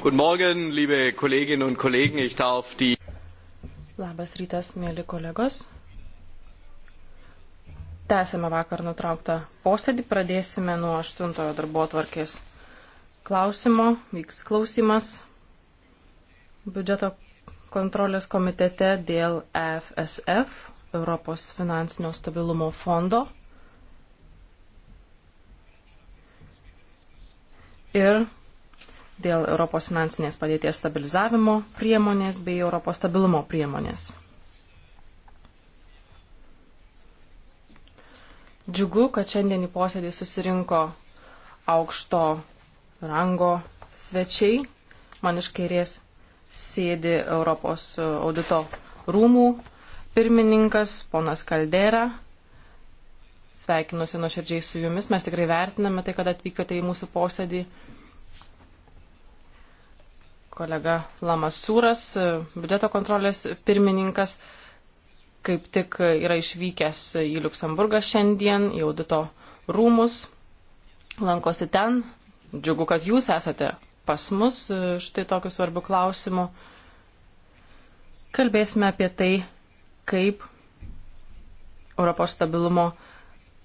Guten Morgen, liebe Kolleginnen und Kollegen. Ich darf die. Labas rytas, mėly kolegos. Tęsime vakar nutrauktą posėdį. Pradėsime nuo aštuntojo darbo tvarkės klausimo. Vyks klausimas biudžeto kontrolės komitete dėl FSF, e Europos finansinio stabilumo fondo. Ir dėl Europos finansinės padėties stabilizavimo priemonės bei Europos stabilumo priemonės. Džiugu, kad šiandien į posėdį susirinko aukšto rango svečiai. Man iš kairės sėdi Europos audito rūmų pirmininkas, ponas Kaldera. Sveikinuosi nuoširdžiai su jumis, mes tikrai vertiname tai, kad atvykote į mūsų posėdį. Kolega Lamasūras, biudžeto kontrolės pirmininkas, kaip tik yra išvykęs į Luksemburgą šiandien, į audito rūmus, lankosi ten. Džiugu, kad jūs esate pas mus e, štai tokiu svarbiu klausimu. Kalbėsime apie tai, kaip Europos stabilumo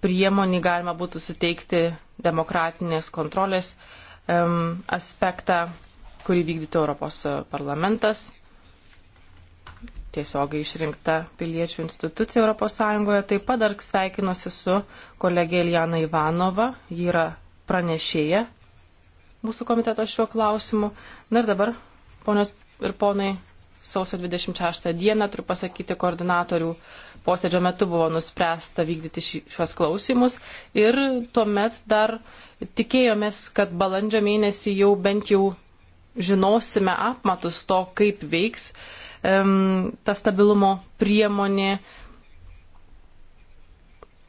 priemonį galima būtų suteikti demokratinės kontrolės um, aspektą, kurį vykdytų Europos parlamentas, tiesiogiai išrinkta piliečių institucija Europos Sąjungoje. Taip pat dar sveikinuosi su kolegė Eliana Ivanova, ji yra pranešėja mūsų komiteto šiuo klausimu. Na ir dabar, ponios ir ponai, sausio 26 dieną, turiu pasakyti, koordinatorių posėdžio metu buvo nuspręsta vykdyti šiuos klausimus ir tuomet dar tikėjomės, kad balandžio mėnesį jau bent jau žinosime apmatus to, kaip veiks um, ta stabilumo priemonė,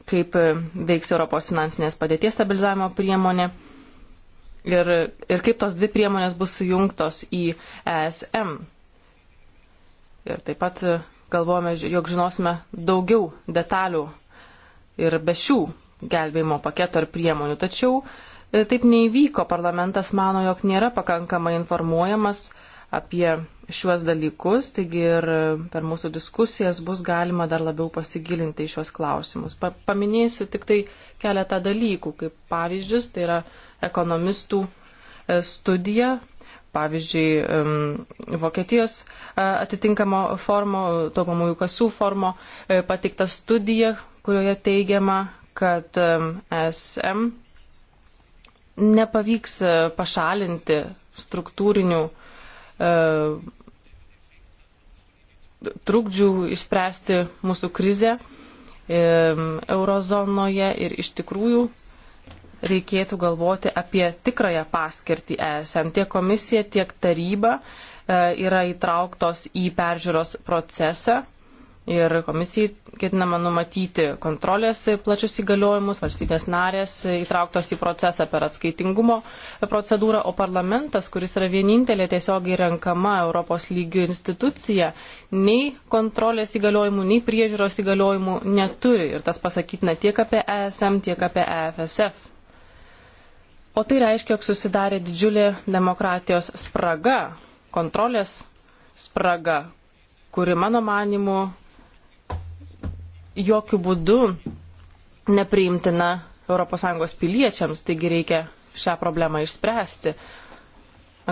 kaip veiks Europos finansinės padėties stabilizavimo priemonė ir, ir kaip tos dvi priemonės bus sujungtos į ESM. Ir taip pat e, galvojame, jog žinosime daugiau detalių ir be šių gelbėjimo paketo ar priemonių. Tačiau e, taip neįvyko. Parlamentas mano, jog nėra pakankamai informuojamas apie šiuos dalykus, taigi ir e, per mūsų diskusijas bus galima dar labiau pasigilinti į šiuos klausimus. Pa paminėsiu tik tai keletą dalykų, kaip pavyzdžius, tai yra uh, ekonomistų e, studija, pavyzdžiui, Vokietijos e, atitinkamo formo, taupamųjų kasų formo e, pateikta studija, kurioje teigiama, kad SM nepavyks pašalinti struktūrinių trukdžių išspręsti mūsų krizę eurozonoje ir iš tikrųjų reikėtų galvoti apie tikrąją paskirtį ESM. Tiek komisija, tiek taryba e, yra įtrauktos į peržiūros procesą. Ir komisijai ketinama numatyti kontrolės plačius įgaliojimus, valstybės narės įtrauktos į procesą per atskaitingumo procedūrą, o parlamentas, kuris yra vienintelė tiesiogiai renkama Europos lygių institucija, nei kontrolės įgaliojimų, nei priežiūros įgaliojimų neturi. Ir tas pasakytina tiek apie ESM, tiek apie EFSF. O tai reiškia, jog susidarė didžiulė demokratijos spraga, kontrolės spraga, kuri mano manimu jokių būdų nepriimtina ES piliečiams, taigi reikia šią problemą išspręsti.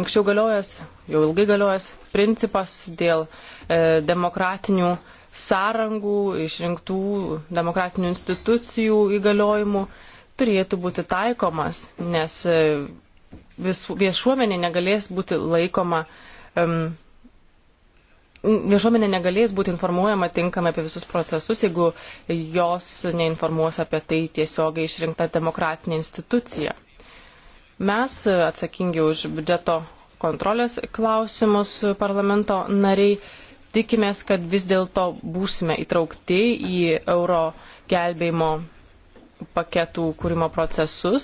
Anksčiau galiojęs, jau ilgai galiojęs principas dėl e, demokratinių sąrangų, išrinktų demokratinių institucijų įgaliojimų turėtų būti taikomas, nes e, visų, viešuomenė negalės būti laikoma, um, viešuomenė negalės būti informuojama tinkamai apie visus procesus, jeigu jos neinformuos apie tai tiesiogiai išrinkta demokratinė institucija. Mes e, atsakingi už biudžeto kontrolės klausimus parlamento nariai tikimės, kad vis dėlto būsime įtraukti į euro gelbėjimo paketų kūrimo procesus.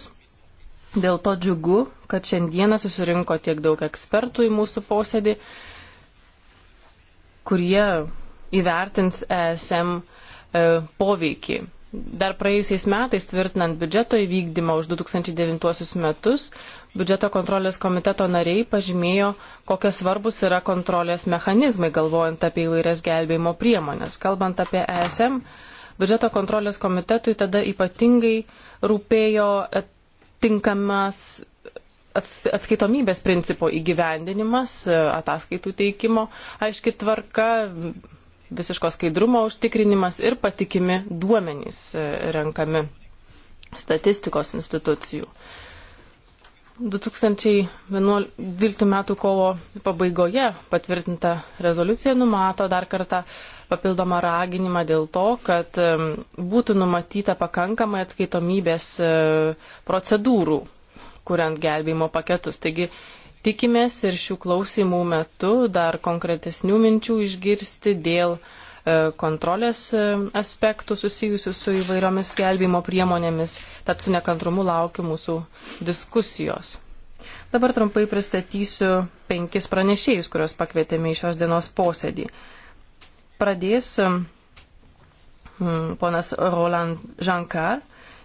Dėl to džiugu, kad šiandieną susirinko tiek daug ekspertų į mūsų posėdį, kurie įvertins ESM e, poveikį. Dar praėjusiais metais, tvirtinant biudžeto įvykdymą už 2009 metus, biudžeto kontrolės komiteto nariai pažymėjo, kokie svarbus yra kontrolės mechanizmai, galvojant apie įvairias gelbėjimo priemonės. Kalbant apie ESM, uh, biudžeto kontrolės komitetui tada ypatingai rūpėjo tinkamas atskaitomybės principo įgyvendinimas, e, ataskaitų teikimo aiški tvarka, visiško skaidrumo užtikrinimas ir patikimi duomenys e, renkami statistikos institucijų. 2012 m. kovo pabaigoje patvirtinta rezoliucija numato dar kartą papildomą raginimą dėl to, kad būtų numatyta pakankamai atskaitomybės e, procedūrų, kuriant gelbėjimo paketus. Taigi tikimės ir šių klausimų metu dar konkretesnių minčių išgirsti dėl e, kontrolės e, aspektų susijusių su įvairiomis gelbėjimo priemonėmis, tad su nekantrumu laukiu mūsų diskusijos. Dabar trumpai pristatysiu penkis pranešėjus, kuriuos pakvietėme į šios dienos posėdį pradės um, hmm, ponas Roland Žankar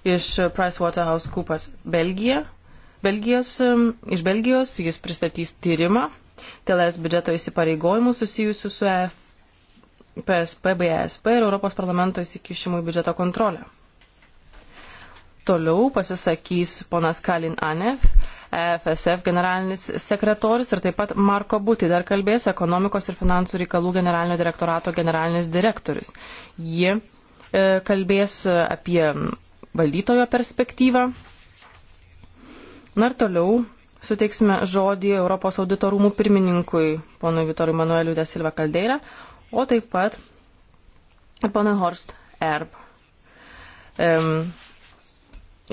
iš PricewaterhouseCoopers Belgija. Belgijos, um, iš Belgijos jis pristatys tyrimą dėl es biudžeto įsipareigojimų susijusių su EF, PSP, BSP e ir Europos parlamento įsikišimų į biudžeto kontrolę. Toliau pasisakys ponas Kalin Anef EFSF generalinis sekretorius ir taip pat Marko Būti dar kalbės ekonomikos ir finansų reikalų generalinio direktorato generalinis direktorius. Ji e, kalbės apie valdytojo perspektyvą. Na ir toliau suteiksime žodį Europos audito rūmų pirmininkui, ponui Vitorui Manueliu Desilva Kaldeira, o taip pat ponui Horst Erb. Um,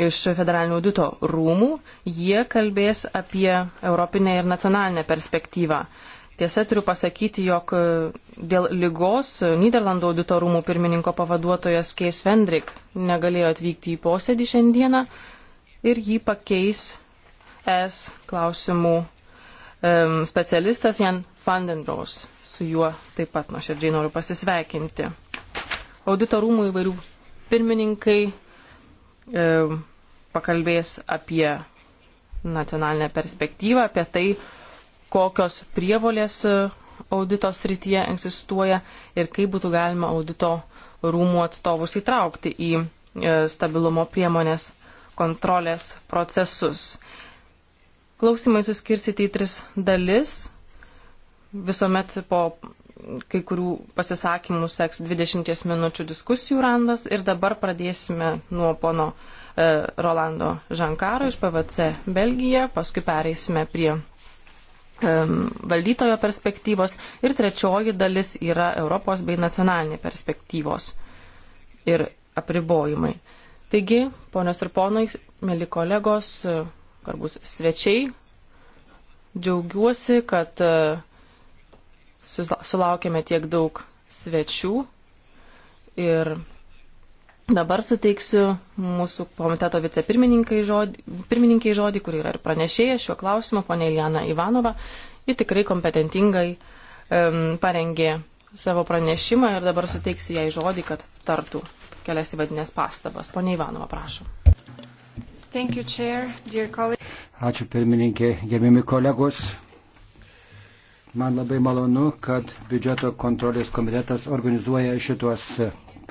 iš federalinio audito rūmų, jie kalbės apie europinę ir nacionalinę perspektyvą. Tiesa, turiu pasakyti, jog e, dėl lygos e, Niderlandų audito rūmų pirmininko pavaduotojas Keis Vendrik negalėjo atvykti į posėdį šiandieną ir jį pakeis S klausimų um, specialistas Jan Vandenbraus. Su juo taip pat nuoširdžiai noriu pasisveikinti. Audito rūmų įvairių pirmininkai E, pakalbės apie nacionalinę perspektyvą, apie tai, kokios prievolės e, audito srityje egzistuoja ir kaip būtų galima audito rūmų atstovus įtraukti į e, stabilumo priemonės kontrolės procesus. Klausimai suskirsyti į tris dalis. Visuomet po kai kurių pasisakymų seks 20 minučių diskusijų randas ir dabar pradėsime nuo pono e, Rolando Žankaro iš PVC Belgija, paskui pereisime prie e, valdytojo perspektyvos ir trečioji dalis yra Europos bei nacionalinė perspektyvos ir apribojimai. Taigi, ponios ir ponai, mėly kolegos, e, garbus svečiai, džiaugiuosi, kad e, sulaukėme tiek daug svečių ir dabar suteiksiu mūsų komiteto vicepirmininkai žodį, pirmininkai žodį, kur yra ir pranešėja šiuo klausimu, ponė Iljana Ivanova. Ji tikrai kompetentingai um, parengė savo pranešimą ir dabar suteiksiu jai žodį, kad tartų kelias įvadinės pastabas. Pone Ivanova, prašom. Thank you, chair, Ačiū pirmininkė, gerbiami kolegos, Man labai malonu, kad biudžeto kontrolės komitetas organizuoja šituos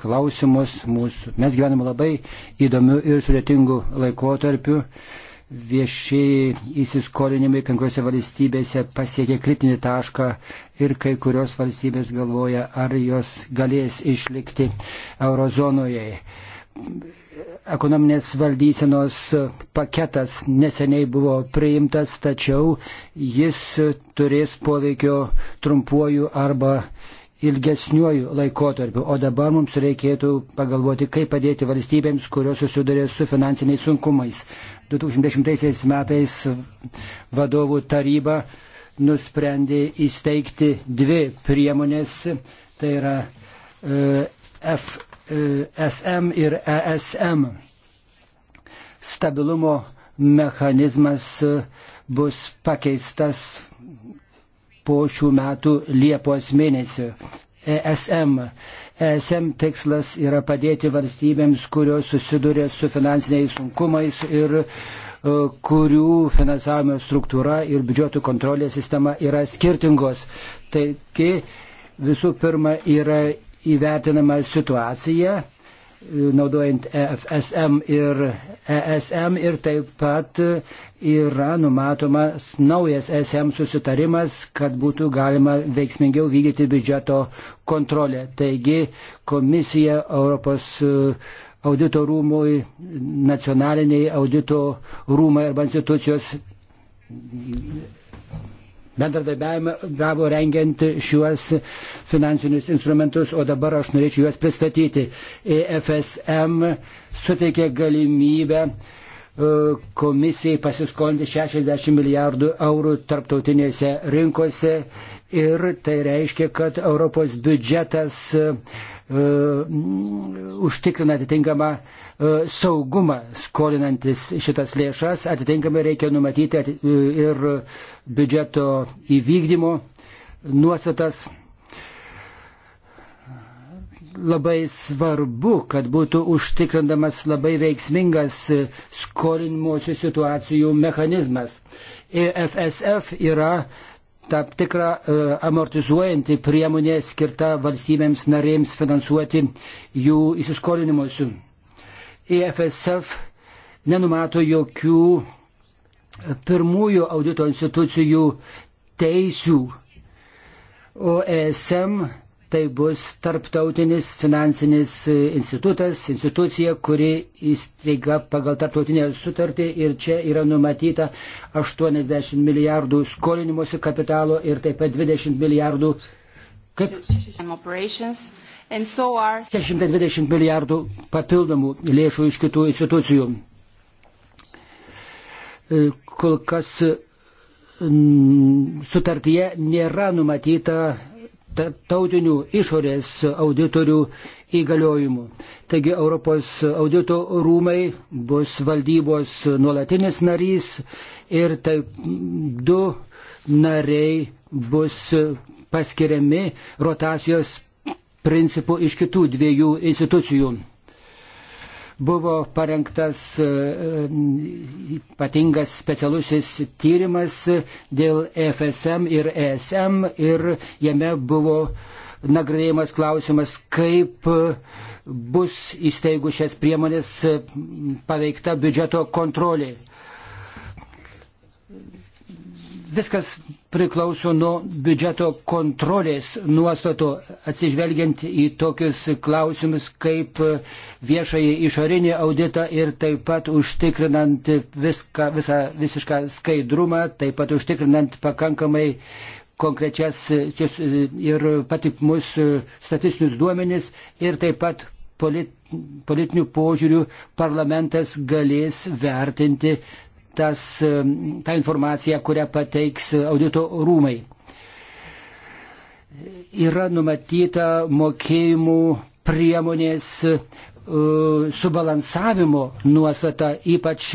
klausimus. Mūsų. Mes gyvename labai įdomių ir sudėtingų laikotarpių. Viešiai įsiskolinimai kai kuriuose valstybėse pasiekė kritinį tašką ir kai kurios valstybės galvoja, ar jos galės išlikti eurozonoje ekonominės valdysenos paketas neseniai buvo priimtas, tačiau jis turės poveikio trumpuoju arba ilgesniuoju laikotarpiu. O dabar mums reikėtų pagalvoti, kaip padėti valstybėms, kurios susidurė su finansiniais sunkumais. 2010 metais vadovų taryba nusprendė įsteigti dvi priemonės. Tai yra e, F E SM ir ESM. Stabilumo mechanizmas e, bus pakeistas po šių metų Liepos mėnesio. ESM. ESM tikslas yra padėti valstybėms, kurios susiduria su finansiniais sunkumais ir e, kurių finansavimo struktūra ir biudžeto kontrolės sistema yra skirtingos. Taigi visų pirma yra įvertinama situacija, e, naudojant EFSM ir ESM ir taip pat yra numatomas naujas ESM susitarimas, kad būtų galima veiksmingiau vykdyti biudžeto kontrolę. Taigi komisija Europos e, audito rūmui, nacionaliniai audito rūmai arba institucijos bendradarbiavimą gavo rengiant šiuos finansinius instrumentus, o dabar aš norėčiau juos pristatyti. EFSM suteikė galimybę e, komisijai pasiskolinti 60 milijardų eurų tarptautinėse rinkose ir tai reiškia, kad Europos biudžetas uh, užtikrina atitinkamą uh, E, saugumą skolinantis šitas lėšas, atitinkamai reikia numatyti e, ir biudžeto įvykdymo nuostatas. Labai svarbu, kad būtų užtikrindamas labai veiksmingas skolinimosi situacijų mechanizmas. EFSF yra tam tikrą e, amortizuojantį priemonę skirtą valstybėms narėms finansuoti jų įsiskolinimuose. EFSF nenumato jokių pirmųjų audito institucijų teisių, o ESM tai bus tarptautinis finansinis institutas, institucija, kuri įstreiga pagal tarptautinę sutartį ir čia yra numatyta 80 milijardų skolinimuose kapitalo ir taip pat 20 milijardų. Kaip? So are... 120 milijardų papildomų lėšų iš kitų institucijų. E, kol kas sutartyje nėra numatyta tautinių išorės auditorių įgaliojimų. Taigi Europos audito rūmai bus valdybos nuolatinis narys ir taip du nariai bus paskiriami rotacijos principų iš kitų dviejų institucijų. Buvo parengtas e, e, ypatingas specialusis tyrimas dėl FSM ir ESM ir jame buvo nagrėjimas klausimas, kaip bus įsteigus šias priemonės e, paveikta biudžeto kontrolė viskas priklauso nuo biudžeto kontrolės nuostatų, atsižvelgiant į tokius klausimus kaip viešai išorinį auditą ir taip pat užtikrinant viską, visą, visišką skaidrumą, taip pat užtikrinant pakankamai konkrečias ir patikimus statistinius duomenis ir taip pat polit, politinių požiūrių parlamentas galės vertinti tas, e, tą informaciją, kurią pateiks audito rūmai. Yra numatyta mokėjimų priemonės e, subalansavimo nuostata ypač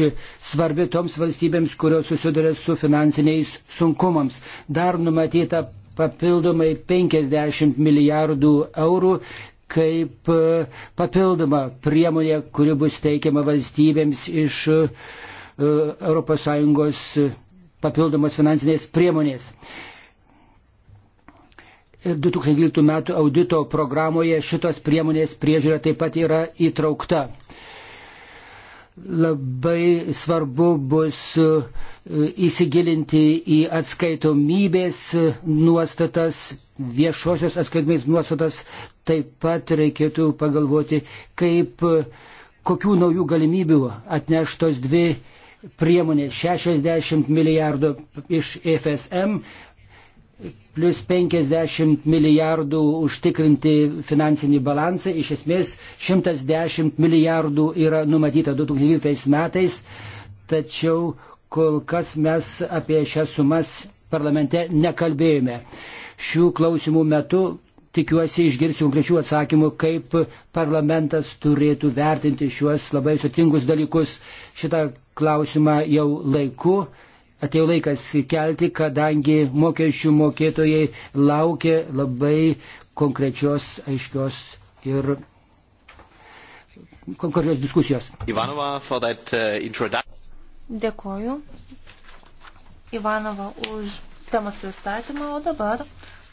svarbi toms valstybėms, kurios susiduria su finansiniais sunkumams. Dar numatyta papildomai 50 milijardų eurų kaip e, papildoma priemonė, kuri bus teikiama valstybėms iš ES papildomos finansinės priemonės. 2012 e, metų audito programoje šitos priemonės priežiūra taip pat yra įtraukta. Labai svarbu bus e, įsigilinti į atskaitomybės nuostatas, viešosios atskaitomybės nuostatas, taip pat reikėtų pagalvoti, kaip, kokių naujų galimybių atneštos dvi priemonė 60 milijardų iš FSM, plus 50 milijardų užtikrinti finansinį balansą, iš esmės 110 milijardų yra numatyta 2012 metais, tačiau kol kas mes apie šias sumas parlamente nekalbėjome. Šių klausimų metu tikiuosi išgirsiu konkrečių atsakymų, kaip parlamentas turėtų vertinti šiuos labai sutingus dalykus šitą klausimą jau laiku. Atėjo laikas kelti, kadangi mokesčių mokėtojai laukia labai konkrečios, aiškios ir konkrečios diskusijos. Ivanova, for that uh, introduction. Dėkoju Ivanovą už temos pristatymą, o dabar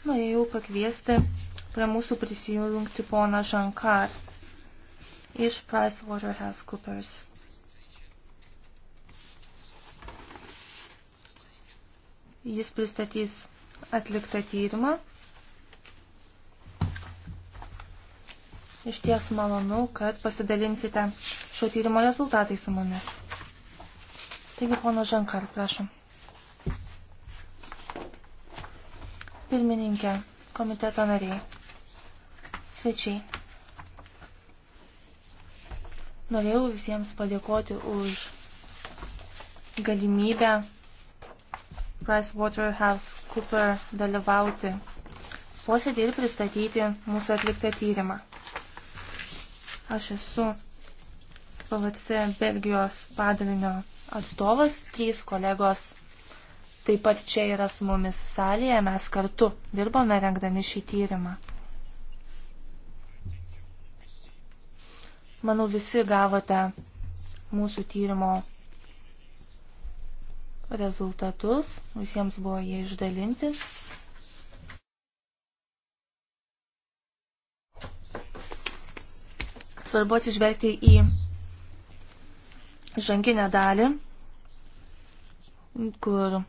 norėjau pakviesti prie mūsų prisijungti poną Žankar iš PricewaterhouseCoopers. Jis pristatys atliktą tyrimą. Iš ties malonu, kad pasidalinsite šio tyrimo rezultatai su mumis. Taigi, pono Žankar, prašom. Pirmininkė, komiteto nariai, svečiai. Norėjau visiems padėkoti už galimybę PricewaterhouseCooper dalyvauti posėdį ir pristatyti mūsų atliktą tyrimą. Aš esu PVC Belgijos padalinio atstovas, trys kolegos taip pat čia yra su mumis salėje, mes kartu dirbome rengdami šį tyrimą. Manau, visi gavote mūsų tyrimo rezultatus. Visiems buvo jie išdalinti. Svarbu atsižvelgti į žanginę dalį, kur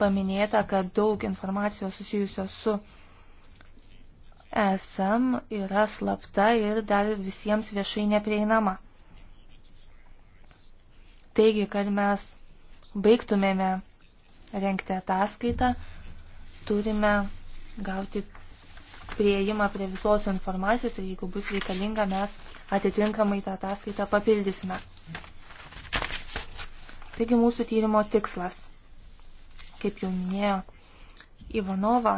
paminėta, kad daug informacijos susijusios su ESM yra slapta ir dar visiems viešai neprieinama. Taigi, kad mes baigtumėme renkti ataskaitą, turime gauti prieimą prie visos informacijos ir jeigu bus reikalinga, mes atitinkamai tą ataskaitą papildysime. Taigi mūsų tyrimo tikslas, kaip jau minėjo Ivanova,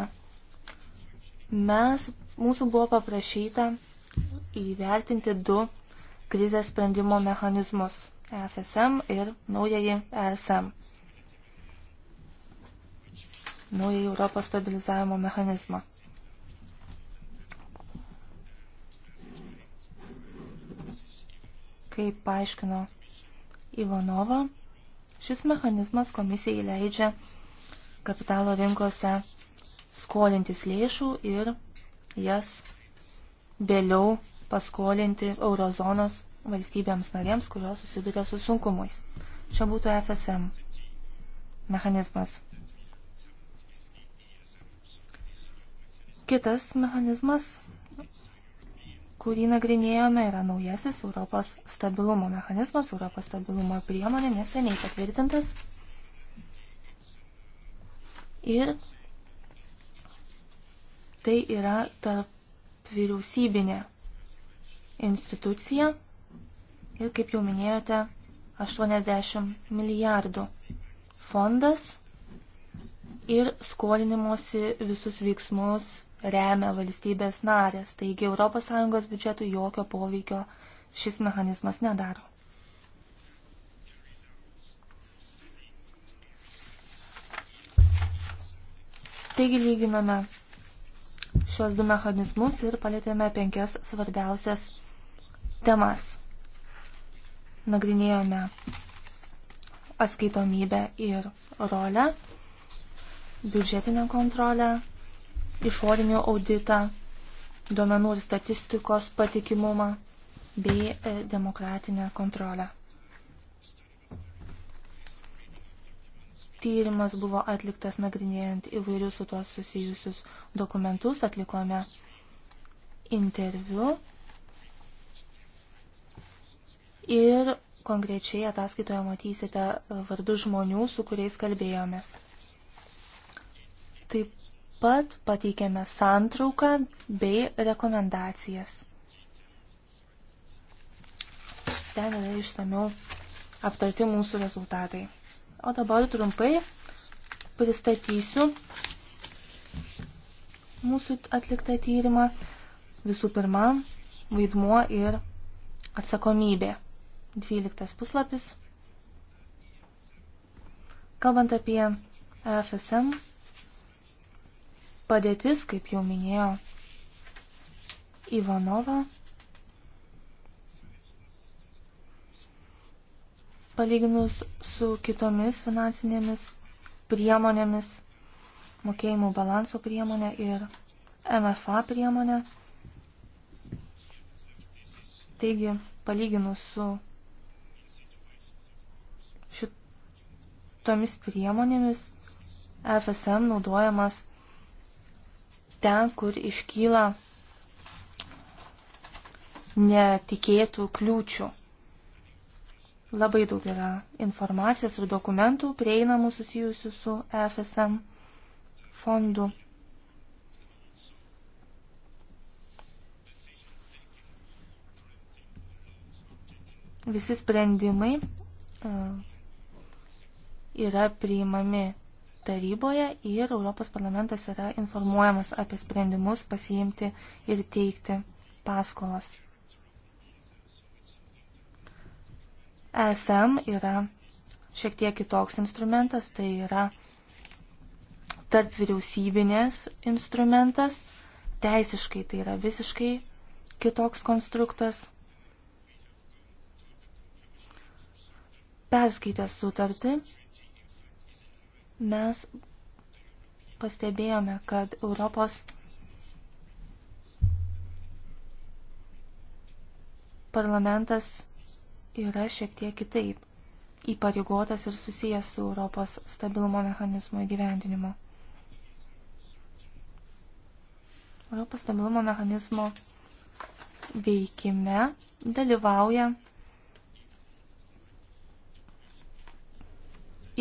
mes, mūsų buvo paprašyta įvertinti du krizės sprendimo mechanizmus. FSM ir naująjį ESM, naująjį Europos stabilizavimo mechanizmą. Kaip paaiškino Ivanova, šis mechanizmas komisijai leidžia kapitalo rinkose skolintis lėšų ir jas vėliau paskolinti eurozonos valstybėms narėms, kurios susiduria su sunkumais. Čia būtų FSM mechanizmas. Kitas mechanizmas, kurį nagrinėjome, yra naujasis Europos stabilumo mechanizmas, Europos stabilumo priemonė neseniai patvirtintas. Ir tai yra tarp vyriausybinė institucija, ir, kaip jau minėjote, 80 milijardų. Fondas ir skolinimuosi visus veiksmus remia valstybės narės, taigi ES biudžetų jokio poveikio šis mechanizmas nedaro. Taigi lyginame šios du mechanizmus ir palėtėme penkias svarbiausias temas nagrinėjome atskaitomybę ir rolę, biudžetinę kontrolę, išorinio auditą, duomenų ir statistikos patikimumą bei e, demokratinę kontrolę. Tyrimas buvo atliktas nagrinėjant įvairius su tuos susijusius dokumentus, atlikome interviu ir konkrečiai ataskaitoje matysite vardus žmonių, su kuriais kalbėjomės. Taip pat pateikėme santrauką bei rekomendacijas. Ten yra ištamiau aptarti mūsų rezultatai. O dabar trumpai pristatysiu mūsų atliktą tyrimą. Visų pirma, vaidmuo ir atsakomybė. 12 puslapis. Kalbant apie FSM, padėtis, kaip jau minėjo Ivanova, palyginus su kitomis finansinėmis priemonėmis, mokėjimų balanso priemonė ir MFA priemonė. Taigi, palyginus su tomis priemonėmis FSM naudojamas ten, kur iškyla netikėtų kliūčių. Labai daug yra informacijos ir dokumentų prieinamų susijusių su FSM fondu. Visi sprendimai yra priimami taryboje ir Europos parlamentas yra informuojamas apie sprendimus pasiimti ir teikti paskolas. ESM yra šiek tiek kitoks instrumentas, tai yra tarp vyriausybinės instrumentas, teisiškai tai yra visiškai kitoks konstruktas. Perskaitę sutartį, mes pastebėjome, kad Europos parlamentas yra šiek tiek kitaip įpareigotas ir susijęs su Europos stabilumo mechanizmo įgyvendinimu. Europos stabilumo mechanizmo veikime dalyvauja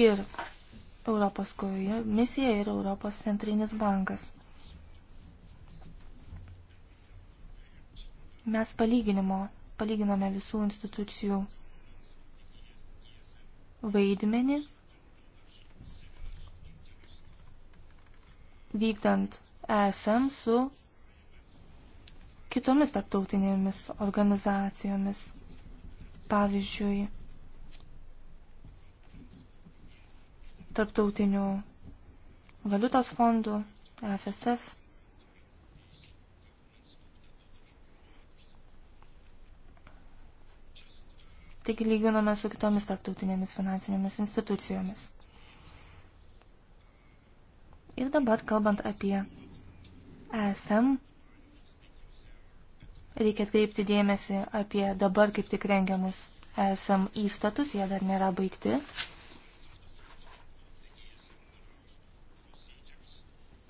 ir Europos komisija ir Europos centrinis bankas. Mes palyginimo, palyginome visų institucijų vaidmenį vykdant ESM su kitomis tarptautinėmis organizacijomis. Pavyzdžiui, tarptautinių valiutos fondų, FSF. Taigi lyginome su kitomis tarptautinėmis finansinėmis institucijomis. Ir dabar, kalbant apie ESM, reikia atkreipti dėmesį apie dabar kaip tik rengiamus ESM įstatus, jie dar nėra baigti.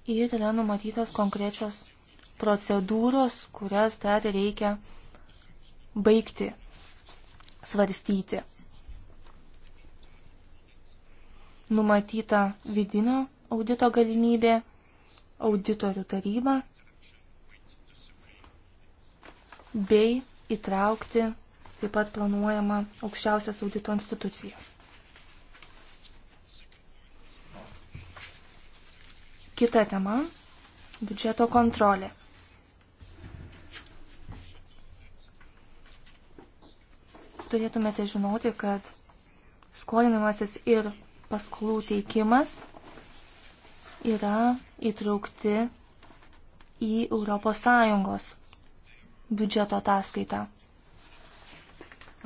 ir yra numatytos konkrečios procedūros, kurias dar reikia baigti, svarstyti. Numatyta vidinio audito galimybė, auditorių taryba bei įtraukti taip pat planuojama aukščiausias audito institucijas. Kita tema - biudžeto kontrolė. Turėtumėte žinoti, kad skolinimasis ir paskolų teikimas yra įtraukti į ES biudžeto ataskaitą.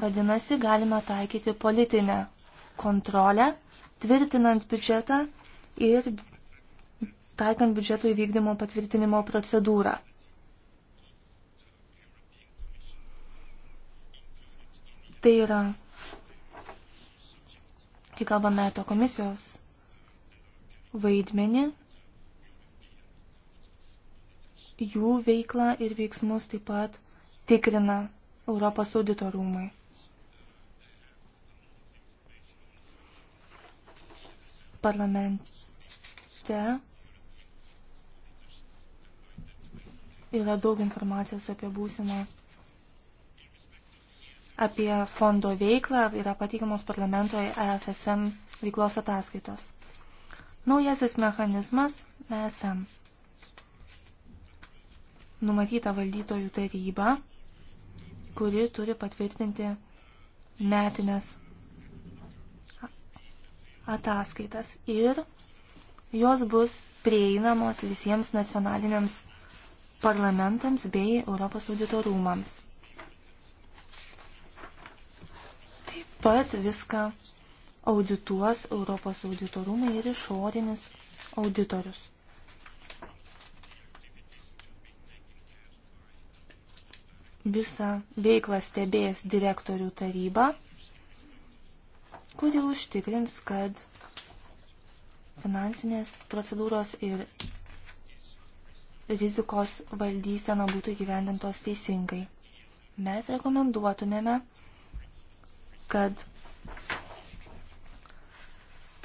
Vadinasi, galima taikyti politinę kontrolę, tvirtinant biudžetą ir taikant biudžeto įvykdymo patvirtinimo procedūrą. Tai yra, kai kalbame apie komisijos vaidmenį, jų veiklą ir veiksmus taip pat tikrina Europos audito rūmai. Parlamente yra daug informacijos apie būsimą, apie fondo veiklą, yra pateikiamos parlamentoje EFSM veiklos ataskaitos. Naujasis mechanizmas ESM. Numatyta valdytojų taryba, kuri turi patvirtinti metinės ataskaitas ir jos bus prieinamos visiems nacionaliniams parlamentams bei Europos auditorumams. Taip pat viską audituos Europos auditorumai ir išorinis auditorius. Visą veiklą stebės direktorių taryba, kuri užtikrins, kad finansinės procedūros ir rizikos valdysena būtų įgyvendintos teisingai. Mes rekomenduotumėme, kad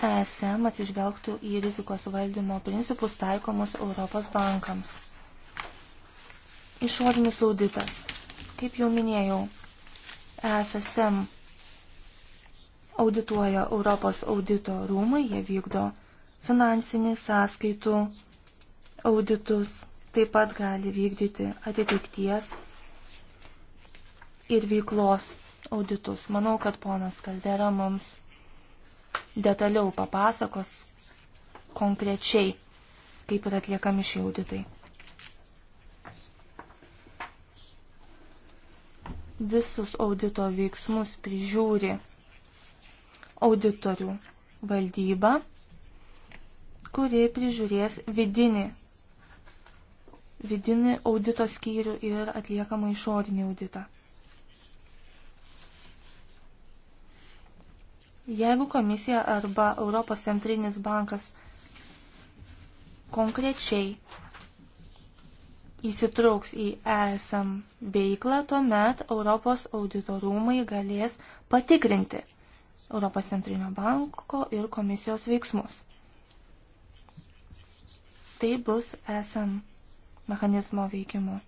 ESM atsižvelgtų į rizikos valdymo principus taikomus Europos bankams. Išorinis auditas. Kaip jau minėjau, EFSM audituoja Europos audito rūmai, jie vykdo finansinį sąskaitų auditus taip pat gali vykdyti atitikties ir veiklos auditus. Manau, kad ponas Kaldera mums detaliau papasakos konkrečiai, kaip yra atliekami šie auditai. Visus audito veiksmus prižiūri auditorių valdyba, kuri prižiūrės vidinį vidinį audito skyrių ir atliekamą išorinį auditą. Jeigu komisija arba Europos centrinis bankas konkrečiai įsitrauks į ESM veiklą, tuomet Europos auditorumai galės patikrinti Europos centrinio banko ir komisijos veiksmus. Tai bus ESM mechanizmo veikimu.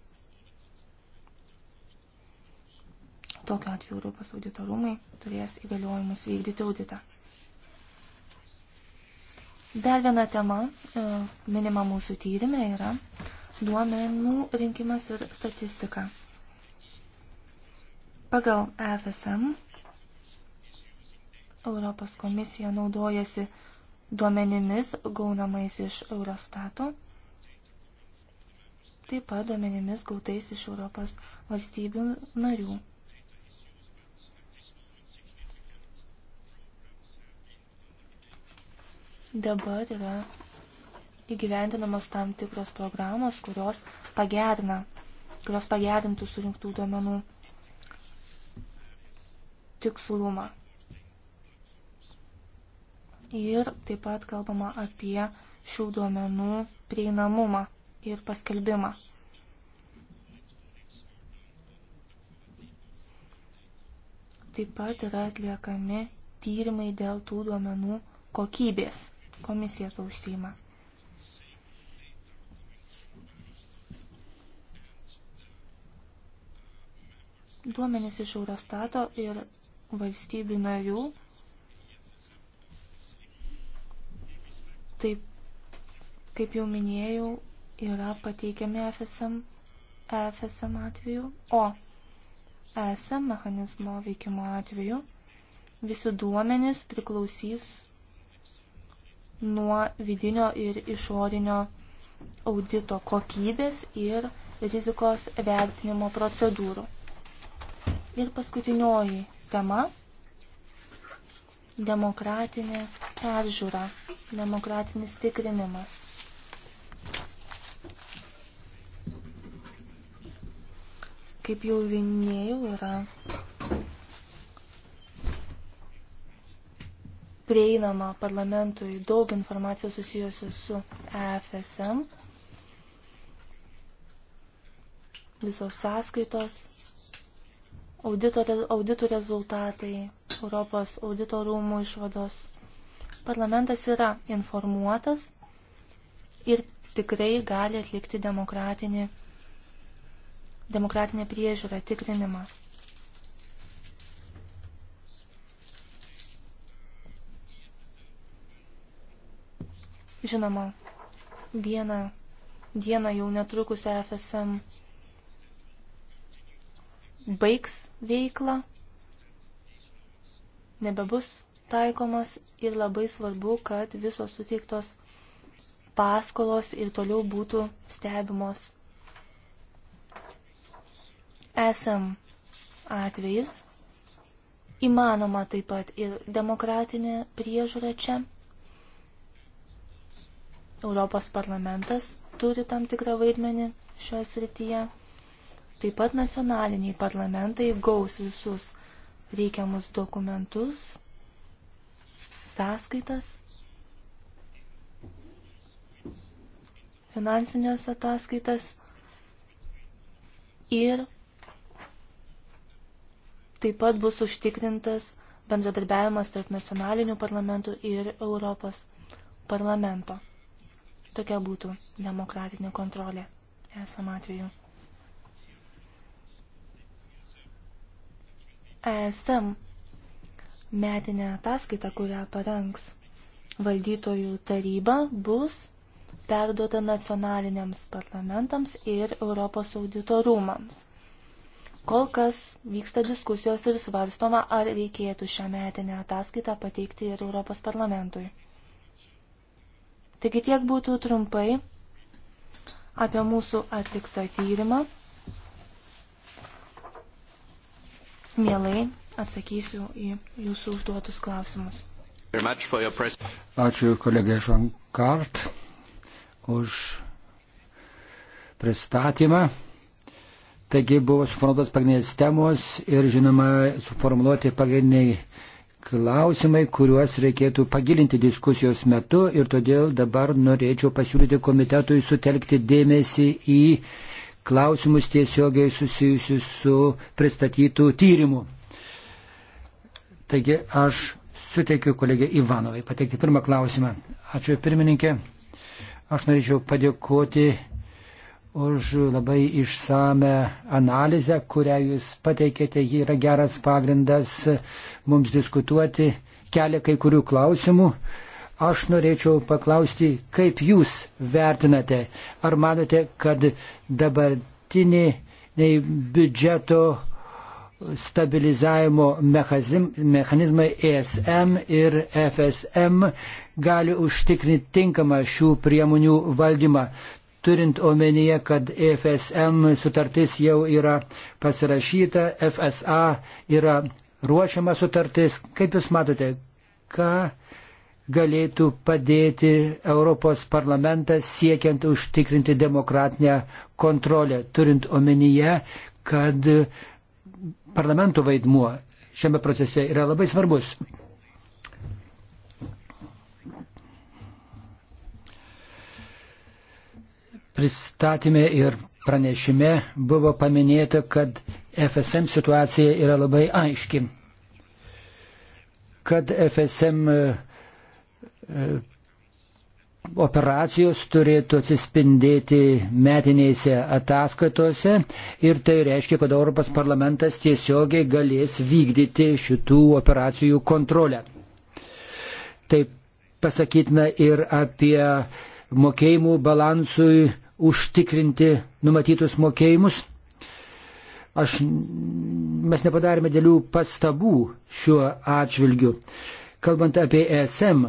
Tokiu atveju Europos audito rūmai turės įgaliojimus vykdyti auditą. Dar viena tema e, minima mūsų tyrimė yra duomenų rinkimas ir statistika. Pagal FSM Europos komisija naudojasi duomenimis gaunamais iš Eurostato taip pat duomenimis gautais iš Europos valstybių narių. Dabar yra įgyvendinamos tam tikros programos, kurios pagerina, kurios pagerintų surinktų duomenų tikslumą. Ir taip pat kalbama apie šių duomenų prieinamumą ir paskelbimą. Taip pat yra atliekami tyrimai dėl tų duomenų kokybės. Komisija to užsima. Duomenys iš Eurostato ir valstybių narių taip, kaip jau minėjau, yra pateikiami FSM, FSM atveju, o ESM mechanizmo veikimo atveju visi duomenys priklausys nuo vidinio ir išorinio audito kokybės ir rizikos vertinimo procedūrų. Ir paskutinioji tema - demokratinė peržiūra, demokratinis tikrinimas. kaip jau minėjau, yra prieinama parlamentui daug informacijos susijusių su EFSM. Visos sąskaitos, audito, audito rezultatai, Europos audito rūmų išvados. Parlamentas yra informuotas ir tikrai gali atlikti demokratinį demokratinę priežiūrą, tikrinimą. Žinoma, vieną dieną jau netrukus FSM baigs veiklą, nebebus taikomas ir labai svarbu, kad visos suteiktos paskolos ir toliau būtų stebimos esam atvejis, įmanoma taip pat ir demokratinė priežiūra čia. Europos parlamentas turi tam tikrą vaidmenį šioje srityje. Taip pat nacionaliniai parlamentai gaus visus reikiamus dokumentus, sąskaitas, finansinės ataskaitas ir Taip pat bus užtikrintas bendradarbiavimas tarp nacionalinių parlamentų ir Europos parlamento. Tokia būtų demokratinė kontrolė esam atveju. ESM metinė ataskaita, kurią parengs valdytojų taryba, bus perduota nacionaliniams parlamentams ir Europos auditorumams. Kol kas vyksta diskusijos ir svarstoma, ar reikėtų šią metinę ataskaitą pateikti ir Europos parlamentui. Taigi tiek būtų trumpai apie mūsų atliktą tyrimą. Mielai atsakysiu į jūsų užduotus klausimus. Ačiū kolegai Žankart už pristatymą. Taigi buvo suformuotos pagrindinės temos ir, žinoma, suformuoluoti pagrindiniai klausimai, kuriuos reikėtų pagilinti diskusijos metu ir todėl dabar norėčiau pasiūlyti komitetui sutelkti dėmesį į klausimus tiesiogiai susijusius su pristatytų tyrimų. Taigi aš suteikiu kolegė Ivanovai pateikti pirmą klausimą. Ačiū pirmininkė. Aš norėčiau padėkoti už labai išsame analizę, kurią jūs pateikėte. Ji yra geras pagrindas mums diskutuoti, kelia kai kurių klausimų. Aš norėčiau paklausti, kaip jūs vertinate, ar manote, kad dabartiniai biudžeto stabilizavimo mechanizmai ESM ir FSM gali užtikrinti tinkamą šių priemonių valdymą turint omenyje, kad FSM sutartis jau yra pasirašyta, FSA yra ruošiama sutartis. Kaip Jūs matote, ką galėtų padėti Europos parlamentas siekiant užtikrinti demokratinę kontrolę, turint omenyje, kad parlamento vaidmuo šiame procese yra labai svarbus. pristatymė ir pranešime buvo paminėta, kad FSM situacija yra labai aiški. Kad FSM e, e, operacijos turėtų atsispindėti metinėse ataskaitose ir tai reiškia, kad Europos parlamentas tiesiogiai galės vykdyti šitų operacijų kontrolę. Taip pasakytina ir apie mokėjimų balansui užtikrinti numatytus mokėjimus. Aš, mes nepadarėme dėlių pastabų šiuo atžvilgiu. Kalbant apie ESM,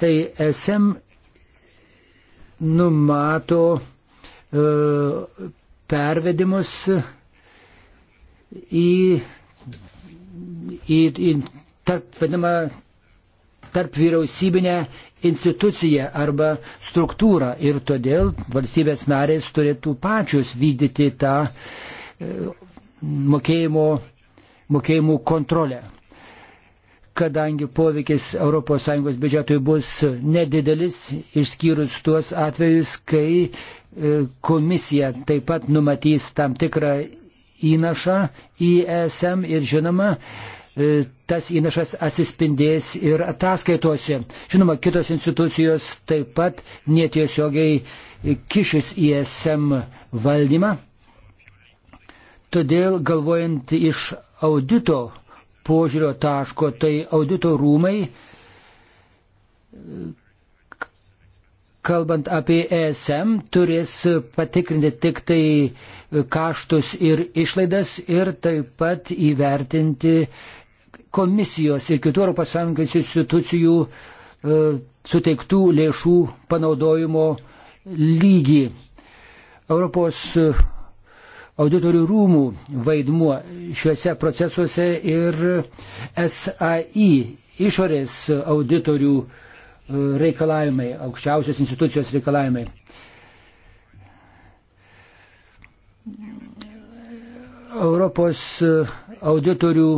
tai ESM numato e, pervedimus į, į, į tarp vadinamą tarp vyriausybinę instituciją arba struktūrą ir todėl valstybės narės turėtų pačios vykdyti tą e, mokėjimo, mokėjimų kontrolę. Kadangi poveikis ES biudžetui bus nedidelis, išskyrus tuos atvejus, kai e, komisija taip pat numatys tam tikrą įnašą į ESM ir žinoma, E, tas įnašas atsispindės ir ataskaituose. Žinoma, kitos institucijos taip pat netiesiogiai kišis į SM valdymą. Todėl galvojant iš audito požiūrio taško, tai audito rūmai, e, kalbant apie ESM, turės patikrinti tik tai kaštus ir išlaidas ir taip pat įvertinti komisijos ir kitų ES institucijų e, suteiktų lėšų panaudojimo lygį. Europos auditorių rūmų vaidmuo šiuose procesuose ir SAI išorės auditorių e, reikalavimai, aukščiausios institucijos reikalavimai. Europos auditorių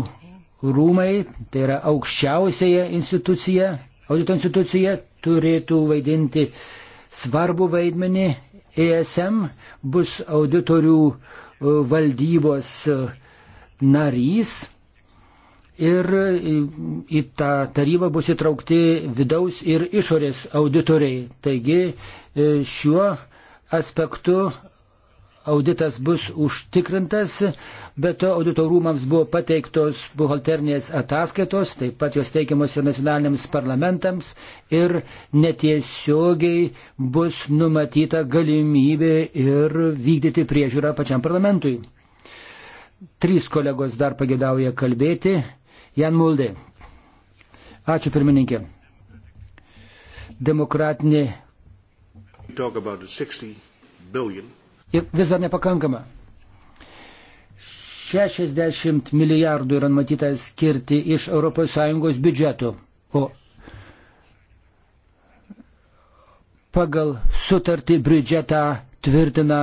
rūmai, tai yra aukščiausiaja institucija, audito institucija turėtų vaidinti svarbu vaidmenį. ESM bus auditorių e, valdybos e, narys ir e, į tą tarybą bus įtraukti vidaus ir išorės auditoriai. Taigi šiuo aspektu auditas bus užtikrintas, bet to audito rūmams buvo pateiktos buhalternės ataskaitos, taip pat jos teikiamos ir nacionaliniams parlamentams ir netiesiogiai bus numatyta galimybė ir vykdyti priežiūrą pačiam parlamentui. Trys kolegos dar pagėdauja kalbėti. Jan Muldė. Ačiū pirmininkė. Demokratinė. Talk about the 60 billion vis dar nepakankama. 60 milijardų yra numatyta skirti iš ES biudžeto, o pagal sutartį biudžetą tvirtina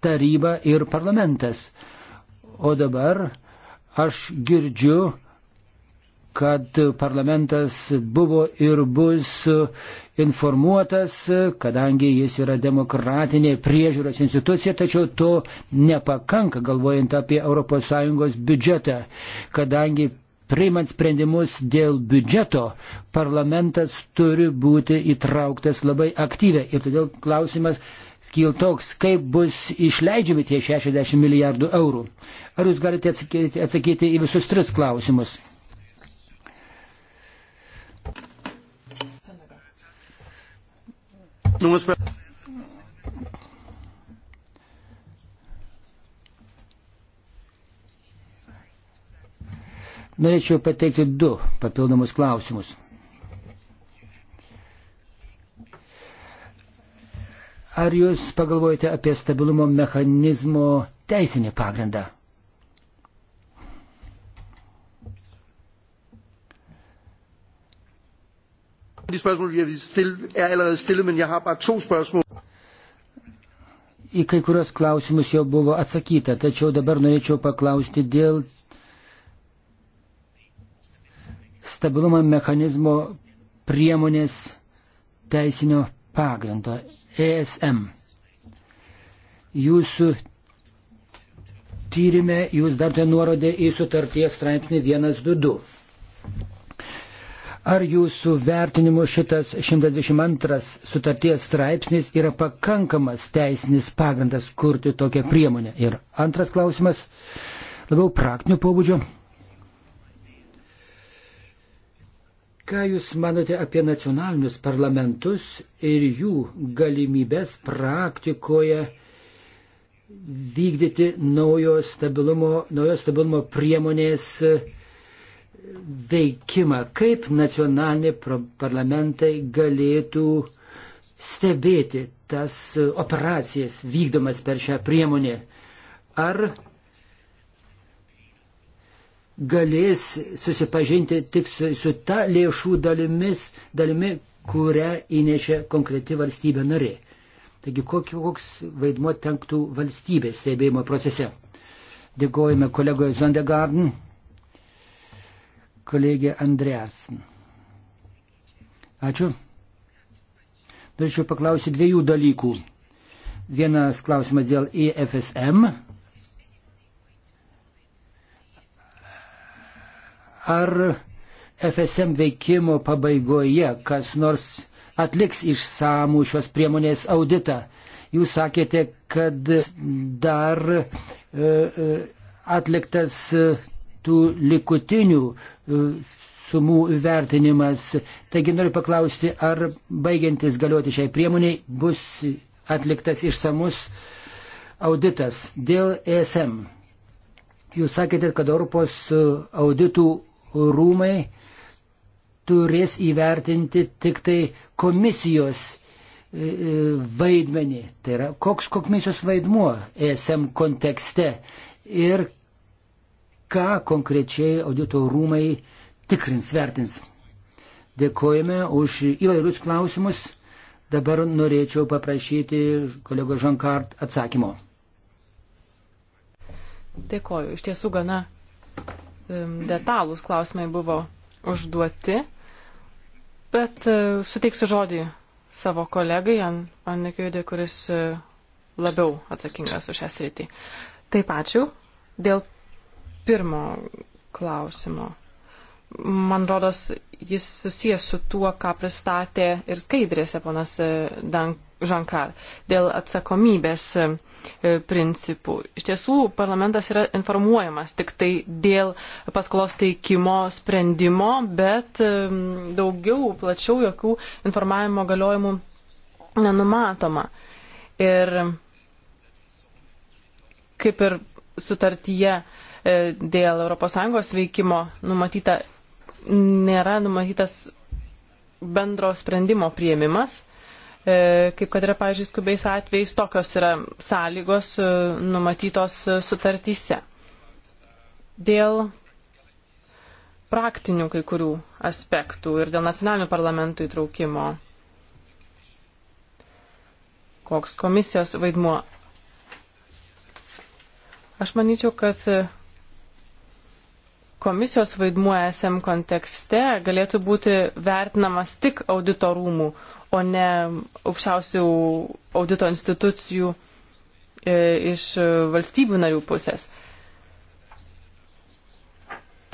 taryba ir parlamentas. O dabar aš girdžiu kad parlamentas buvo ir bus informuotas, kadangi jis yra demokratinė priežiūros institucija, tačiau to nepakanka galvojant apie ES biudžetą, kadangi priimant sprendimus dėl biudžeto parlamentas turi būti įtrauktas labai aktyviai. Ir todėl klausimas kyl toks, kaip bus išleidžiami tie 60 milijardų eurų. Ar jūs galite atsakyti į visus tris klausimus? Nu, Norėčiau pateikti du papildomus klausimus. Ar jūs pagalvojate apie stabilumo mechanizmo teisinį pagrindą? De spørgsmål, jeg vil stille, er allerede stillet, men jeg har bare to spørgsmål. Į kai kurios klausimus jau buvo atsakyta, tačiau dabar norėčiau paklausti dėl stabilumo mechanizmo priemonės teisinio pagrindo ESM. Jūsų tyrimė jūs dar ten nuorodė į sutarties straipsnį 122. Ar jūsų vertinimu šitas 122 sutarties straipsnis yra pakankamas teisinis pagrindas kurti tokią priemonę? Ir antras klausimas, labiau praktinio pobūdžio. Ką Jūs manote apie nacionalinius parlamentus ir jų galimybės praktikoje vykdyti naujo stabilumo, naujo stabilumo priemonės uh, veikimą, kaip nacionaliniai parlamentai galėtų stebėti tas operacijas vykdomas per šią priemonę. Ar galės susipažinti tik su, su ta lėšų dalimis, dalimi, kurią įnešė konkreti valstybė narė. Taigi koks vaidmuo tenktų valstybės stebėjimo procese. Dėkojame kolegoje Zondegarden kolegė Andreasen. Ačiū. Norėčiau paklausyti dviejų dalykų. Vienas klausimas dėl EFSM. Ar FSM veikimo pabaigoje kas nors atliks išsamų šios priemonės auditą? Jūs sakėte, kad dar e, e atliktas tų likutinių e, sumų vertinimas. Taigi noriu paklausti, ar baigiantis galioti šiai priemoniai bus atliktas išsamus auditas dėl ESM. Jūs sakėte, kad Europos auditų rūmai turės įvertinti tik tai komisijos e, e, vaidmenį. Tai yra, koks komisijos vaidmuo ESM kontekste ir ką konkrečiai audito rūmai tikrins, vertins. Dėkojame už įvairius klausimus. Dabar norėčiau paprašyti kolego Žankart atsakymo. Dėkoju. Iš tiesų gana detalūs klausimai buvo užduoti, bet e, suteiksiu žodį savo kolegai Annekiudė, kuris e, labiau atsakingas už šią sritį. Taip ačiū. Dėl pirmo klausimo. Man rodos, jis susijęs su tuo, ką pristatė ir skaidrėse ponas e, Žankar dėl atsakomybės e, principų. Iš tiesų, parlamentas yra informuojamas tik tai dėl paskolos teikimo sprendimo, bet e, daugiau, plačiau jokių informavimo galiojimų nenumatoma. Ir kaip ir sutartyje E, dėl ES veikimo numatyta, nėra numatytas bendro sprendimo prieimimas, e, kaip kad yra, pavyzdžiui, skubiais atvejais, tokios yra sąlygos e, numatytos sutartyse. Dėl praktinių kai kurių aspektų ir dėl nacionalinių parlamentų įtraukimo. Koks komisijos vaidmuo? Aš manyčiau, kad komisijos vaidmuo SM kontekste galėtų būti vertinamas tik audito rūmų, o ne aukščiausių audito institucijų e, iš valstybių narių pusės.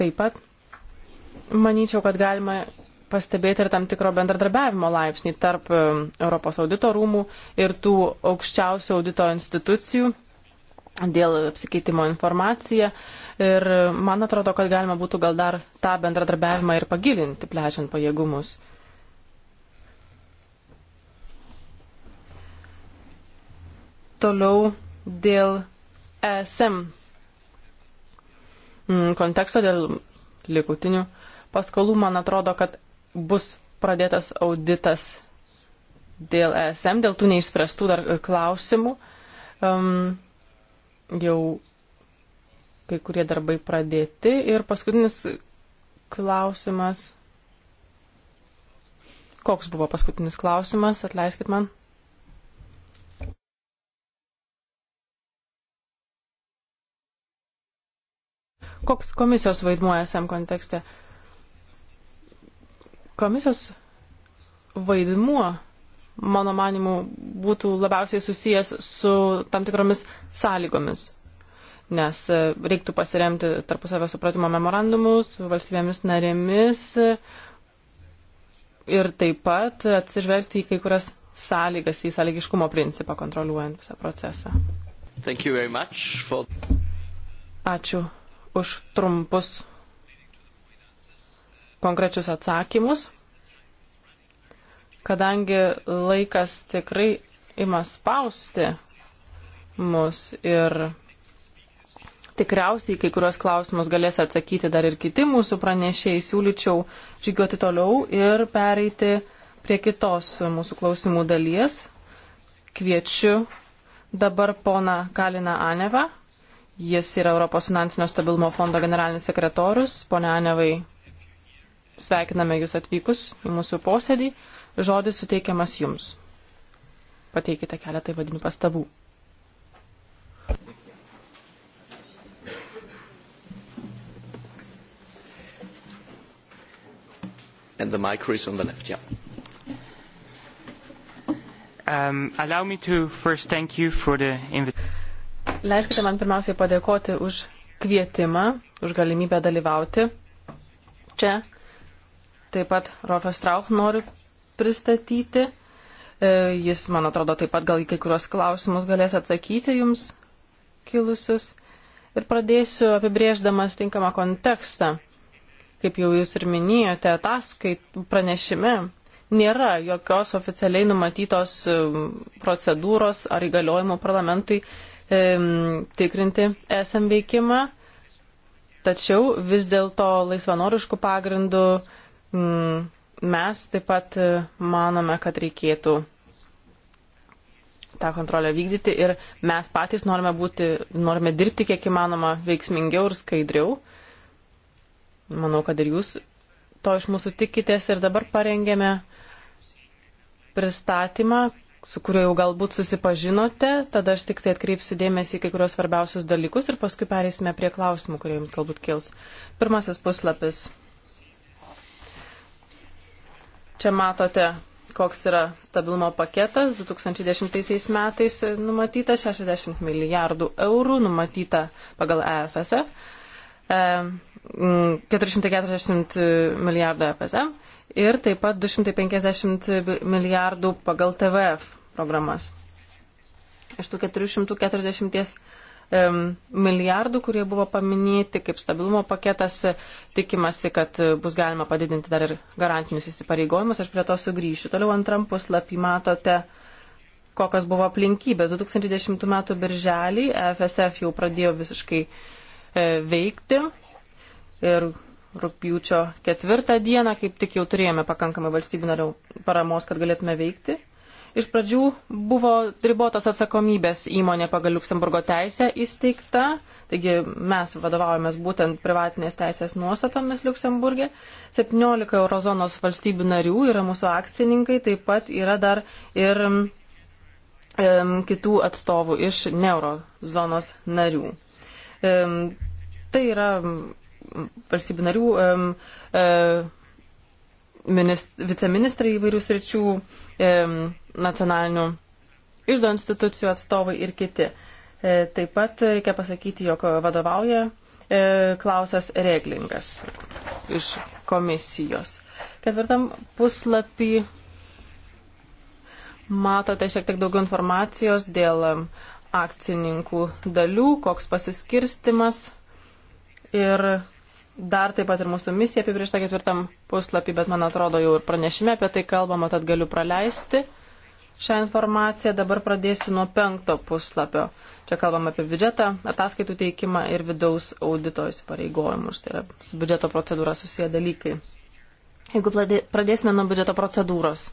Taip pat manyčiau, kad galima pastebėti ir tam tikro bendradarbiavimo laipsnį tarp e, Europos audito rūmų ir tų aukščiausių audito institucijų dėl apsikeitimo informacija. Uh, Ir man atrodo, kad galima būtų gal dar tą bendradarbiavimą ir pagilinti, plečiant pajėgumus. Toliau dėl ESM mm, konteksto, dėl likutinių paskolų, man atrodo, kad bus pradėtas auditas dėl ESM, dėl tų neišspręstų dar klausimų. Um, jau kai kurie darbai pradėti. Ir paskutinis klausimas. Koks buvo paskutinis klausimas, atleiskit man. Koks komisijos vaidmuo esam kontekste? Komisijos vaidmuo mano manimu, būtų labiausiai susijęs su tam tikromis sąlygomis nes e, reiktų pasiremti tarpusavio supratimo memorandumus su valstybėmis narėmis ir taip pat atsižvelgti į kai kurias sąlygas, į sąlygiškumo principą kontroliuojant visą procesą. For... Ačiū už trumpus konkrečius atsakymus. Kadangi laikas tikrai ima spausti mus ir Tikriausiai kai kurios klausimus galės atsakyti dar ir kiti mūsų pranešėjai. Siūlyčiau žygiuoti toliau ir pereiti prie kitos mūsų klausimų dalies. Kviečiu dabar pona Kalina Aneva. Jis yra Europos finansinio stabilumo fondo generalinis sekretorius. Pone Anevai, sveikiname Jūs atvykus į mūsų posėdį. Žodis suteikiamas Jums. Pateikite keletą vadinių pastabų. and the micro is on the left. Yeah. Um, allow me to first thank you for the invitation. Leiskite man pirmiausiai padėkoti už kvietimą, už galimybę dalyvauti čia. Taip pat Rolfas Strauch noriu pristatyti. E, jis, man atrodo, taip pat gal į kai kurios klausimus galės atsakyti jums kilusius. Ir pradėsiu apibrėždamas tinkamą kontekstą kaip jau jūs ir minėjote, ataskait pranešime nėra jokios oficialiai numatytos um, procedūros ar įgaliojimo parlamentui e, tikrinti esam veikimą, tačiau vis dėlto laisvanoriškų pagrindų m, um, mes taip pat uh, manome, kad reikėtų tą kontrolę vykdyti ir mes patys norime, būti, norime dirbti kiek įmanoma veiksmingiau ir skaidriau. Manau, kad ir jūs to iš mūsų tikitės ir dabar parengėme pristatymą, su kuriuo jau galbūt susipažinote, tada aš tik tai atkreipsiu dėmesį į kai kurios svarbiausius dalykus ir paskui pereisime prie klausimų, kurie jums galbūt kils. Pirmasis puslapis. Čia matote, koks yra stabilumo paketas. 2010 metais numatyta 60 milijardų eurų, numatyta pagal EFSF. E, 440 mm, milijardų FSM ir taip pat 250 milijardų pagal TVF programas. Iš tų 440 milijardų, kurie buvo paminėti kaip stabilumo paketas, tikimasi, kad bus galima padidinti dar ir garantinius įsipareigojimus. Aš prie to sugrįšiu. Toliau antram puslapį matote, kokios buvo aplinkybės. 2010 m. birželį FSF jau pradėjo visiškai e, veikti ir rūpjūčio ketvirtą dieną, kaip tik jau turėjome pakankamai valstybių narių paramos, kad galėtume veikti. Iš pradžių buvo ribotos atsakomybės įmonė pagal Luksemburgo teisę įsteigta, taigi mes vadovaujamės būtent privatinės teisės nuostatomis Luksemburgė. 17 eurozonos valstybių narių yra mūsų akcininkai, taip pat yra dar ir um, kitų atstovų iš neurozonos narių. Um, tai yra valstybių narių um, minist, viceministrai įvairių sričių, um, nacionalinių išdo institucijų atstovai ir kiti. E, taip pat reikia pasakyti, jog vadovauja e, Klausas Reglingas iš komisijos. Ketvirtam puslapį matote šiek tiek daugiau informacijos dėl akcininkų dalių, koks pasiskirstimas ir dar taip pat ir mūsų misija apibriešta ketvirtam puslapį, bet man atrodo jau ir pranešime apie tai kalbama, tad galiu praleisti šią informaciją. Dabar pradėsiu nuo penkto puslapio. Čia kalbam apie biudžetą, ataskaitų teikimą ir vidaus audito įsipareigojimus. Tai yra su biudžeto procedūra susiję dalykai. Jeigu pradėsime nuo biudžeto procedūros.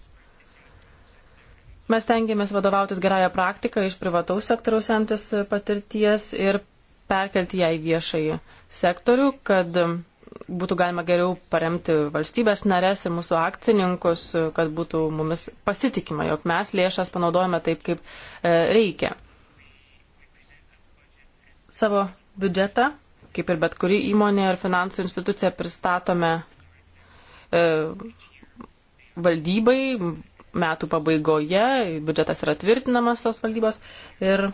Mes tengiamės vadovautis gerąją praktiką iš privataus sektoriaus semtis patirties ir perkelti ją į viešąjį sektorių, kad būtų galima geriau paremti valstybės narės ir mūsų akcininkus, kad būtų mumis pasitikima, jog mes lėšas panaudojame taip, kaip e, reikia. Savo biudžetą, kaip ir bet kuri įmonė ir finansų institucija, pristatome e, valdybai metų pabaigoje, biudžetas yra tvirtinamas tos valdybos ir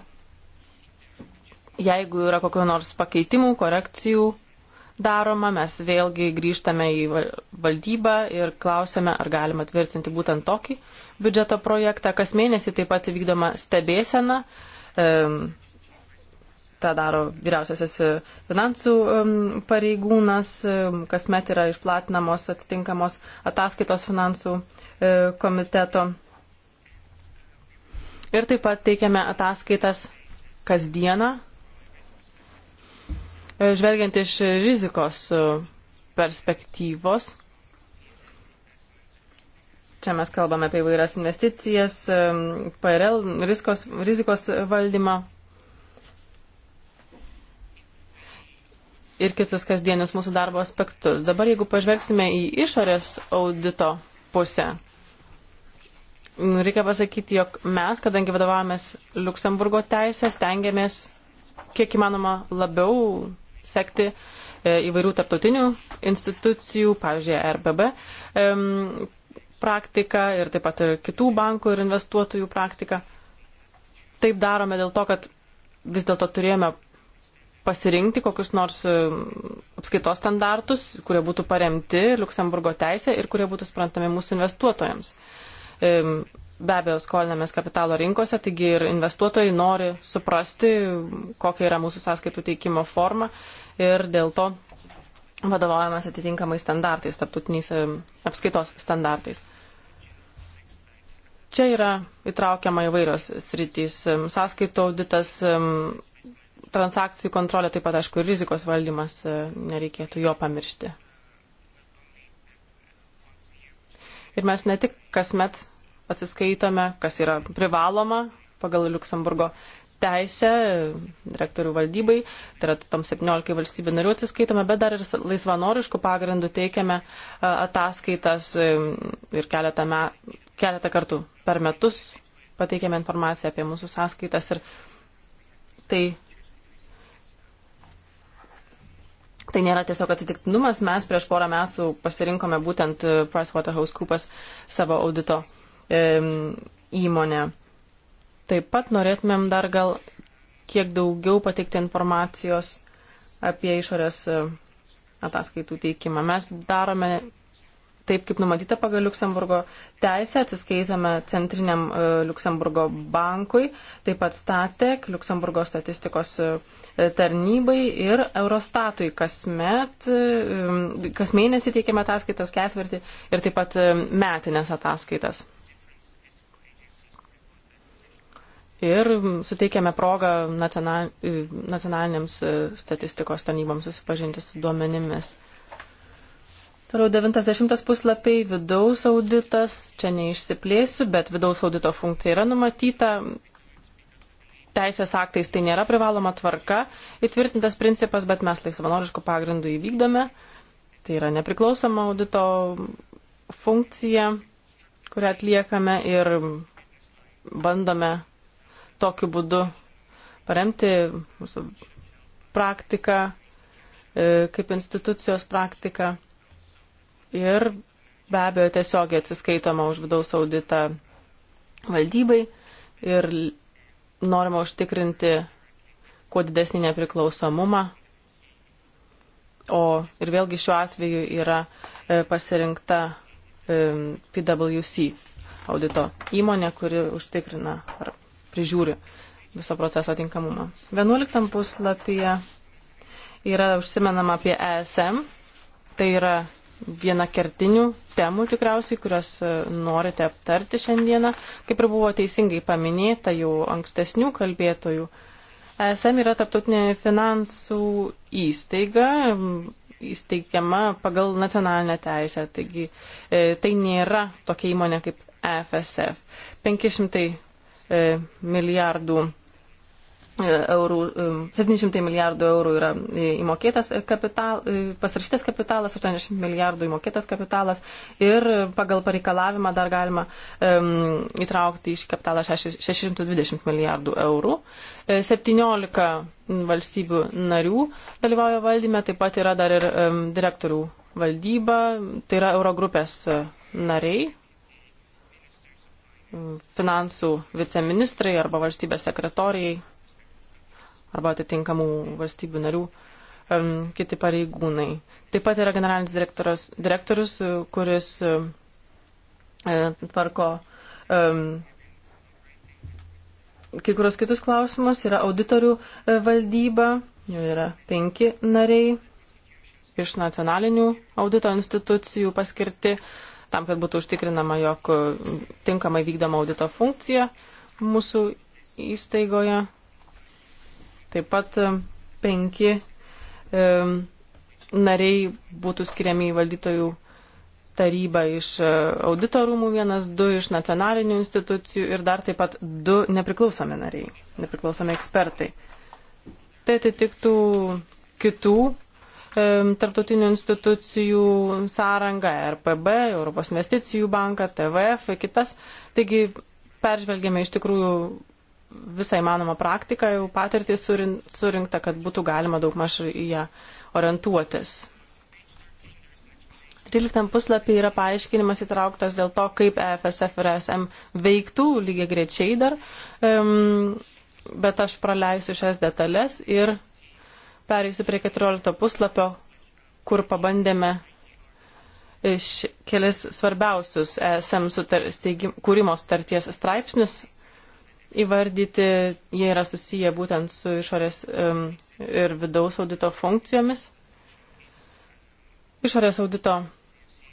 Jeigu yra kokio nors pakeitimų, korekcijų daroma, mes vėlgi grįžtame į valdybą ir klausėme, ar galima tvirtinti būtent tokį biudžeto projektą. Kas mėnesį taip pat vykdoma stebėsena. Ta daro vyriausiasis e, finansų pareigūnas. Kasmet yra išplatinamos atitinkamos ataskaitos finansų e, komiteto. Ir taip pat teikiame ataskaitas kasdieną E, žvelgiant iš rizikos e, perspektyvos. Čia mes kalbame apie įvairias investicijas, e, PRL, rizikos, rizikos valdymą ir kitus kasdienius mūsų darbo aspektus. Dabar jeigu pažvelgsime į išorės audito pusę, reikia pasakyti, jog mes, kadangi vadovavomės Luksemburgo teisę, stengiamės kiek įmanoma labiau sekti e, įvairių tarptautinių institucijų, pavyzdžiui, RBB praktiką ir taip pat ir kitų bankų ir investuotojų praktiką. Taip darome dėl to, kad vis dėlto turėjome pasirinkti kokius nors e, apskaitos standartus, kurie būtų paremti Luksemburgo teisė ir kurie būtų suprantami mūsų investuotojams. Be abejo, skolinamės kapitalo rinkose, taigi ir investuotojai nori suprasti, kokia yra mūsų sąskaitų teikimo forma ir dėl to vadovaujamės atitinkamai standartais, tarptautiniais e, apskaitos standartais. Čia yra įtraukiama įvairios sritys e, - sąskaito auditas, e, transakcijų kontrolė, taip pat, aišku, ir rizikos valdymas, nereikėtų jo pamiršti. Ir mes ne tik kasmet atsiskaitome, kas yra privaloma pagal Luksemburgo teisę direktorių valdybai, tai yra tom 17 valstybių narių atsiskaitome, bet dar ir laisvanoriškų pagrindų teikiame ataskaitas ir keletą, me, keletą kartų per metus pateikėme informaciją apie mūsų sąskaitas ir tai, tai nėra tiesiog atsitiktinumas, mes prieš porą metų pasirinkome būtent PricewaterhouseCoopers savo audito uh, įmonę. Taip pat norėtumėm dar gal kiek daugiau pateikti informacijos apie išorės e, ataskaitų teikimą. Mes darome taip, kaip numatyta pagal Luksemburgo teisę, atsiskaitame centriniam e, Luksemburgo bankui, taip pat statek Luksemburgo statistikos e, tarnybai ir Eurostatui kasmet, kas mėnesį teikiame ataskaitas ketvirtį ir taip pat metinės ataskaitas. ir suteikėme progą nacionalinėms e, statistikos tarnyboms susipažinti su duomenimis. Toliau 90 puslapiai vidaus auditas, čia neišsiplėsiu, bet vidaus audito funkcija yra numatyta. Teisės aktais tai nėra privaloma tvarka, įtvirtintas principas, bet mes laisvanoriškų pagrindų įvykdome. Tai yra nepriklausoma audito funkcija, kurią atliekame ir bandome tokiu būdu paremti mūsų praktiką, e, kaip institucijos praktiką ir be abejo tiesiogiai atsiskaitoma už vidaus auditą valdybai ir norima užtikrinti kuo didesnį nepriklausomumą. O ir vėlgi šiuo atveju yra e, pasirinkta e, PwC audito įmonė, kuri užtikrina ar prižiūri viso proceso tinkamumą. 11 puslapyje yra užsimenama apie ESM. Tai yra viena kertinių temų tikriausiai, kurias e, norite aptarti šiandieną. Kaip ir buvo teisingai paminėta jau ankstesnių kalbėtojų, ESM yra taptautinė finansų įstaiga, įsteigiama pagal nacionalinę teisę, taigi e, tai nėra tokia įmonė kaip FSF. E 500 E, milijardų e, eurų, 700 e, milijardų eurų yra įmokėtas kapital, pasirašytas kapitalas, 80 milijardų įmokėtas kapitalas ir pagal pareikalavimą dar galima um, įtraukti iš kapitalą 620 milijardų eurų. 17 valstybių narių dalyvauja valdyme, taip pat yra dar ir um, direktorių valdyba, tai yra Eurogrupės nariai, finansų viceministrai arba valstybės sekretorijai arba atitinkamų valstybių narių kiti pareigūnai. Taip pat yra generalinis direktorius, direktorius kuris e, tvarko kai kurios kitus klausimus, yra auditorių e, valdyba, jo yra penki nariai iš nacionalinių audito institucijų paskirti tam, kad būtų užtikrinama, jog tinkamai vykdoma audito funkcija mūsų įstaigoje. Taip pat penki e, nariai būtų skiriami į valdytojų tarybą iš e, audito rūmų, vienas, du iš nacionalinių institucijų ir dar taip pat du nepriklausomi nariai, nepriklausomi ekspertai. Tai atitiktų kitų tarptautinių institucijų sąrangą, RPB, Europos investicijų banką, TVF, kitas. Taigi peržvelgėme iš tikrųjų visą įmanomą praktiką, jau patirtį surinktą, kad būtų galima daug maž į ją orientuotis. 13 puslapį yra paaiškinimas įtrauktas dėl to, kaip EFSF ir e SM veiktų lygiai grečiai dar, um, bet aš praleisiu šias detalės ir Pereisiu prie 14 puslapio, kur pabandėme iš kelis svarbiausius ESM sutar, steigim, kūrimo starties straipsnius įvardyti. Jie yra susiję būtent su išorės um, ir vidaus audito funkcijomis. Išorės audito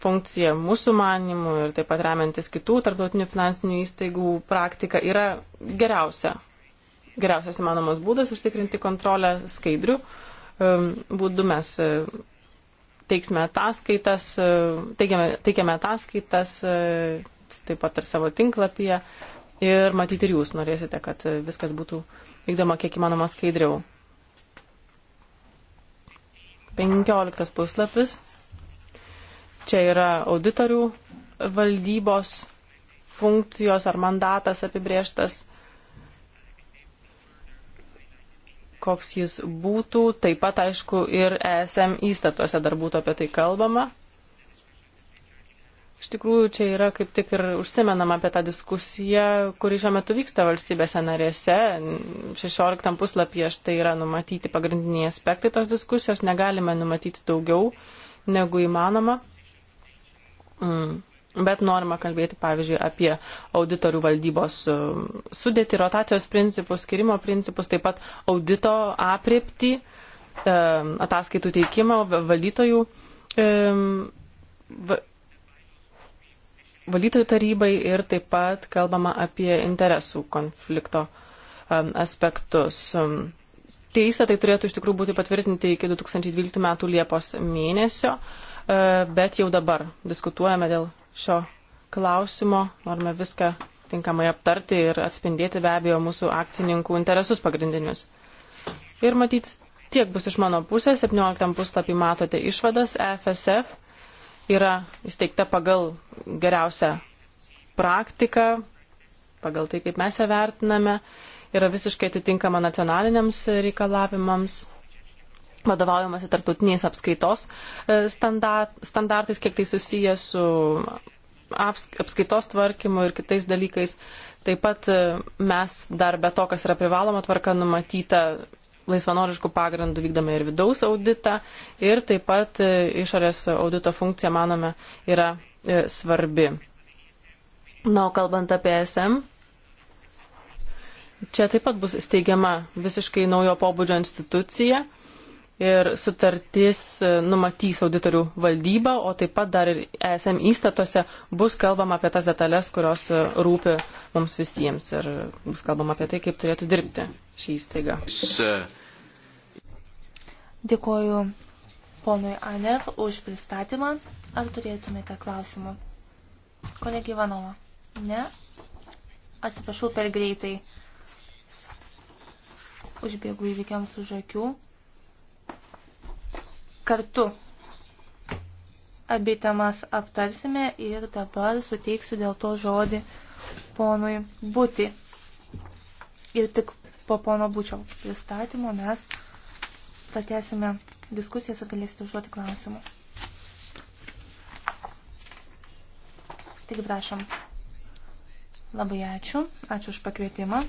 funkcija mūsų manimų ir taip pat remiantis kitų tarptautinių finansinių įstaigų praktika yra geriausia. Geriausias įmanomas būdas užtikrinti kontrolę skaidrių būdu mes e, teiksime ataskaitas, e, teikiame, teikiame ataskaitas e, taip pat ir savo tinklapyje ir matyti ir jūs norėsite, kad viskas būtų vykdoma kiek įmanoma skaidriau. 15 puslapis. Čia yra auditorių valdybos funkcijos ar mandatas apibrieštas koks jis būtų. Taip pat, aišku, ir ESM įstatuose dar būtų apie tai kalbama. Iš tikrųjų, čia yra kaip tik ir užsimenama apie tą diskusiją, kuri šiuo metu vyksta valstybėse narėse. 16 puslapyje štai yra numatyti pagrindiniai aspektai tos diskusijos, negalime numatyti daugiau negu įmanoma. Mm. Bet norima kalbėti, pavyzdžiui, apie auditorių valdybos e, sudėti, rotacijos principus, skirimo principus, taip pat audito apriepti, e, ataskaitų teikimą, valytojų, e, valytojų tarybai ir taip pat kalbama apie interesų konflikto aspektus. Tie įstatai turėtų iš tikrųjų būti patvirtinti iki 2012 m. Liepos mėnesio, bet jau dabar diskutuojame dėl šio klausimo, norime viską tinkamai aptarti ir atspindėti be abejo mūsų akcininkų interesus pagrindinius. Ir matyt, tiek bus iš mano pusės. 17 puslapį matote išvadas. EFSF yra įsteigta pagal geriausią praktiką, pagal tai, kaip mes ją vertiname, yra visiškai atitinkama nacionaliniams reikalavimams vadovaujamasi tarptautiniais apskaitos e, standartais, kiek tai susiję su apskaitos tvarkymu ir kitais dalykais. Taip pat e, mes dar be to, kas yra privaloma tvarka numatyta, laisvanoriškų pagrindų vykdome ir vidaus auditą ir taip pat e, išorės audito funkcija, manome, yra svarbi. Na, o kalbant apie SM, čia taip pat bus steigiama visiškai naujo pobūdžio institucija ir sutartis e, numatys auditorių valdybą, o taip pat dar ir ESM įstatuose bus kalbama apie tas detalės, kurios e, rūpi mums visiems ir bus kalbama apie tai, kaip turėtų dirbti šį įstaigą. Dėkoju ponui Aner už pristatymą. Ar turėtumėte klausimų? Kolegė Ivanova. Ne? Atsiprašau per greitai. Užbėgu įvykiams už akių kartu abi temas aptarsime ir dabar suteiksiu dėl to žodį ponui būti. Ir tik po pono būčio pristatymo mes pratęsime diskusijas ir galėsite užduoti klausimų. Taigi prašom. Labai ačiū. Ačiū už pakvietimą.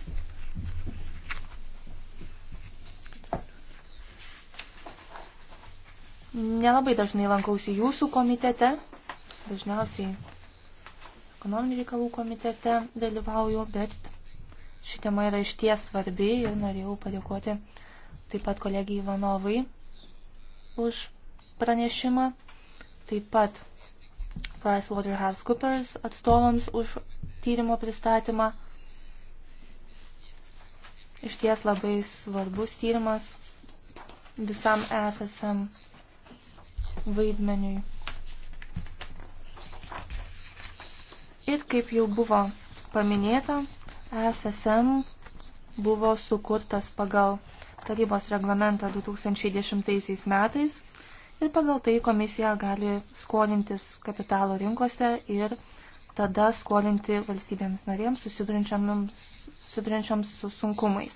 Nelabai dažnai lankausi jūsų komitete, dažniausiai ekonominių reikalų komitete dalyvauju, bet ši tema yra išties svarbi ir norėjau padėkoti taip pat kolegijai Ivanovai už pranešimą, taip pat PricewaterhouseCoopers atstovams už tyrimo pristatymą. Išties labai svarbus tyrimas visam FSM vaidmeniui. Ir kaip jau buvo paminėta, FSM buvo sukurtas pagal tarybos reglamentą 2010 metais ir pagal tai komisija gali skolintis kapitalo rinkose ir tada skolinti valstybėms narėms susidurinčiams su sunkumais.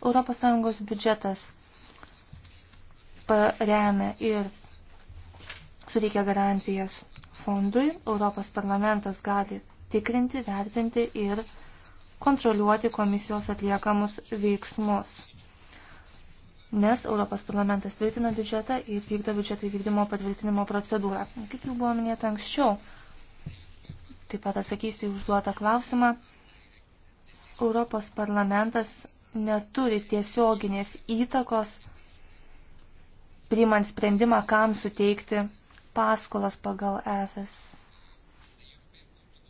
ES biudžetas paremia ir suteikia garantijas fondui, Europos parlamentas gali tikrinti, vertinti ir kontroliuoti komisijos atliekamus veiksmus. Nes Europos parlamentas tvirtina biudžetą ir vykdo biudžeto įvykdymo patvirtinimo procedūrą. Kaip jau buvo minėta anksčiau, taip pat atsakysiu užduotą klausimą. Europos parlamentas neturi tiesioginės įtakos priimant sprendimą, kam suteikti paskolas pagal FS,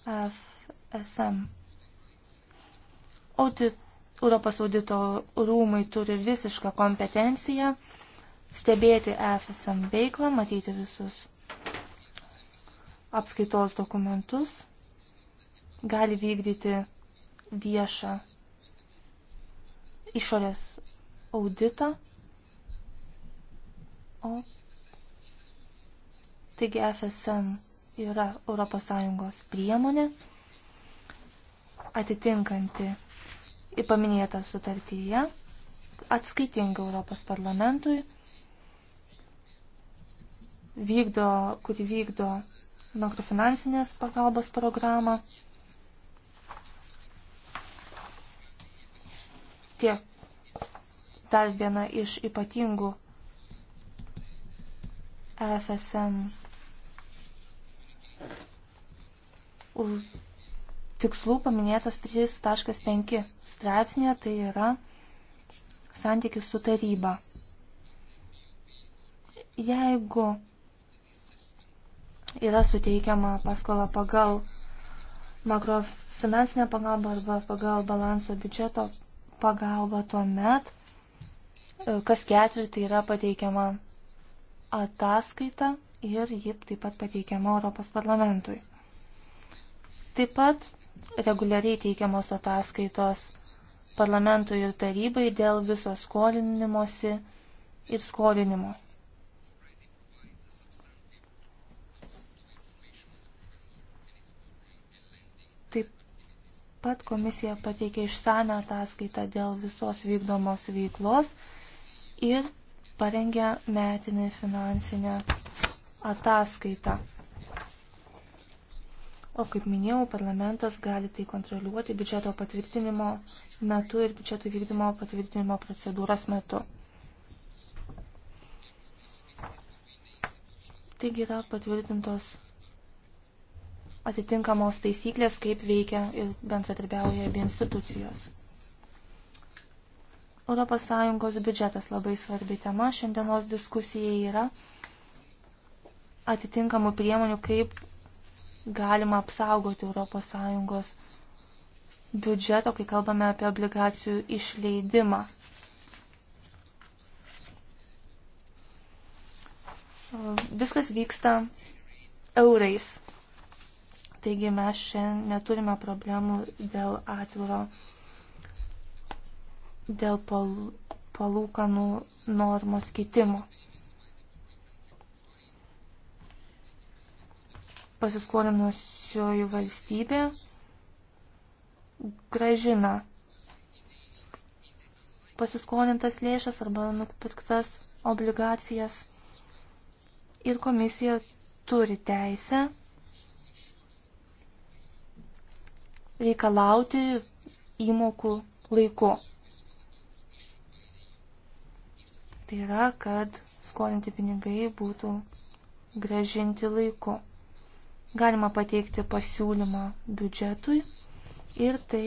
FSM. Audit, Europos audito rūmai turi visišką kompetenciją stebėti FSM veiklą, matyti visus apskaitos dokumentus, gali vykdyti viešą išorės auditą, o Taigi FSM yra ES priemonė atitinkanti į paminėtą sutartyje, atskaitinga Europos parlamentui, vykdo, kuri vykdo makrofinansinės pagalbos programą tiek dar viena iš ypatingų FSM už tikslų paminėtas 3.5 straipsnė, tai yra santykis su taryba. Jeigu yra suteikiama paskola pagal makrofinansinę pagalbą arba pagal balanso biudžeto pagalbą tuomet, e, kas ketvirtį yra pateikiama ataskaita ir ji taip pat pateikiama Europos parlamentui. Taip pat reguliariai teikiamos ataskaitos parlamentui ir tarybai dėl viso skolinimosi ir skolinimo. Taip pat komisija pateikė išsame ataskaitą dėl visos vykdomos veiklos ir parengė metinį finansinę ataskaitą. O kaip minėjau, parlamentas gali tai kontroliuoti biudžeto patvirtinimo metu ir biudžeto vykdymo patvirtinimo procedūros metu. Taigi yra patvirtintos atitinkamos taisyklės, kaip veikia ir bendradarbiauja abi institucijos. ES biudžetas labai svarbi tema šiandienos diskusijai yra atitinkamų priemonių, kaip galima apsaugoti ES biudžeto, kai kalbame apie obligacijų išleidimą. Viskas vyksta eurais. Taigi mes šiandien neturime problemų dėl atviro dėl palūkanų normos kitimo. Pasiskolinusioji valstybė gražina pasiskolintas lėšas arba nupirktas obligacijas ir komisija turi teisę reikalauti įmokų laiku. Tai yra, kad skolinti pinigai būtų gražinti laiku. Galima pateikti pasiūlymą biudžetui ir tai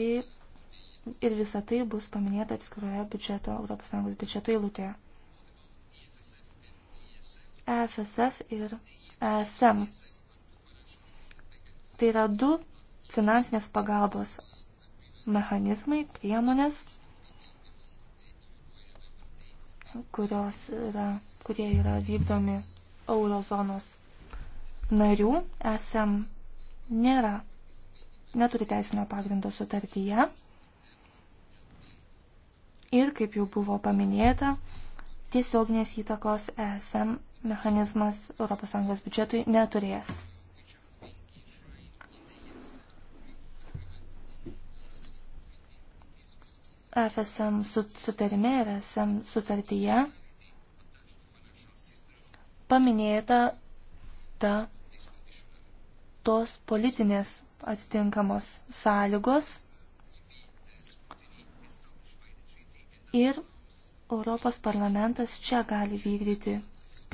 ir visa tai bus paminėta atskiroje biudžeto, ES biudžeto eilutėje. EFSF ir ESM. Tai yra du finansinės pagalbos mechanizmai, priemonės, kurios yra, kurie yra vykdomi eurozonos narių, esam nėra, neturi teisinio pagrindo sutartyje. Ir, kaip jau buvo paminėta, tiesioginės įtakos ESM mechanizmas ES biudžetui neturės. FSM sutarime ir SM sutartyje paminėta ta tos politinės atitinkamos sąlygos ir Europos parlamentas čia gali vykdyti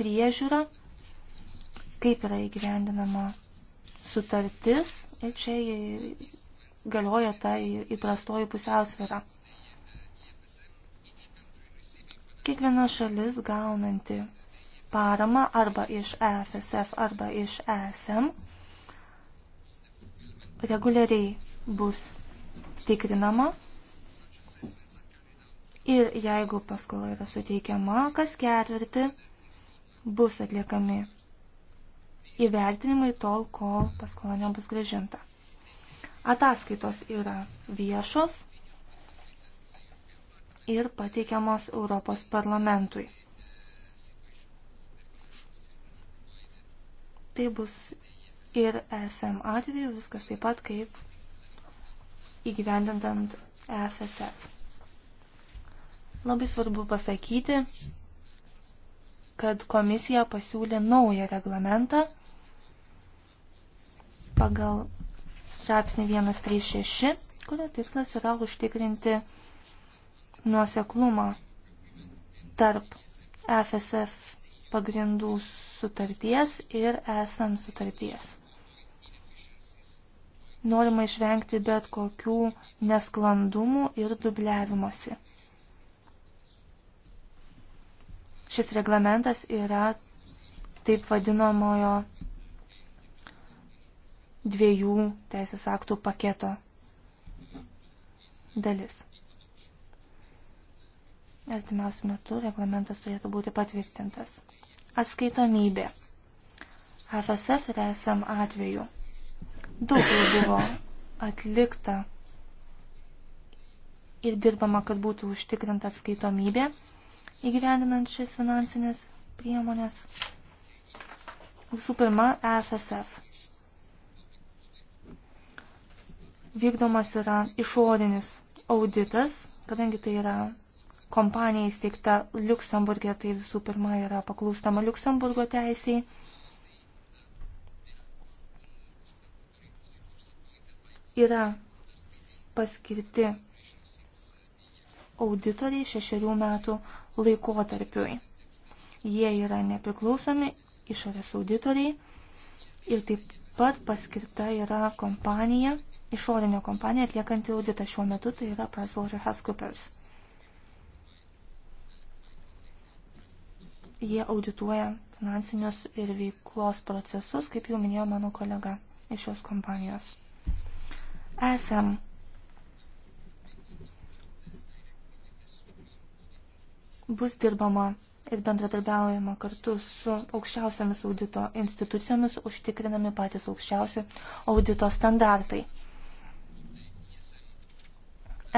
priežiūrą, kaip yra įgyvendinama sutartis ir čia galioja ta įprastoji pusiausvėra. Kiekviena šalis gaunanti paramą arba iš EFSF arba iš ESM reguliariai bus tikrinama ir jeigu paskola yra suteikiama, kas ketvirtį bus atliekami įvertinimai tol, kol paskola nebus grąžinta. Ataskaitos yra viešos, ir pateikiamos Europos parlamentui. Tai bus ir ESM atveju viskas taip pat kaip įgyvendintant EFSF. Labai svarbu pasakyti, kad komisija pasiūlė naują reglamentą pagal straipsnį 136, kurio tikslas yra užtikrinti nuoseklumą tarp FSF pagrindų sutarties ir esam sutarties. Norima išvengti bet kokių nesklandumų ir dubliavimosi. Šis reglamentas yra taip vadinamojo dviejų teisės aktų paketo dalis artimiausių metų reglamentas turėtų būti patvirtintas. Atskaitomybė. FSF ir SM atveju. Daug jau buvo atlikta ir dirbama, kad būtų užtikrinta atskaitomybė įgyvendinant šis finansinės priemonės. Visų pirma, EFSF. Vykdomas yra išorinis auditas, kadangi tai yra kompanija įsteigta Luksemburgė, tai visų pirma yra paklūstama Luksemburgo teisiai. Yra paskirti auditoriai šešerių metų laikotarpiui. Jie yra nepriklausomi išorės auditoriai ir taip pat paskirta yra kompanija, išorinė kompanija atliekanti auditą šiuo metu, tai yra PricewaterhouseCoopers. jie audituoja finansinius ir veiklos procesus, kaip jau minėjo mano kolega iš šios kompanijos. ESM. Bus dirbama ir bendradarbiaujama kartu su aukščiausiamis audito institucijomis, užtikrinami patys aukščiausi audito standartai.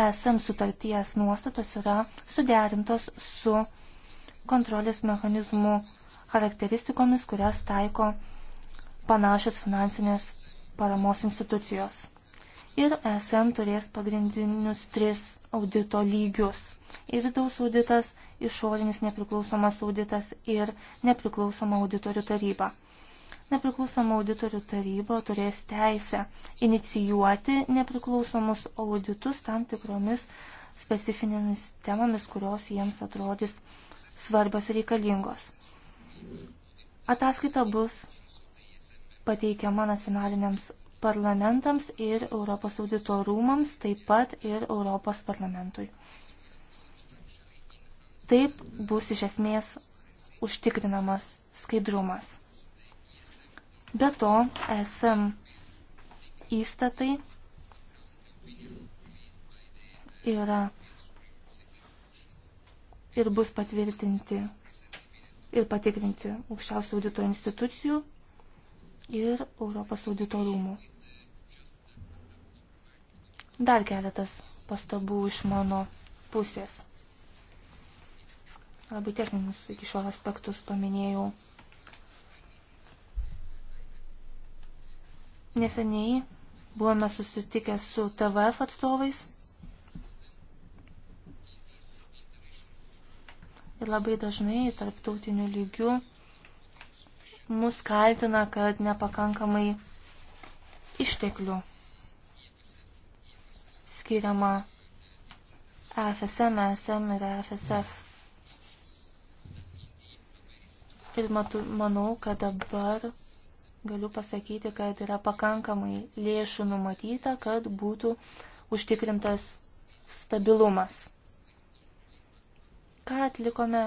ESM sutarties nuostatos yra suderintos su kontrolės mechanizmų charakteristikomis, kurias taiko panašios finansinės paramos institucijos. Ir ESM turės pagrindinius tris audito lygius. Ir vidaus auditas, išorinis nepriklausomas auditas ir nepriklausoma auditorių taryba. Nepriklausoma auditorių taryba turės teisę inicijuoti nepriklausomus auditus tam tikromis specifinėmis temomis, kurios jiems atrodys svarbios ir reikalingos. Ataskaita bus pateikiama nacionaliniams parlamentams ir Europos audito rūmams, taip pat ir Europos parlamentui. Taip bus iš esmės užtikrinamas skaidrumas. Be to, ESM įstatai yra ir bus patvirtinti ir patikrinti aukščiausių audito institucijų ir Europos audito rūmų. Dar keletas pastabų iš mano pusės. Labai techninius iki šiol aspektus paminėjau. Neseniai buvome susitikę su TVF atstovais Ir labai dažnai tarptautiniu lygiu mus kaltina, kad nepakankamai išteklių skiriama FSM, SM ir FSF. Ir matu, manau, kad dabar galiu pasakyti, kad yra pakankamai lėšų numatyta, kad būtų užtikrintas stabilumas ką atlikome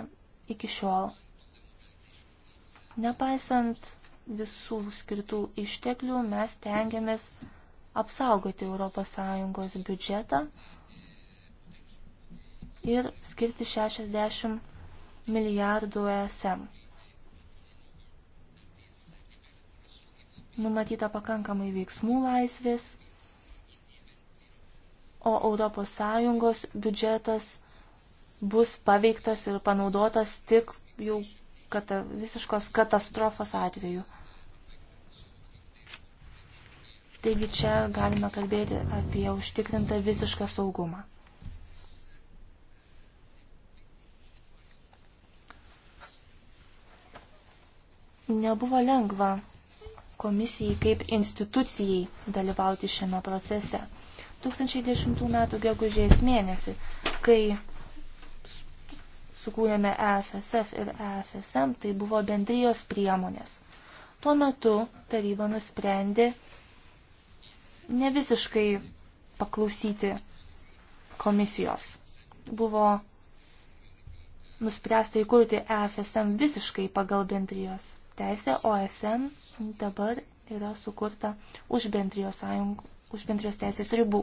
iki šiol. Nepaisant visų skirtų išteklių, mes tengiamės apsaugoti ES biudžetą ir skirti 60 milijardų ESM. numatyta pakankamai veiksmų laisvės, o ES biudžetas bus paveiktas ir panaudotas tik jau kata, visiškos katastrofos atveju. Taigi čia galime kalbėti apie užtikrintą visišką saugumą. Nebuvo lengva komisijai kaip institucijai dalyvauti šiame procese. 2010 m. gegužės mėnesį, kai sukūrėme EFSF ir EFSM, tai buvo bendrijos priemonės. Tuo metu taryba nusprendė ne visiškai paklausyti komisijos. Buvo nuspręsta įkurti EFSM visiškai pagal bendrijos teisę, o SM dabar yra sukurta už bendrijos, sąjung, už bendrijos teisės ribų.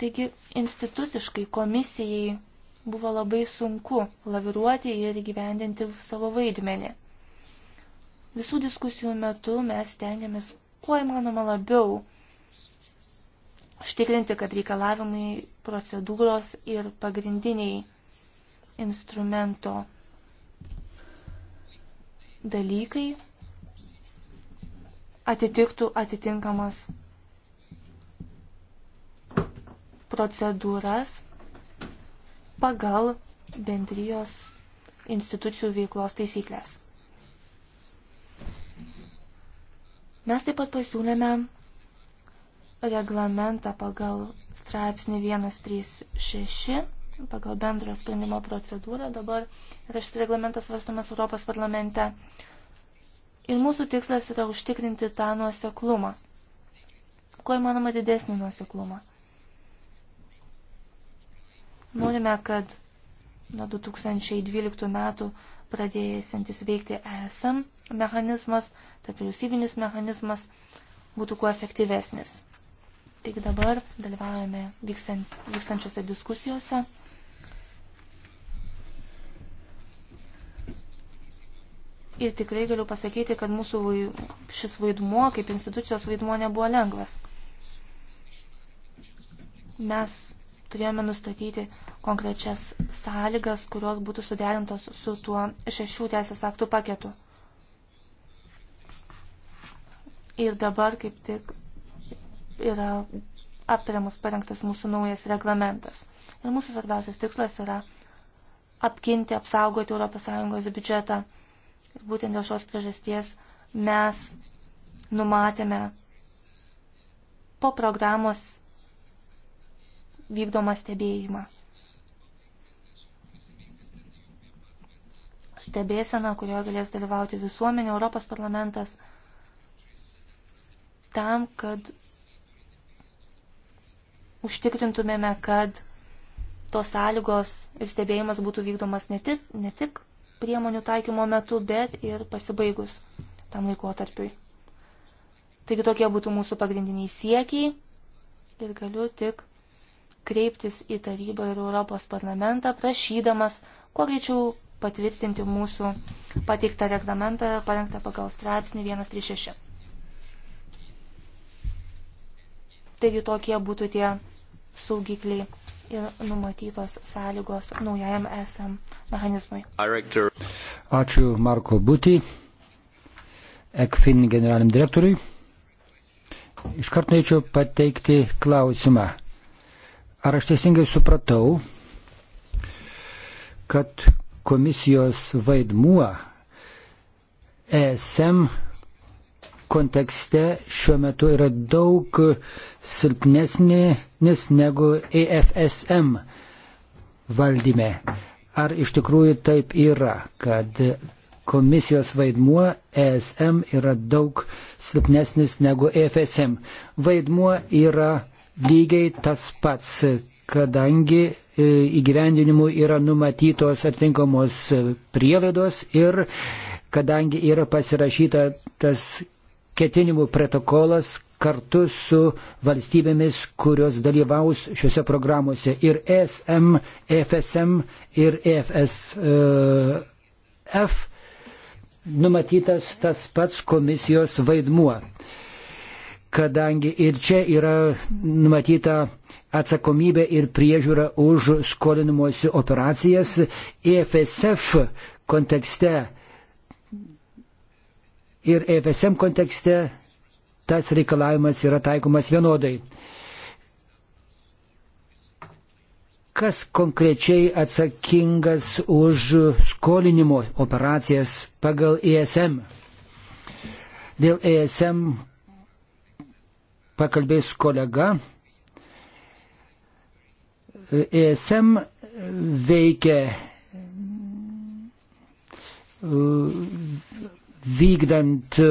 Taigi instituciškai komisijai buvo labai sunku laviruoti ir įgyvendinti savo vaidmenį. Visų diskusijų metu mes stengiamės kuo įmanoma labiau užtikrinti, kad reikalavimai, procedūros ir pagrindiniai instrumento dalykai atitiktų atitinkamas procedūras pagal bendrijos institucijų veiklos taisyklės. Mes taip pat pasiūlėme reglamentą pagal straipsnį 136, pagal bendrojo sprendimo procedūrą. Dabar yra šis reglamentas varstomas Europos parlamente. Ir mūsų tikslas yra užtikrinti tą nuoseklumą, kuo įmanoma didesnį nuoseklumą. Norime, kad nuo 2012 metų pradėjęs veikti ESM mechanizmas, tarp vyriausybinis mechanizmas būtų kuo efektyvesnis. Taigi dabar dalyvaujame vykstant, vykstančiose diskusijose. Ir tikrai galiu pasakyti, kad mūsų vai, šis vaidmuo, kaip institucijos vaidmuo, nebuvo lengvas. Mes turėjome nustatyti konkrečias sąlygas, kurios būtų suderintos su tuo šešių teisės aktų paketu. Ir dabar kaip tik yra aptariamus parengtas mūsų naujas reglamentas. Ir mūsų svarbiausias tikslas yra apginti, apsaugoti ES biudžetą. Ir būtent dėl šios priežasties mes numatėme po programos vykdomą stebėjimą. Stebėsena, kurioje galės dalyvauti visuomenė, Europos parlamentas, tam, kad užtikrintumėme, kad tos sąlygos ir stebėjimas būtų vykdomas ne tik, ne tik priemonių taikymo metu, bet ir pasibaigus tam laikotarpiui. Taigi tokie būtų mūsų pagrindiniai siekiai ir galiu tik kreiptis į tarybą ir Europos parlamentą, prašydamas kuo greičiau patvirtinti mūsų pateiktą reglamentą parengtą pagal straipsnį 136. Taigi tokie būtų tie saugikliai ir numatytos sąlygos naujajam SM mechanizmui. Director. Ačiū Marko Būti, ECFIN generaliniam direktoriui. Iš karto norėčiau pateikti klausimą. Ar aš teisingai supratau, kad komisijos vaidmuo ESM kontekste šiuo metu yra daug silpnesnis negu EFSM valdyme. Ar iš tikrųjų taip yra, kad komisijos vaidmuo ESM yra daug silpnesnis negu EFSM? Vaidmuo yra lygiai tas pats, kadangi e, įgyvendinimu yra numatytos atitinkamos prielaidos ir kadangi yra pasirašyta tas ketinimų protokolas kartu su valstybėmis, kurios dalyvaus šiuose programuose ir ESM, FSM ir EFSF, numatytas tas pats komisijos vaidmuo. E, kadangi ir čia yra numatyta atsakomybė ir priežiūra už skolinimuosi operacijas. EFSF kontekste ir EFSM kontekste tas reikalavimas yra taikomas vienodai. Kas konkrečiai atsakingas už skolinimo operacijas pagal ESM? Dėl ESM pakalbės kolega. ESM veikia e, vykdant e,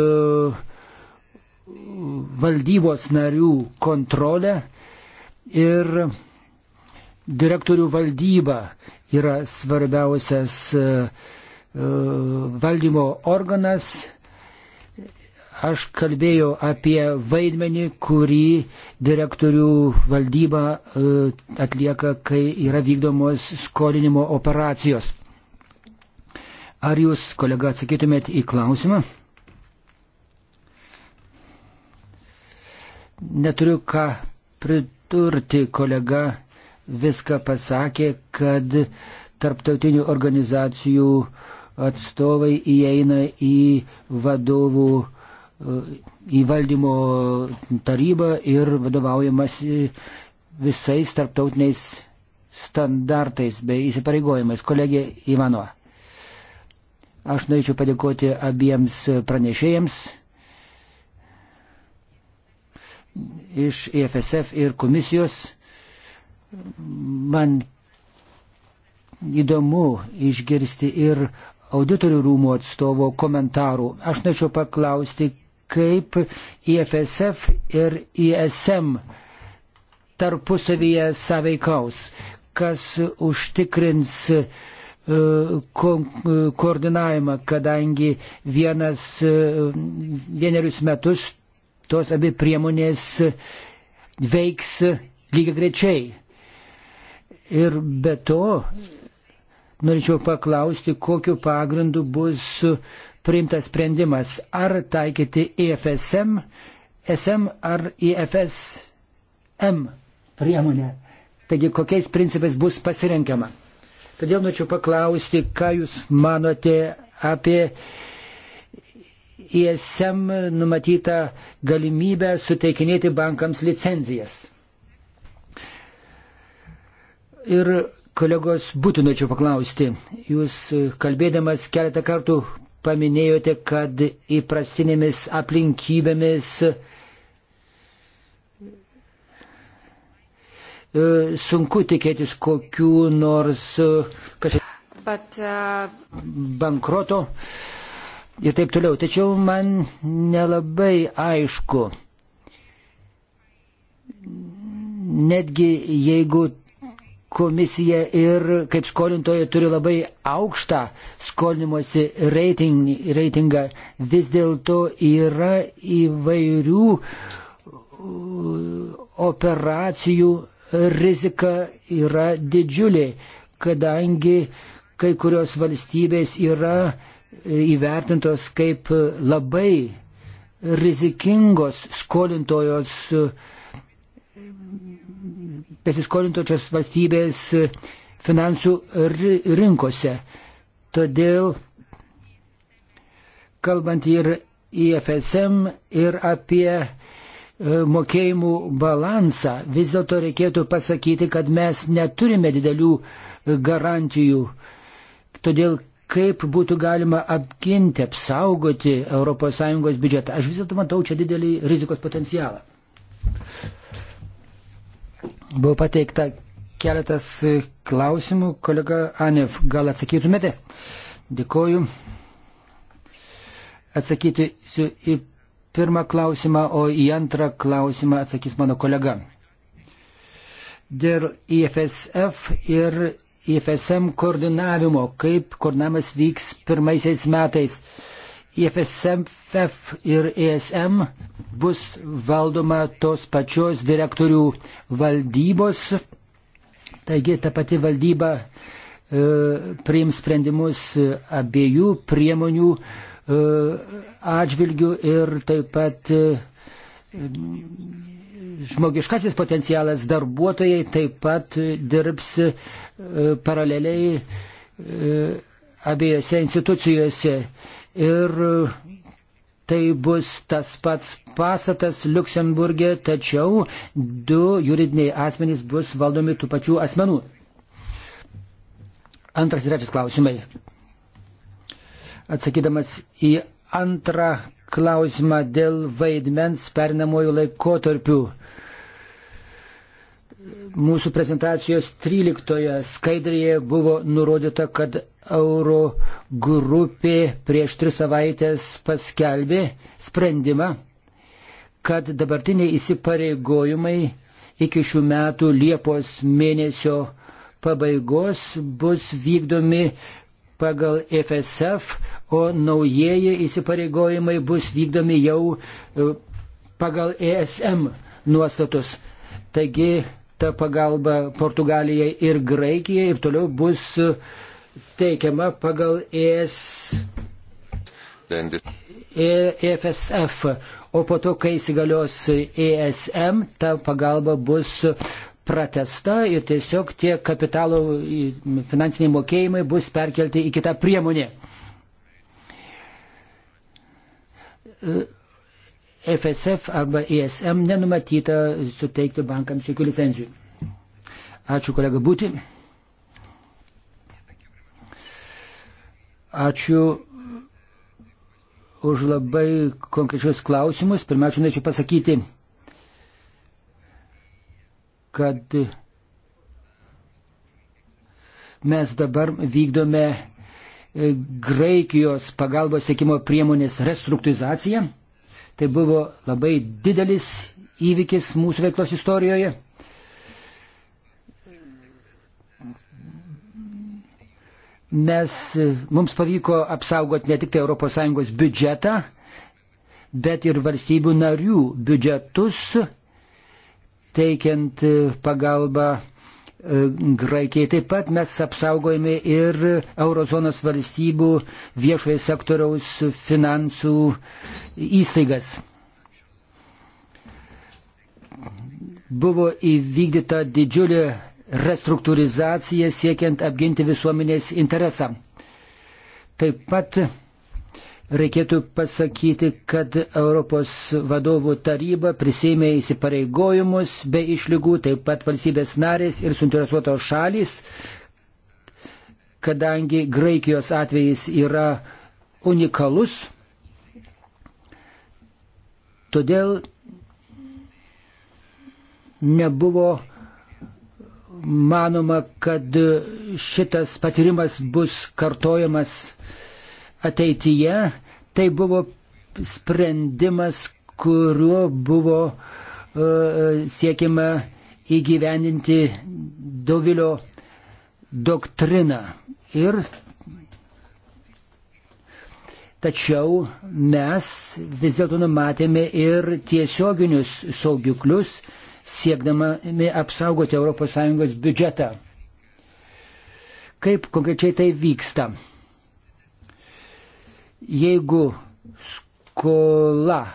valdybos narių kontrolę ir direktorių valdyba yra svarbiausias e, valdymo organas Aš kalbėjau apie vaidmenį, kurį direktorių valdyba e, atlieka, kai yra vykdomos skolinimo operacijos. Ar jūs, kolega, atsakytumėt į klausimą? Neturiu ką pridurti, kolega viską pasakė, kad tarptautinių organizacijų atstovai įeina į vadovų įvaldymo taryba ir vadovaujamasi visais tarptautiniais standartais bei įsipareigojimais. Kolegė Ivanova, aš norėčiau padėkoti abiems pranešėjams iš EFSF ir komisijos. Man įdomu išgirsti ir auditorių rūmų atstovo komentarų. Aš norėčiau paklausti, kaip IFSF ir ISM tarpusavyje sąveikaus, kas užtikrins e, ko, koordinavimą, kadangi vienas, e, vienerius metus tos abi priemonės veiks lygiai grečiai. Ir be to, norėčiau paklausti, kokiu pagrindu bus priimtas sprendimas ar taikyti EFSM, SM ar EFSM priemonę. Taigi kokiais principais bus pasirenkiama. Todėl norėčiau paklausti, ką Jūs manote apie ISM e numatytą galimybę suteikinėti bankams licenzijas. Ir kolegos būtų norėčiau paklausti, Jūs kalbėdamas keletą kartų paminėjote, kad įprastinėmis aplinkybėmis e, sunku tikėtis kokių nors e, kažkokių But, uh... bankroto ir taip toliau. Tačiau man nelabai aišku, netgi jeigu komisija ir kaip skolintoja turi labai aukštą skolinimuose reiting, reitingą, vis dėlto yra įvairių uh, operacijų rizika yra didžiulė, kadangi kai kurios valstybės yra uh, įvertintos kaip labai rizikingos skolintojos uh, besiskolintočios valstybės finansų rinkose. Todėl, kalbant ir IFSM, ir apie e, mokėjimų balansą, vis dėlto reikėtų pasakyti, kad mes neturime didelių e, garantijų. Todėl kaip būtų galima apginti, apsaugoti ES biudžetą. Aš vis dėlto matau čia didelį rizikos potencialą. Buvo pateikta keletas e, klausimų. Kolega Anev, gal atsakytumėte? Dėkoju. Atsakysiu į pirmą klausimą, o į antrą klausimą atsakys mano kolega. Dėl IFSF ir IFSM koordinavimo, kaip koordinavimas vyks pirmaisiais metais. IFSMF e e ir ESM bus valdoma tos pačios direktorių valdybos. Taigi ta pati valdyba e, priims sprendimus abiejų priemonių e, atžvilgių ir taip pat e, žmogiškasis potencialas darbuotojai taip pat dirbs e, paraleliai. E, abiejose institucijose ir tai bus tas pats pastatas Luksemburgė, tačiau du juridiniai asmenys bus valdomi tų pačių asmenų. Antras ir trečias klausimai. Atsakydamas į antrą klausimą dėl vaidmens pernamojų laikotarpių mūsų prezentacijos 13 skaidrėje buvo nurodyta, kad euro grupė prieš tris savaitės paskelbė sprendimą, kad dabartiniai įsipareigojimai iki šių metų Liepos mėnesio pabaigos bus vykdomi pagal FSF, o naujieji įsipareigojimai bus vykdomi jau e, pagal ESM nuostatus. Taigi ta pagalba Portugalijai ir Graikijai ir toliau bus teikiama pagal ES, EFSF. E o po to, kai įsigalios ESM, ta pagalba bus pratesta ir tiesiog tie kapitalo finansiniai mokėjimai bus perkelti į kitą priemonę. FSF arba ESM nenumatyta suteikti bankams jokių licencijų. Ačiū kolega Būti. Ačiū už labai konkrečius klausimus. Pirmiausia, norėčiau pasakyti, kad mes dabar vykdome Graikijos pagalbos sėkimo priemonės restruktūrizaciją Tai buvo labai didelis įvykis mūsų veiklos istorijoje. Mes, mums pavyko apsaugoti ne tik tai ES biudžetą, bet ir valstybių narių biudžetus, teikiant pagalbą Graikijai. Taip pat mes apsaugojame ir eurozonos valstybių viešojo sektoriaus finansų įstaigas. Buvo įvykdyta didžiulė restruktūrizacija siekiant apginti visuomenės interesą. Taip pat reikėtų pasakyti, kad Europos vadovų taryba prisėmė įsipareigojimus be išlygų, taip pat valstybės narės ir suinteresuotos šalys, kadangi Graikijos atvejis yra unikalus. Todėl nebuvo manoma, kad šitas patyrimas bus kartojamas ateityje tai buvo sprendimas, kuriuo buvo uh, siekiama įgyveninti Dovilio doktriną. Ir tačiau mes vis dėlto numatėme ir tiesioginius saugiklius, siekdami apsaugoti ES biudžetą. Kaip konkrečiai tai vyksta? Jeigu skola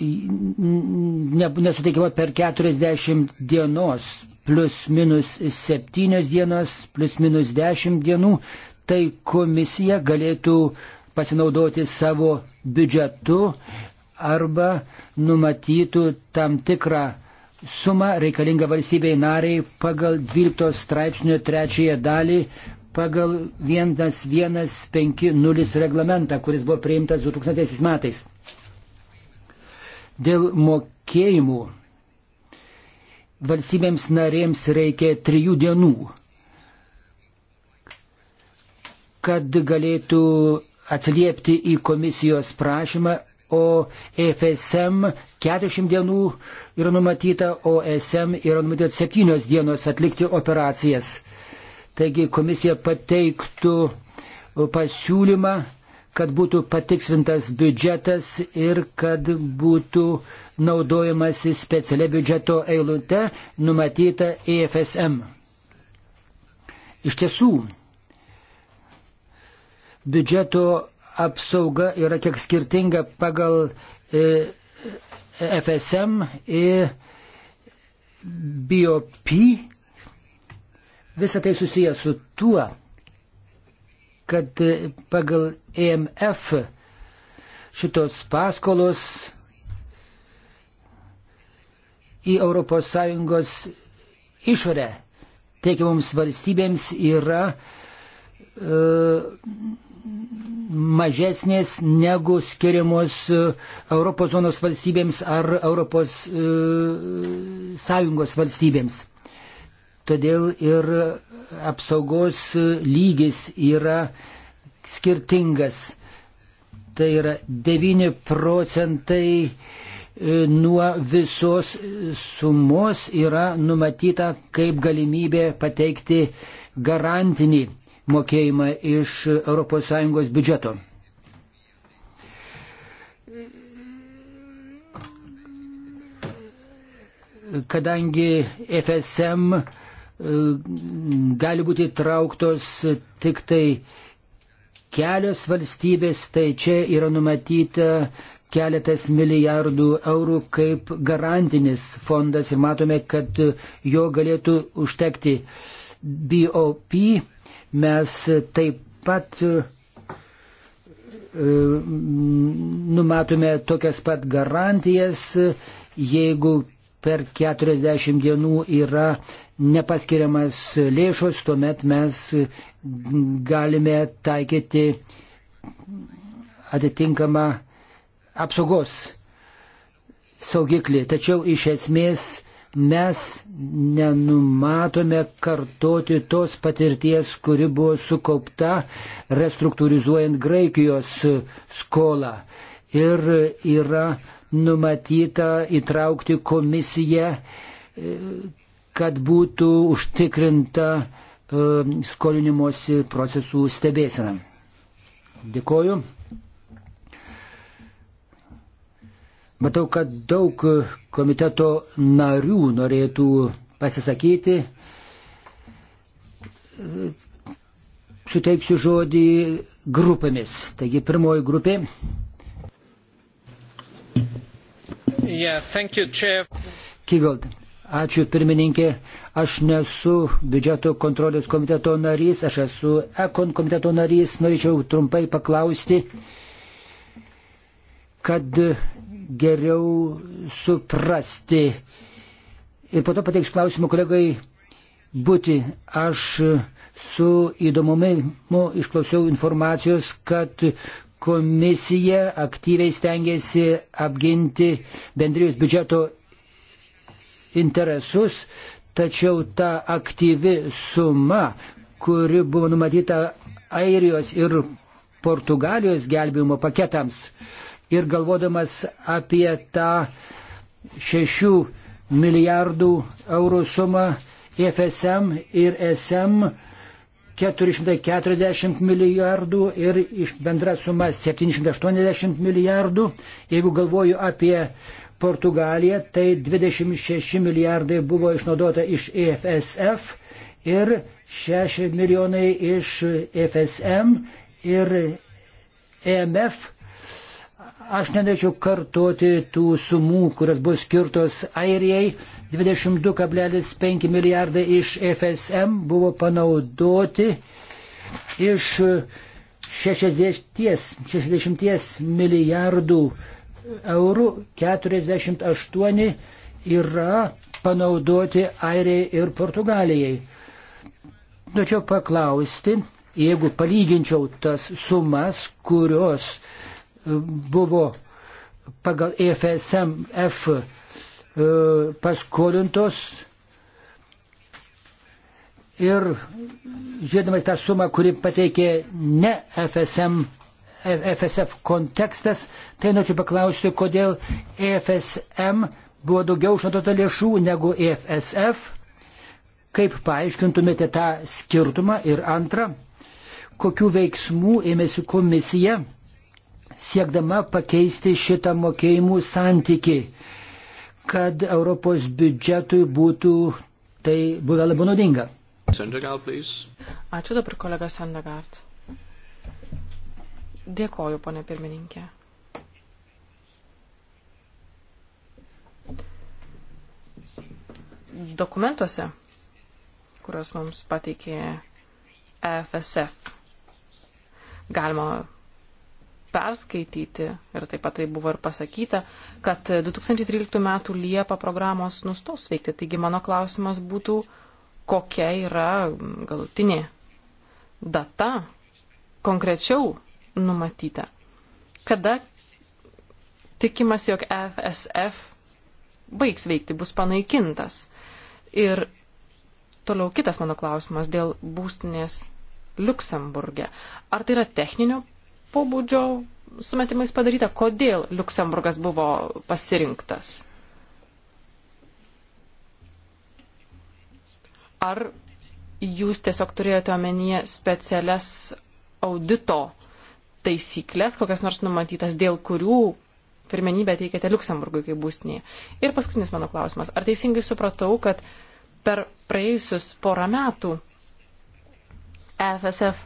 nesuteikiama per 40 dienos, plus minus 7 dienos, plus minus 10 dienų, tai komisija galėtų pasinaudoti savo biudžetu arba numatytų tam tikrą suma reikalinga valstybei nariai pagal 12 straipsnio trečiąją dalį pagal 1150 reglamentą, kuris buvo priimtas 2000 metais. Dėl mokėjimų valstybėms narėms reikia trijų dienų, kad galėtų atsiliepti į komisijos prašymą o FSM 40 dienų yra numatyta, o SM yra numatyta 7 dienos atlikti operacijas. Taigi komisija pateiktų pasiūlymą, kad būtų patikslintas biudžetas ir kad būtų naudojamasi specialia biudžeto eilute numatyta EFSM. Iš tiesų, biudžeto apsauga yra kiek skirtinga pagal e, FSM ir BOP. Visą tai susiję su tuo, kad e, pagal EMF šitos paskolos į ES išorę teikiamoms valstybėms yra uh, mažesnės negu skiriamos e, Europos zonos valstybėms ar Europos e, Sąjungos valstybėms. Todėl ir apsaugos lygis yra skirtingas. Tai yra 9 procentai e, nuo visos sumos yra numatyta kaip galimybė pateikti garantinį mokėjimą iš ES biudžeto. Kadangi FSM e, gali būti trauktos tik tai kelios valstybės, tai čia yra numatyta keletas milijardų eurų kaip garantinis fondas ir matome, kad jo galėtų užtekti BOP Mes taip pat e, numatome tokias pat garantijas, jeigu per 40 dienų yra nepaskiriamas lėšos, tuomet mes galime taikyti atitinkamą apsaugos saugiklį. Tačiau iš esmės mes nenumatome kartoti tos patirties, kuri buvo sukaupta restruktūrizuojant Graikijos skolą. Ir yra numatyta įtraukti komisiją, kad būtų užtikrinta e, skolinimosi procesų stebėsena. Dėkoju. Matau, kad daug komiteto narių norėtų pasisakyti. Suteiksiu žodį grupėmis. Taigi pirmoji grupė. Yeah, you, Kigold, ačiū pirmininkė. Aš nesu biudžeto kontrolės komiteto narys, aš esu ekon komiteto narys. Norėčiau trumpai paklausti, kad geriau suprasti. Ir po to pateiksiu klausimą kolegai būti. Aš su įdomumu išklausiau informacijos, kad komisija aktyviai stengiasi apginti bendrijos biudžeto interesus, tačiau ta aktyvi suma, kuri buvo numatyta Airijos ir Portugalijos gelbėjimo paketams, ir galvodamas apie tą 6 milijardų eurų sumą FSM ir SM 440 milijardų ir iš bendra suma 780 milijardų. Jeigu galvoju apie Portugaliją, tai 26 milijardai buvo išnaudota iš EFSF ir 6 milijonai iš e FSM ir EMF Aš nedėčiau kartuoti tų sumų, kurios bus skirtos Airijai. 22,5 milijardai iš FSM buvo panaudoti iš 60, 60 milijardų eurų 48 yra panaudoti Airijai ir Portugalijai. Norėčiau paklausti, jeigu palyginčiau tas sumas, kurios uh, buvo pagal EFSM F e, paskolintos ir žiūrėdamas tą sumą, kuri pateikė ne FSM, FSF kontekstas, tai norėčiau paklausti, kodėl EFSM buvo daugiau išnaudota lėšų negu EFSF. Kaip paaiškintumėte tą skirtumą? Ir antra, kokių veiksmų ėmėsi komisija siekdama pakeisti šitą mokėjimų santyki, kad Europos biudžetui būtų tai buvę labai naudinga. Ačiū dabar kolega Sandegard. Dėkoju, ponė pirmininkė. Dokumentuose, kuriuos mums pateikė EFSF, galima perskaityti, ir taip pat tai buvo ir pasakyta, kad 2013 m. Liepa programos nustos veikti. Taigi mano klausimas būtų, kokia yra galutinė data konkrečiau numatyta. Kada tikimas, jog FSF baigs veikti, bus panaikintas. Ir toliau kitas mano klausimas dėl būstinės Luksemburgė. Ar tai yra techninio pobūdžio sumetimais padaryta, kodėl Luksemburgas buvo pasirinktas? Ar jūs tiesiog turėjote omenyje specialias audito taisyklės, kokias nors numatytas, dėl kurių pirmenybę teikėte Luksemburgui kaip būstinėje? Ir paskutinis mano klausimas. Ar teisingai supratau, kad per praėjusius porą metų EFSF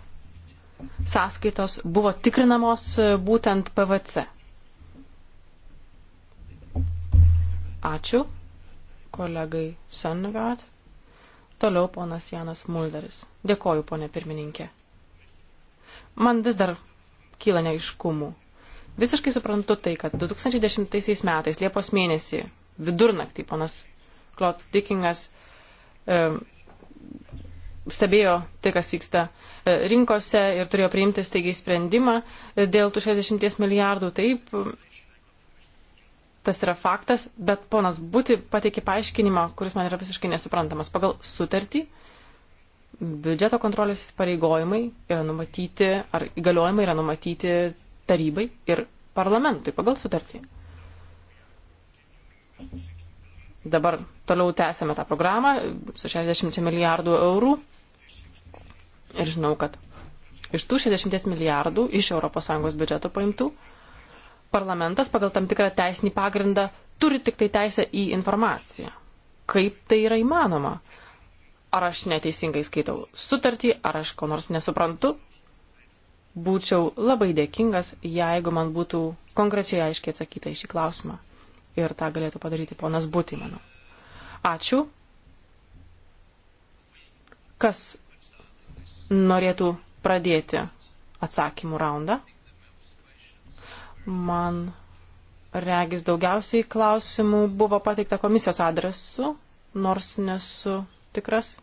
sąskaitos buvo tikrinamos e, būtent PVC. Ačiū kolegai Sennegard. Toliau ponas Janas Mulderis. Dėkoju, ponė pirmininkė. Man vis dar kyla neiškumų. Visiškai suprantu tai, kad 2010 metais, Liepos mėnesį, vidurnaktį, ponas Klot Dikingas e, stebėjo tai, kas vyksta E, rinkose ir turėjo priimti staigiai sprendimą e, dėl tų 60 milijardų. Taip, tas yra faktas, bet ponas Būti pateikė paaiškinimą, kuris man yra visiškai nesuprantamas. Pagal sutartį biudžeto kontrolės įpareigojimai yra numatyti, ar įgaliojimai yra numatyti tarybai ir parlamentui pagal sutartį. Dabar toliau tęsėme tą programą su 60 milijardų eurų Ir žinau, kad iš tų 60 milijardų iš ES biudžeto paimtų, parlamentas pagal tam tikrą teisinį pagrindą turi tik tai teisę į informaciją. Kaip tai yra įmanoma? Ar aš neteisingai skaitau sutartį, ar aš ko nors nesuprantu? Būčiau labai dėkingas, jeigu man būtų konkrečiai aiškiai atsakyta į šį klausimą. Ir tą galėtų padaryti ponas Būti, manau. Ačiū. Kas norėtų pradėti atsakymų raundą. Man regis daugiausiai klausimų buvo pateikta komisijos adresu, nors nesu tikras.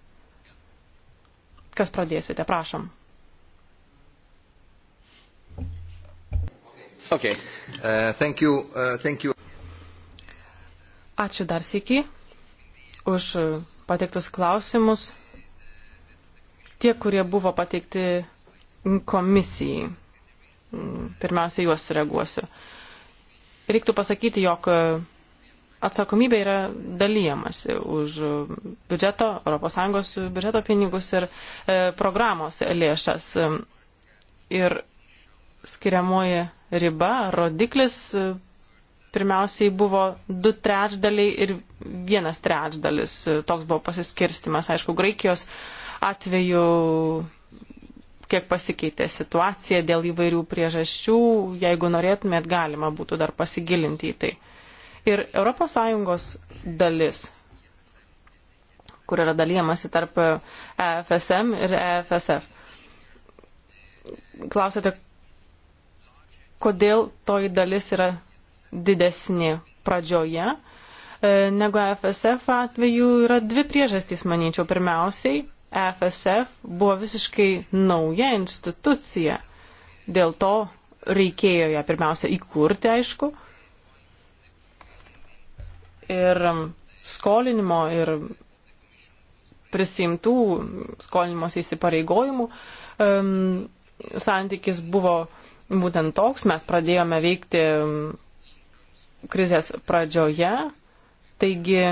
Kas pradėsite, prašom. Okay. Uh, thank you, uh, thank you. Ačiū dar sėki už pateiktus klausimus tie, kurie buvo pateikti komisijai. Pirmiausia, juos sureaguosiu. Reiktų pasakyti, jog atsakomybė yra dalyjamasi už biudžeto, ES biudžeto pinigus ir e, programos lėšas. Ir skiriamoji riba, rodiklis e, pirmiausiai buvo du trečdaliai ir vienas trečdalis. E, toks buvo pasiskirstimas. Aišku, Graikijos e, atveju kiek pasikeitė situacija dėl įvairių priežasčių, jeigu norėtumėt, galima būtų dar pasigilinti į tai. Ir ES dalis, kur yra dalyjamasi tarp EFSM ir EFSF. Klausėte, kodėl toji dalis yra didesnė pradžioje e, negu EFSF atveju yra dvi priežastys, manyčiau. Pirmiausiai, FSF buvo visiškai nauja institucija. Dėl to reikėjo ją pirmiausia įkurti, aišku. Ir um, skolinimo ir prisimtų skolinimos įsipareigojimų um, santykis buvo būtent toks. Mes pradėjome veikti um, krizės pradžioje, taigi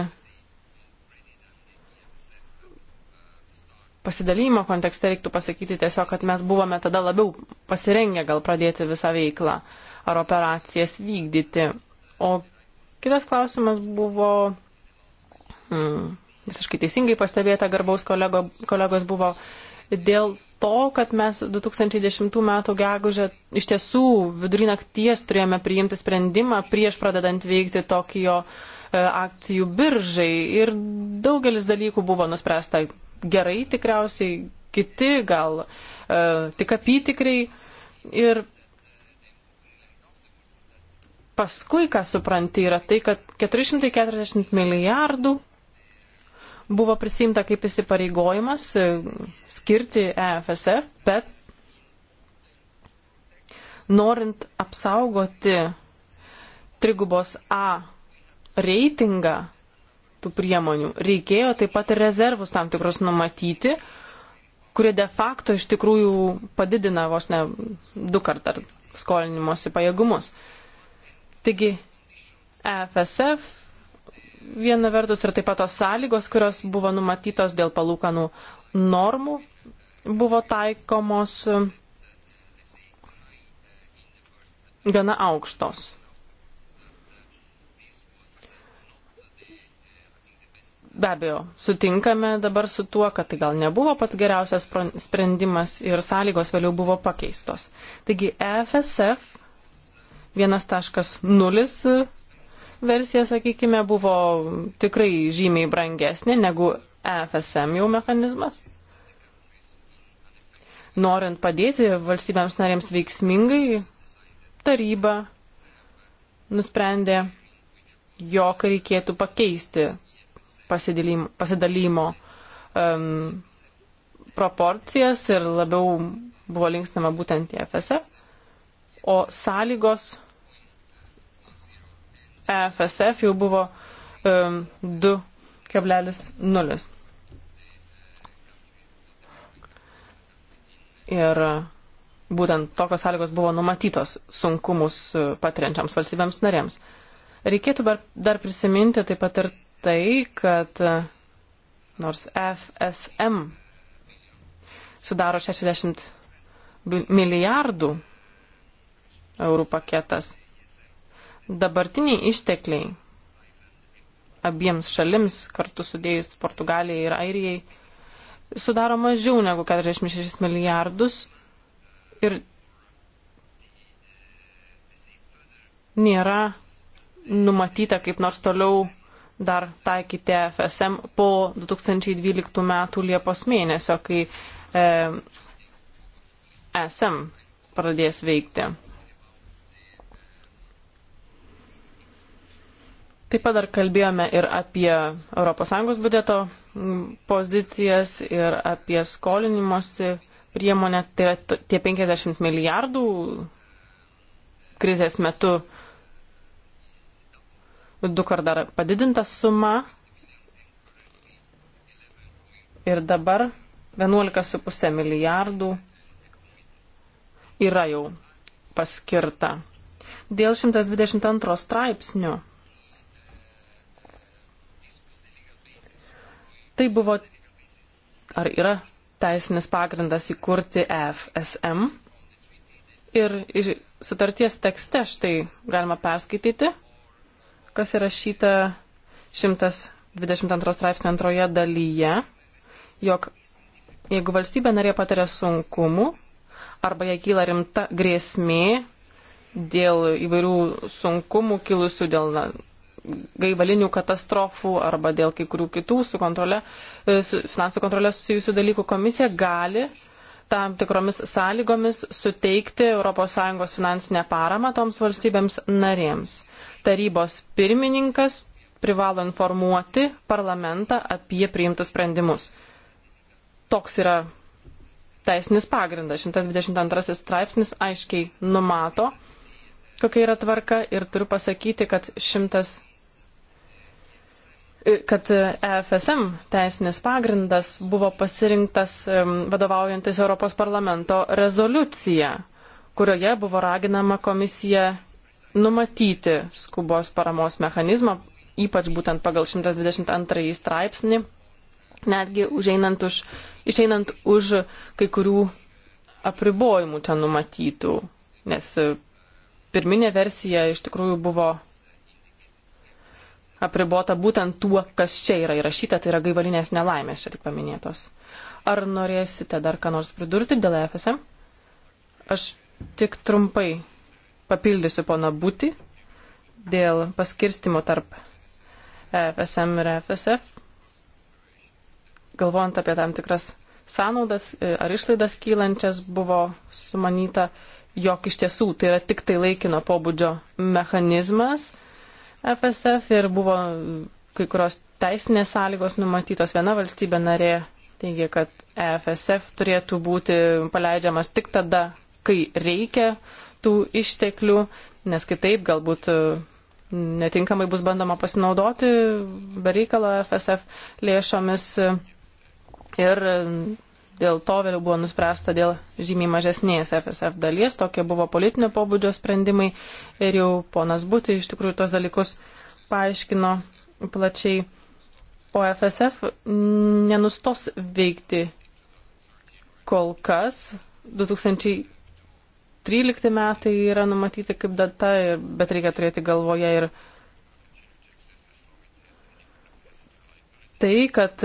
pasidalymo kontekste reiktų pasakyti tiesiog, kad mes buvome tada labiau pasirengę gal pradėti visą veiklą ar operacijas vykdyti. O kitas klausimas buvo, mm, visiškai teisingai pastebėta garbaus kolego, kolegos buvo, dėl to, kad mes 2010 m. gegužę iš tiesų vidurį nakties turėjome priimti sprendimą prieš pradedant veikti Tokijo e, akcijų biržai ir daugelis dalykų buvo nuspręsta gerai tikriausiai, kiti gal e, tik apytikriai. Ir paskui, ką supranti, yra tai, kad 440 milijardų buvo prisimta kaip įsipareigojimas e, skirti EFSF, bet norint apsaugoti trigubos A reitingą, tų priemonių. Reikėjo taip pat ir rezervus tam tikrus numatyti, kurie de facto iš tikrųjų padidina vos ne du kart ar skolinimosi pajėgumus. Taigi, EFSF viena vertus ir taip pat tos sąlygos, kurios buvo numatytos dėl palūkanų normų, buvo taikomos e, gana aukštos. be abejo sutinkame dabar su tuo, kad tai gal nebuvo pats geriausias sprendimas ir sąlygos vėliau buvo pakeistos. Taigi EFSF 1.0 versija, sakykime, buvo tikrai žymiai brangesnė negu EFSM jau mechanizmas norint padėti valstybėms narėms veiksmingai, taryba nusprendė, jog reikėtų pakeisti pasidalymo um, proporcijas ir labiau buvo linkstama būtent į FSF, e. o sąlygos EFSF e jau buvo um, 2,0. Ir būtent tokios sąlygos buvo numatytos sunkumus patiriančiams valstybėms narėms. Reikėtų dar prisiminti taip pat ir tai, kad nors FSM sudaro 60 milijardų eurų paketas, dabartiniai ištekliai abiems šalims kartu sudėjus Portugalijai ir Airijai sudaro mažiau negu 46 milijardus ir nėra numatyta kaip nors toliau dar taikyti FSM po 2012 metų Liepos mėnesio, kai e, e SM pradės veikti. Taip pat dar kalbėjome ir apie ES biudžeto pozicijas ir apie skolinimuose priemonę, tai yra tie 50 milijardų krizės metu du kart dar padidinta suma ir dabar 11,5 milijardų yra jau paskirta. Dėl 122 straipsnių tai buvo ar yra teisinis pagrindas įkurti FSM. Ir, ir sutarties tekste štai galima perskaityti, kas įrašyta 122 straipsnio antroje dalyje, jog jeigu valstybė narė patiria sunkumų arba jai kyla rimta grėsmė dėl įvairių sunkumų kilusių dėl na, gaivalinių katastrofų arba dėl kai kurių kitų su, kontrole, e, su finansų kontrolė susijusių dalykų komisija gali tam tikromis sąlygomis suteikti ES finansinę paramą toms valstybėms narėms tarybos pirmininkas privalo informuoti parlamentą apie priimtus sprendimus. Toks yra teisinis pagrindas. 122 straipsnis aiškiai numato, kokia yra tvarka ir turiu pasakyti, kad 100 kad EFSM teisinės pagrindas buvo pasirinktas vadovaujantis Europos parlamento rezoliucija, kurioje buvo raginama komisija numatyti skubos paramos mechanizmą, ypač būtent pagal 122 straipsnį, netgi užeinant už, išeinant už kai kurių apribojimų ten numatytų, nes pirminė versija iš tikrųjų buvo apribota būtent tuo, kas čia yra įrašyta, tai yra gaivalinės nelaimės čia tik paminėtos. Ar norėsite dar ką nors pridurti dėl e FSM? Aš tik trumpai papildysiu pono būti dėl paskirstimo tarp e FSM ir FSF, e galvojant apie tam tikras sąnaudas e, ar išlaidas kylančias, buvo sumanyta, jog iš tiesų tai yra tik tai laikino pobūdžio mechanizmas FSF ir buvo kai kurios teisinės sąlygos numatytos viena valstybė narė. Teigia, kad EFSF turėtų būti paleidžiamas tik tada, kai reikia tų išteklių, nes kitaip galbūt e, netinkamai bus bandoma pasinaudoti bereikalo FSF lėšomis ir e, dėl to vėliau buvo nuspręsta dėl žymiai mažesnės FSF dalies, tokie buvo politinio pobūdžio sprendimai ir jau ponas Būti iš tikrųjų tos dalykus paaiškino plačiai. O FSF nenustos veikti kol kas. 2000 13 metai yra numatyti kaip data, bet reikia turėti galvoje ir tai, kad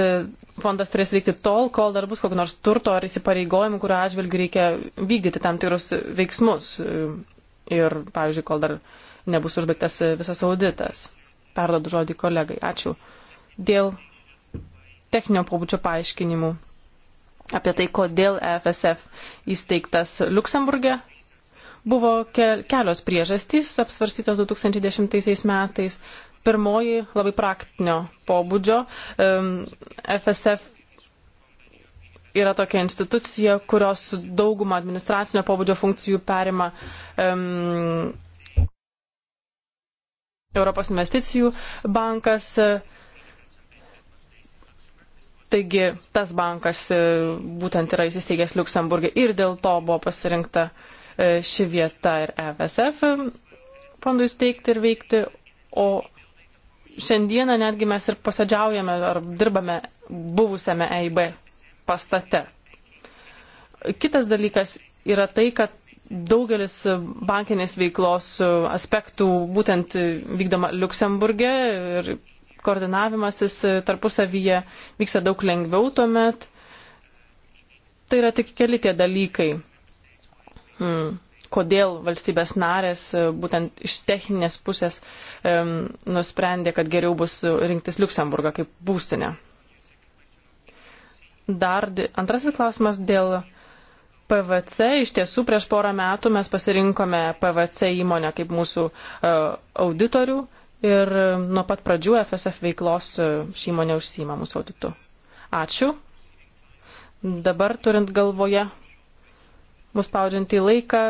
fondas turės veikti tol, kol dar bus kokio nors turto ar įsipareigojimų, kurio atžvilgiu reikia vykdyti tam tikrus veiksmus. Ir, pavyzdžiui, kol dar nebus užbaigtas visas auditas. Perdodu žodį kolegai. Ačiū. Dėl techninio pobūdžio paaiškinimų apie tai, kodėl EFSF įsteigtas Luksemburgė Buvo kelios priežastys apsvarstytos 2010 metais. Pirmoji labai praktinio pobūdžio. FSF yra tokia institucija, kurios daugumą administracinio pobūdžio funkcijų perima um, Europos investicijų bankas. Taigi tas bankas e, būtent yra įsisteigęs Luksemburgė ir dėl to buvo pasirinkta uh, E, ši vieta ir EVSF fondui steigti ir veikti, o šiandieną netgi mes ir posėdžiaujame ar dirbame buvusiame EIB pastate. Kitas dalykas yra tai, kad daugelis bankinės veiklos aspektų būtent vykdoma Luksemburge ir koordinavimasis tarpusavyje vyksta daug lengviau tuomet. Tai yra tik keli tie dalykai, mm, kodėl valstybės narės e, būtent iš techninės pusės um, nusprendė, kad geriau bus rinktis Luksemburgą kaip būstinę. Dar antrasis klausimas dėl PVC. Iš tiesų, prieš porą metų mes pasirinkome PVC įmonę kaip mūsų uh, auditorių ir e, nuo pat pradžių FSF veiklos ši įmonė užsima mūsų auditu. Ačiū. Dabar turint galvoje bus spaudžiant į laiką,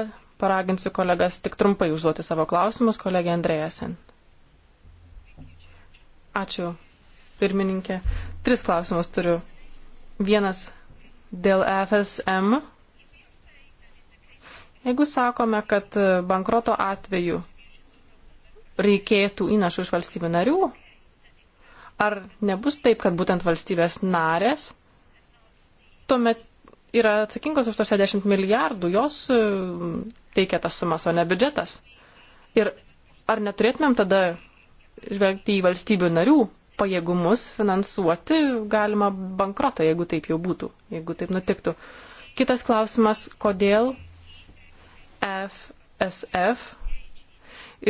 paraginsiu kolegas tik trumpai užduoti savo klausimus, kolegė Andrėjasen. Ačiū, pirmininkė. Tris klausimus turiu. Vienas dėl FSM. Jeigu sakome, kad bankroto atveju reikėtų įnašų iš valstybių narių, ar nebus taip, kad būtent valstybės narės tuomet yra atsakingos už tos 60 milijardų, jos e, teikia tas sumas, o ne biudžetas. Ir ar neturėtumėm tada žvelgti į valstybių narių pajėgumus finansuoti galima bankrotą, jeigu taip jau būtų, jeigu taip nutiktų. Kitas klausimas, kodėl FSF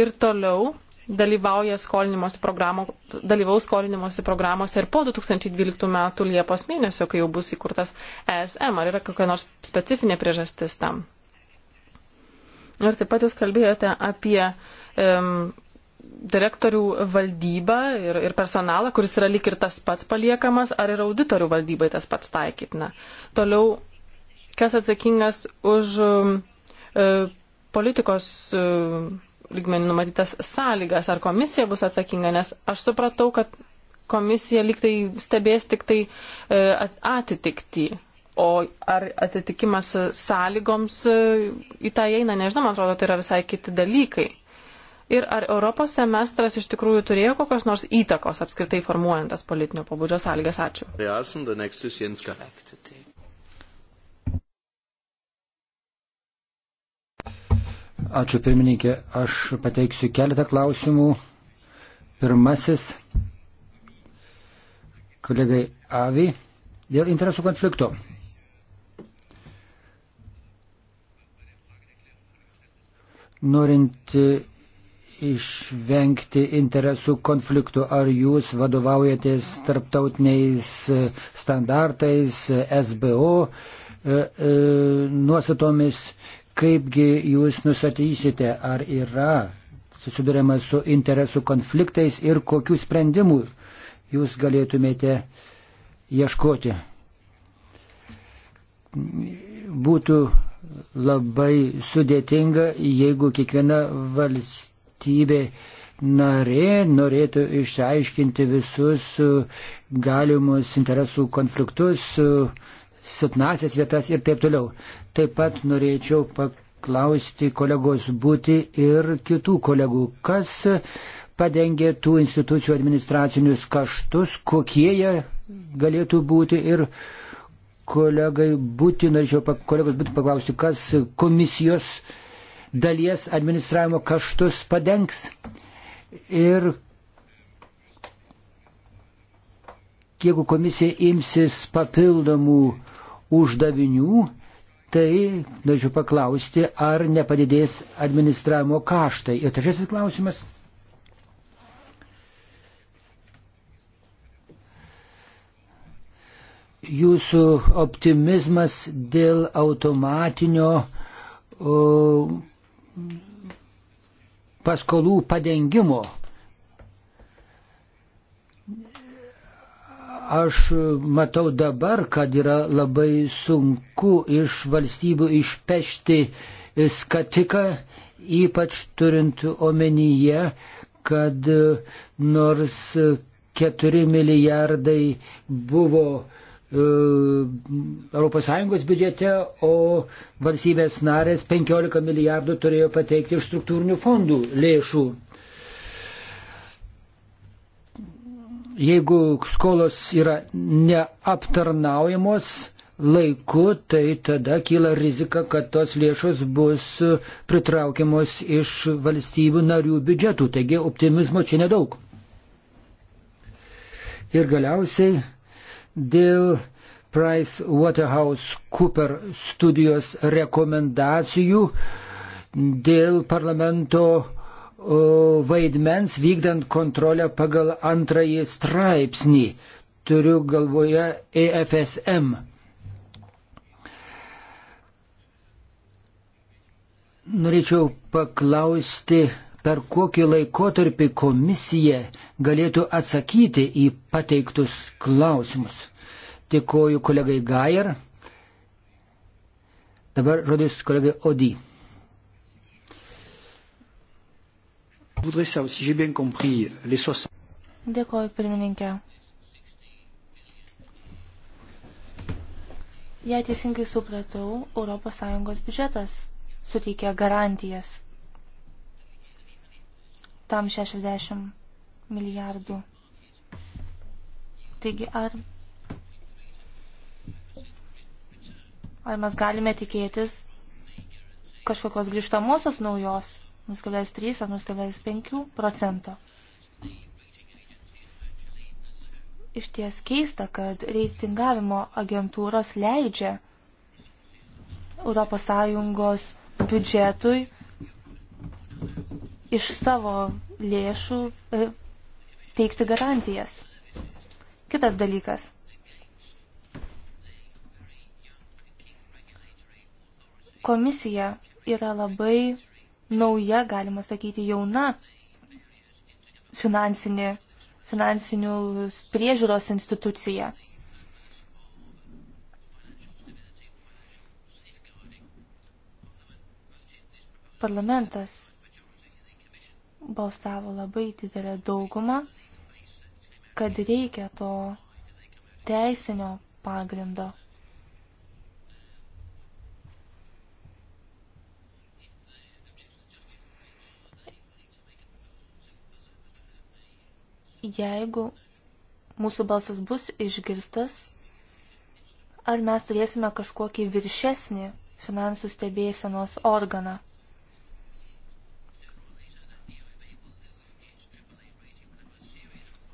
ir toliau dalyvauja skolinimuose programo, dalyvaus skolinimuose programuose ir po 2012 metų Liepos mėnesio, kai jau bus įkurtas ESM. Ar yra kokia nors specifinė priežastis tam? Ir taip pat jūs kalbėjote apie um, direktorių valdybą ir, ir personalą, kuris yra lik ir tas pats paliekamas, ar ir auditorių valdybai tas pats taikytina. Toliau, kas atsakingas už um, uh, politikos. Uh, lygmenį numatytas sąlygas, ar komisija bus atsakinga, nes aš supratau, kad komisija lygtai stebės tik tai e, atitikti. O ar atitikimas sąlygoms e, į tą įeina, nežinau, man atrodo, tai yra visai kiti dalykai. Ir ar Europos semestras iš tikrųjų turėjo kokios nors įtakos apskritai formuojant tas politinio pabudžio sąlygas? Ačiū. Ačiū pirmininkė. Aš pateiksiu keletą klausimų. Pirmasis kolegai Avi dėl interesų konflikto. Norint išvengti interesų konfliktų, ar jūs vadovaujatės tarptautiniais standartais, SBO e, e, nuostatomis, Kaipgi jūs nusatysite, ar yra susidurima su interesų konfliktais ir kokių sprendimų jūs galėtumėte ieškoti? Būtų labai sudėtinga, jeigu kiekviena valstybė narė norėtų išsiaiškinti visus galimus interesų konfliktus, silpnasias vietas ir taip toliau. Taip pat norėčiau paklausti kolegos būti ir kitų kolegų, kas padengė tų institucijų administracinius kaštus, kokie jie galėtų būti ir kolegai būti, norėčiau kolegos būti paklausti, kas komisijos dalies administravimo kaštus padengs ir jeigu komisija imsis papildomų uždavinių, tai norėčiau paklausti, ar nepadidės administravimo kaštai. Ir trečiasis klausimas. Jūsų optimizmas dėl automatinio o, paskolų padengimo Aš matau dabar, kad yra labai sunku iš valstybių išpešti skatiką, ypač turint omenyje, kad nors 4 milijardai buvo ES biudžete, o valstybės narės 15 milijardų turėjo pateikti iš struktūrinių fondų lėšų. jeigu skolos yra neaptarnaujamos laiku, tai tada kyla rizika, kad tos lėšos bus pritraukiamos iš valstybių narių biudžetų. Taigi optimizmo čia nedaug. Ir galiausiai dėl Price Waterhouse Cooper studijos rekomendacijų dėl parlamento vaidmens vykdant kontrolę pagal antrąjį straipsnį. Turiu galvoje EFSM. Norėčiau paklausti, per kokį laikotarpį komisija galėtų atsakyti į pateiktus klausimus. Dėkoju kolegai Gajer. Dabar žodis kolegai Odį. voudrais savoir si j'ai bien compris les 60. Dėkoju, pirmininkė. Jei teisingai supratau, ES biudžetas suteikia garantijas tam 60 milijardų. Taigi, ar, ar mes galime tikėtis kažkokios grįžtamosios naujos 0,3 ar 0,5 procento. Iš ties keista, kad reitingavimo agentūros leidžia ES biudžetui iš savo lėšų e, teikti garantijas. Kitas dalykas. Komisija yra labai nauja, galima sakyti, jauna finansinė, finansinių priežiūros institucija. Parlamentas balsavo labai didelę daugumą, kad reikia to teisinio pagrindo. jeigu mūsų balsas bus išgirstas, ar mes turėsime kažkokį viršesnį finansų stebėsenos organą.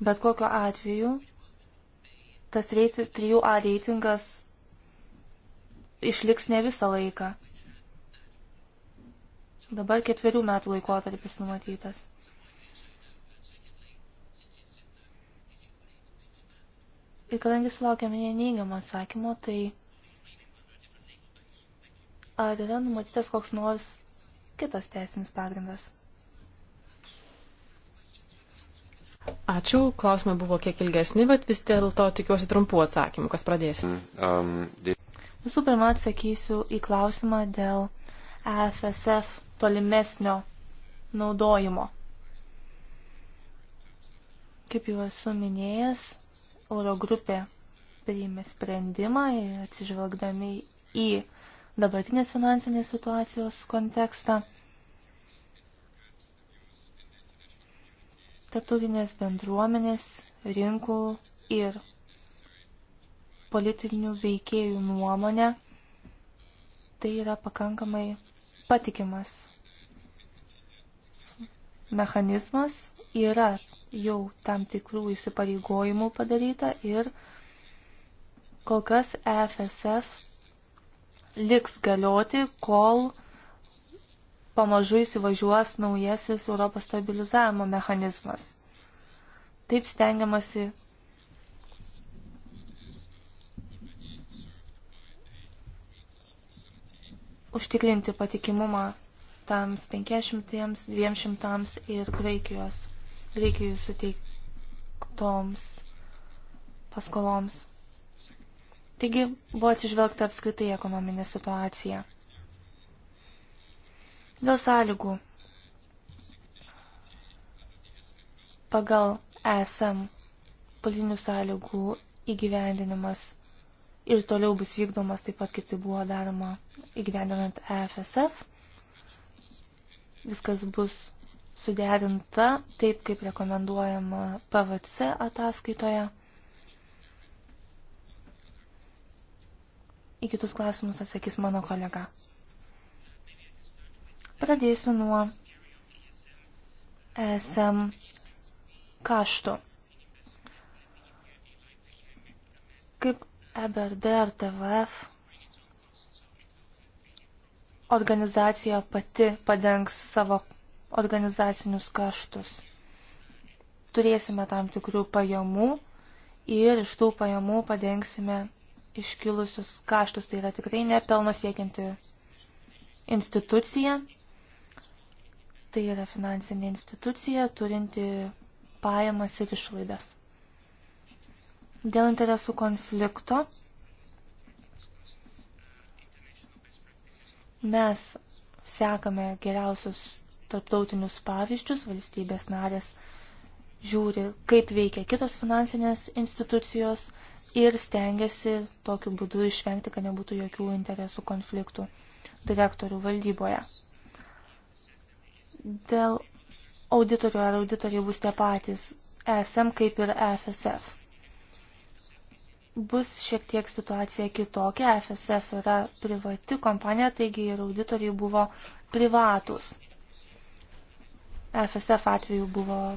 Bet kokiu atveju, tas 3A reitingas išliks ne visą laiką. Dabar ketverių metų laikotarpis numatytas. Ir kadangi sulaukėme neneigiamą atsakymą, tai ar yra numatytas koks nors kitas teisinis pagrindas? Ačiū, klausimai buvo kiek ilgesni, bet vis dėlto tikiuosi trumpų atsakymų. Kas pradės? Mm, um, dė... Visų pirma, atsakysiu į klausimą dėl EFSF tolimesnio naudojimo. Kaip jau esu minėjęs, Eurogrupė priėmė sprendimą atsižvelgdami į dabartinės finansinės situacijos kontekstą. Tarptautinės bendruomenės, rinkų ir politinių veikėjų nuomonė tai yra pakankamai patikimas mechanizmas, yra jau tam tikrų įsipareigojimų padaryta ir kol kas EFSF liks galioti, kol pamažu įsivažiuos naujasis Europos stabilizavimo mechanizmas. Taip stengiamasi užtikrinti patikimumą tams 500, 200 ir Graikijos Greikijai suteiktoms paskoloms. Taigi buvo atsižvelgta apskritai ekonominė situacija. Dėl sąlygų pagal ESM politinių sąlygų įgyvendinimas ir toliau bus vykdomas taip pat, kaip tai buvo daroma įgyvendinant EFSF. Viskas bus suderinta taip, kaip rekomenduojama PVC ataskaitoje. Į kitus klausimus atsakys mano kolega. Pradėsiu nuo ESM kaštų. Kaip EBRD ar TVF organizacija pati padengs savo organizacinius kaštus. Turėsime tam tikrų pajamų ir iš tų pajamų padengsime iškilusius kaštus. Tai yra tikrai nepelno siekianti institucija. Tai yra finansinė institucija turinti pajamas ir išlaidas. Dėl interesų konflikto mes sekame geriausius tarptautinius pavyzdžius, valstybės narės žiūri, kaip veikia kitos finansinės institucijos ir stengiasi tokiu būdu išvengti, kad nebūtų jokių interesų konfliktų direktorių valdyboje. Dėl auditorių ar auditoriai bus tie patys ESM kaip ir FSF. E bus šiek tiek situacija kitokia. FSF e yra privati kompanija, taigi ir auditoriai buvo privatus. FSF atveju buvo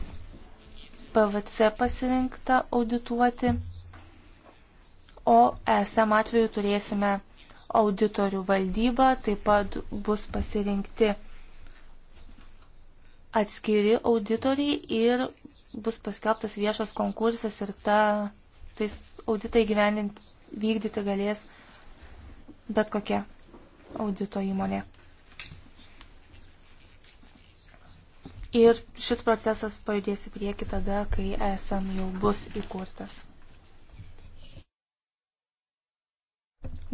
PVC pasirinkta audituoti, o ESM atveju turėsime auditorių valdybą, taip pat bus pasirinkti atskiri auditoriai ir bus paskelbtas viešas konkursas ir ta, tais auditai gyvendinti, vykdyti galės bet kokia audito įmonė. ir šis procesas pajudės į priekį tada, kai ESM jau bus įkurtas.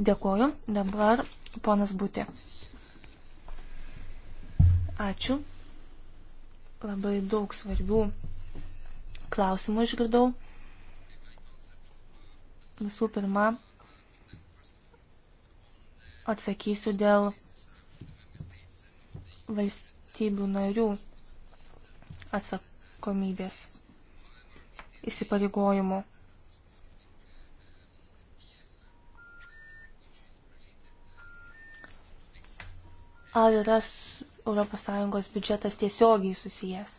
Dėkoju. Dabar ponas Būtė. Ačiū. Labai daug svarbių klausimų išgirdau. Visų pirma, atsakysiu dėl valstybių narių atsakomybės įsipareigojimų. Ar yra ES biudžetas tiesiogiai susijęs?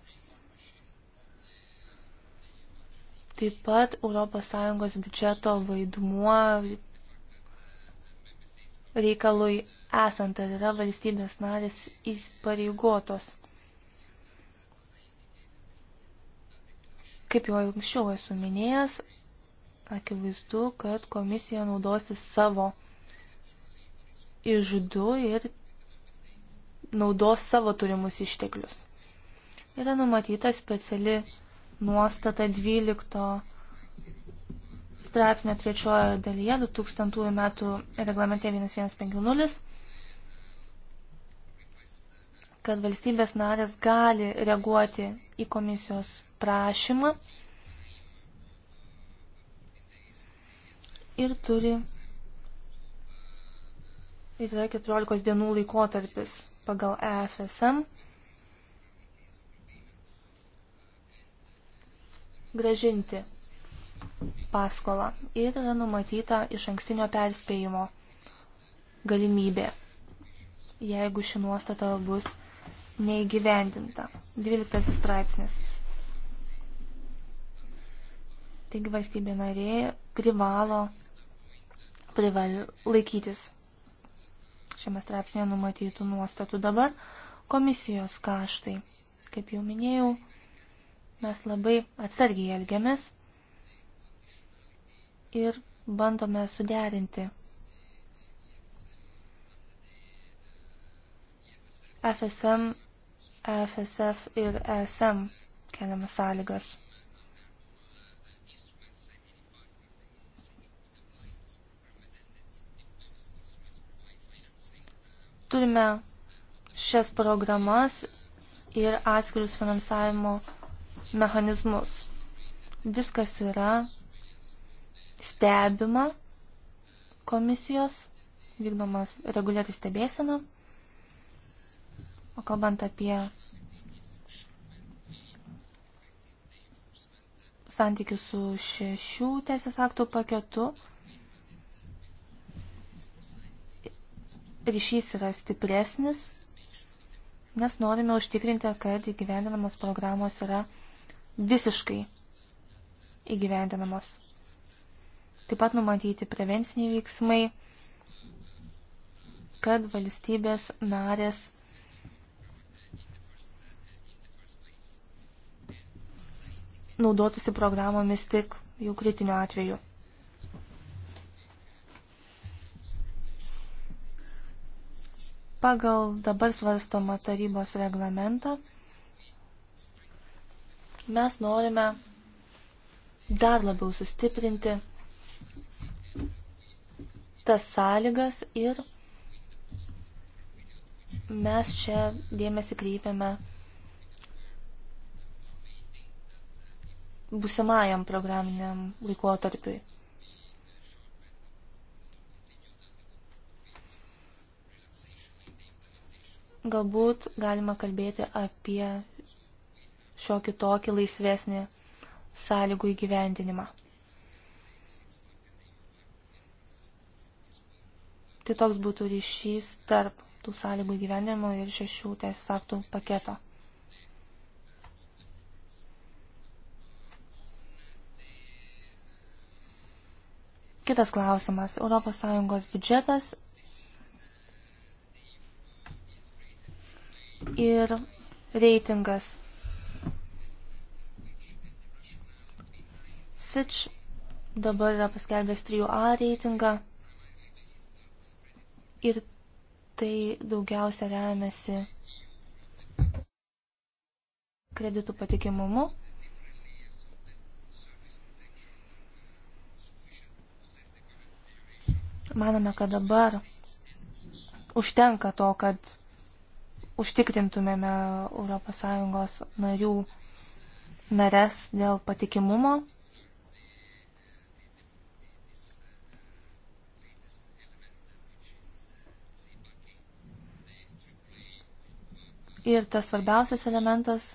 Taip pat ES biudžeto vaidmuo reikalui esant, ar yra valstybės narės įsipareigotos Kaip jau anksčiau esu minėjęs, akivaizdu, kad komisija naudosi savo išdu ir naudos savo turimus išteklius. Yra numatyta speciali nuostata 12 straipsnio trečiojo dalyje 2000 metų reglamente 1150, kad valstybės narės gali reaguoti į komisijos prašymą ir turi ir yra 14 dienų laikotarpis pagal EFSM. Gražinti paskolą ir yra numatyta iš ankstinio perspėjimo galimybė, jeigu ši nuostata bus neįgyvendinta. 12 straipsnis. Taigi valstybė narė privalo prival laikytis šiame straipsnėje numatytų nuostatų. Dabar komisijos kaštai. Kaip jau minėjau, mes labai atsargiai elgiamės ir bandome suderinti FSM, FSF ir ESM keliamas sąlygas. Turime šias programas ir atskirius finansavimo mechanizmus. Viskas yra stebima komisijos, vykdomas reguliariai stebėsena. O kalbant apie santykius su šešių teisės aktų paketu, ryšys yra stipresnis, nes norime užtikrinti, kad įgyvendinamos programos yra visiškai įgyvendinamos. Taip pat numatyti prevenciniai veiksmai, kad valstybės narės naudotųsi programomis tik jų kritiniu atveju. Pagal dabar svarstomą tarybos reglamentą mes norime dar labiau sustiprinti tas sąlygas ir mes čia dėmesį kreipiame būsimajam programiniam laikotarpiui. Galbūt galima kalbėti apie šiokį tokį laisvesnį sąlygų įgyvendinimą. Tai toks būtų ryšys tarp tų sąlygų gyvenimo ir šešių teisės aktų paketo. Kitas klausimas. ES biudžetas ir reitingas. Fitch dabar yra paskelbęs 3A reitingą ir tai daugiausia remiasi kreditų patikimumu. Manome, kad dabar užtenka to, kad užtikrintumėme ES narių nares dėl patikimumo. Ir tas svarbiausias elementas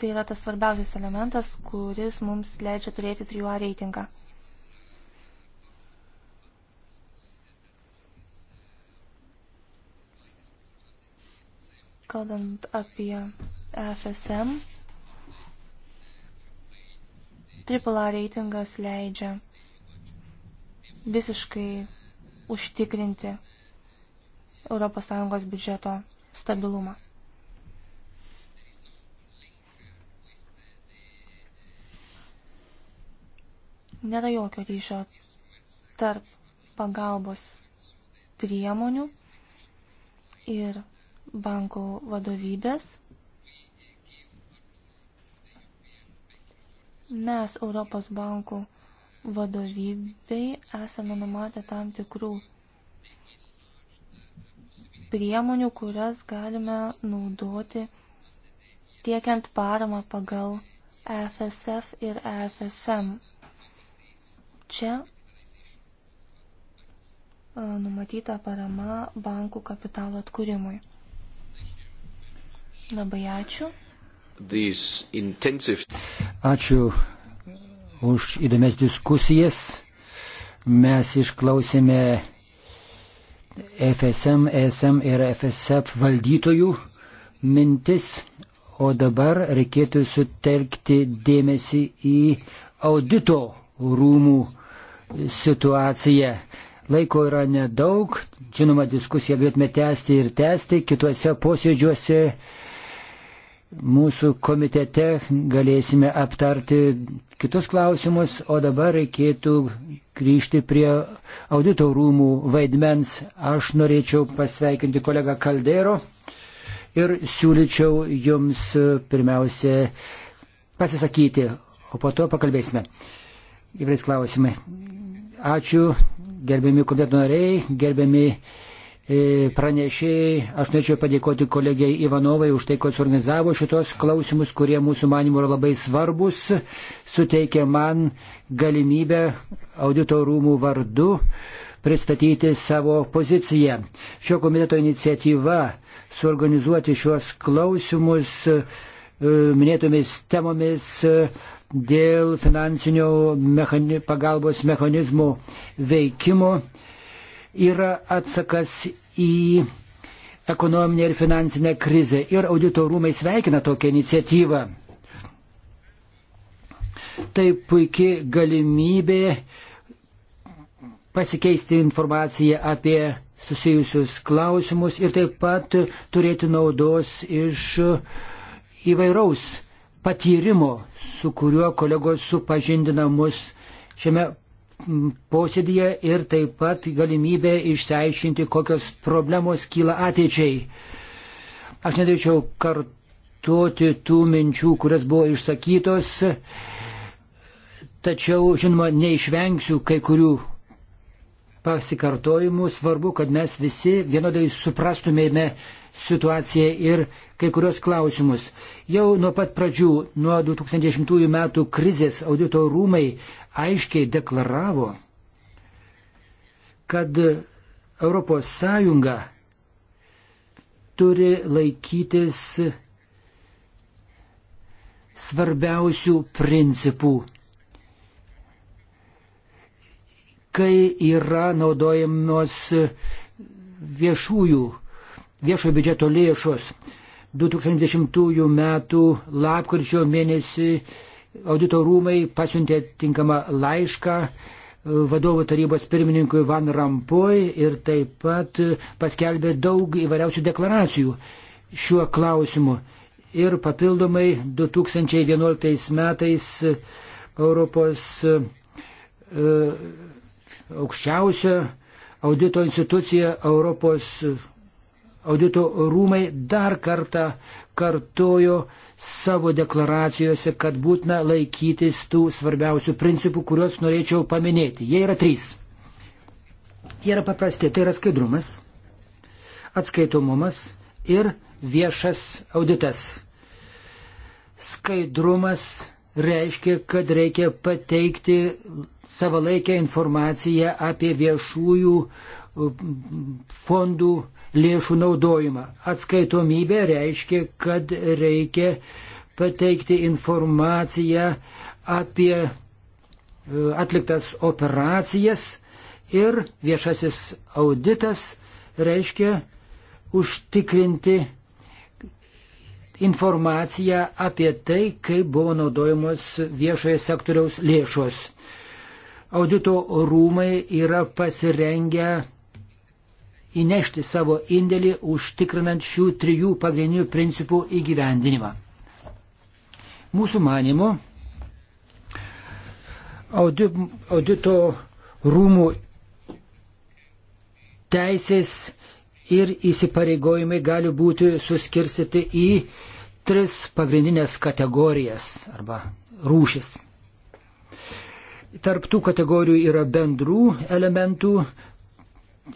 tai yra tas svarbiausias elementas, kuris mums leidžia turėti 3A reitingą. Kalbant apie FSM, AAA reitingas leidžia visiškai užtikrinti ES biudžeto stabilumą. Nėra jokio ryšio tarp pagalbos priemonių ir bankų vadovybės. Mes Europos bankų vadovybei esame numatę tam tikrų priemonių, kurias galime naudoti tiekiant paramą pagal EFSF ir EFSM. Čia e, numatyta parama bankų kapitalo atkūrimui. Labai ačiū. Intensive... Ačiū už įdomias diskusijas. Mes išklausėme FSM, ESM ir FSF valdytojų mintis, o dabar reikėtų sutelkti dėmesį į audito rūmų situaciją. Laiko yra nedaug, žinoma, diskusiją galėtume tęsti ir tęsti kituose posėdžiuose mūsų komitete galėsime aptarti kitus klausimus, o dabar reikėtų grįžti prie audito rūmų vaidmens. Aš norėčiau pasveikinti kolegą Kaldero ir siūlyčiau jums pirmiausia pasisakyti, o po to pakalbėsime. Įvairiais klausimai. Ačiū, gerbiami komiteto nariai, gerbiami uh, E, pranešėjai, aš norėčiau padėkoti kolegiai Ivanovai už tai, kad suorganizavo šitos klausimus, kurie mūsų manimų yra labai svarbus, suteikė man galimybę audito rūmų vardu pristatyti savo poziciją. Šio komiteto iniciatyva suorganizuoti šios klausimus e, minėtomis temomis e, dėl finansinio mechani pagalbos mechanizmų veikimo yra atsakas į ekonominę ir finansinę krizę. Ir audito rūmai sveikina tokią iniciatyvą. Tai puikiai galimybė pasikeisti informaciją apie susijusius klausimus ir taip pat turėti naudos iš įvairaus patyrimo, su kuriuo kolegos supažindina mus šiame posėdėje ir taip pat galimybė išsiaiškinti, kokios problemos kyla ateičiai. Aš nedėčiau kartuoti tų minčių, kurias buvo išsakytos, tačiau, žinoma, neišvengsiu kai kurių pasikartojimų. Svarbu, kad mes visi vienodai suprastumėme situaciją ir kai kurios klausimus. Jau nuo pat pradžių, nuo 2010 metų krizės audito rūmai aiškiai deklaravo, kad ES turi laikytis svarbiausių principų, kai yra naudojamos viešųjų, viešojo biudžeto lėšos. 2010 m. lapkričio mėnesį auditorumai pasiuntė tinkamą laišką e, vadovų tarybos pirmininkui Van Rampoj ir taip pat e, paskelbė daug įvairiausių deklaracijų šiuo klausimu. Ir papildomai 2011 metais Europos e, aukščiausio audito institucija Europos audito rūmai dar kartą kartojo, savo deklaracijose, kad būtina laikytis tų svarbiausių principų, kuriuos norėčiau paminėti. Jie yra trys. Jie yra paprasti. Tai yra skaidrumas, atskaitomumas ir viešas auditas. Skaidrumas reiškia, kad reikia pateikti savalaikę informaciją apie viešųjų uh, fondų lėšų naudojimą. Atskaitomybė reiškia, kad reikia pateikti informaciją apie e, atliktas operacijas ir viešasis auditas reiškia užtikrinti informaciją apie tai, kaip buvo naudojamos viešojo sektoriaus lėšos. Audito rūmai yra pasirengę įnešti savo indėlį užtikrinant šių trijų pagrindinių principų įgyvendinimą. Mūsų manimu, audi, audito rūmų teisės ir įsipareigojimai gali būti suskirstyti į tris pagrindinės kategorijas arba rūšis. Tarptų kategorijų yra bendrų elementų,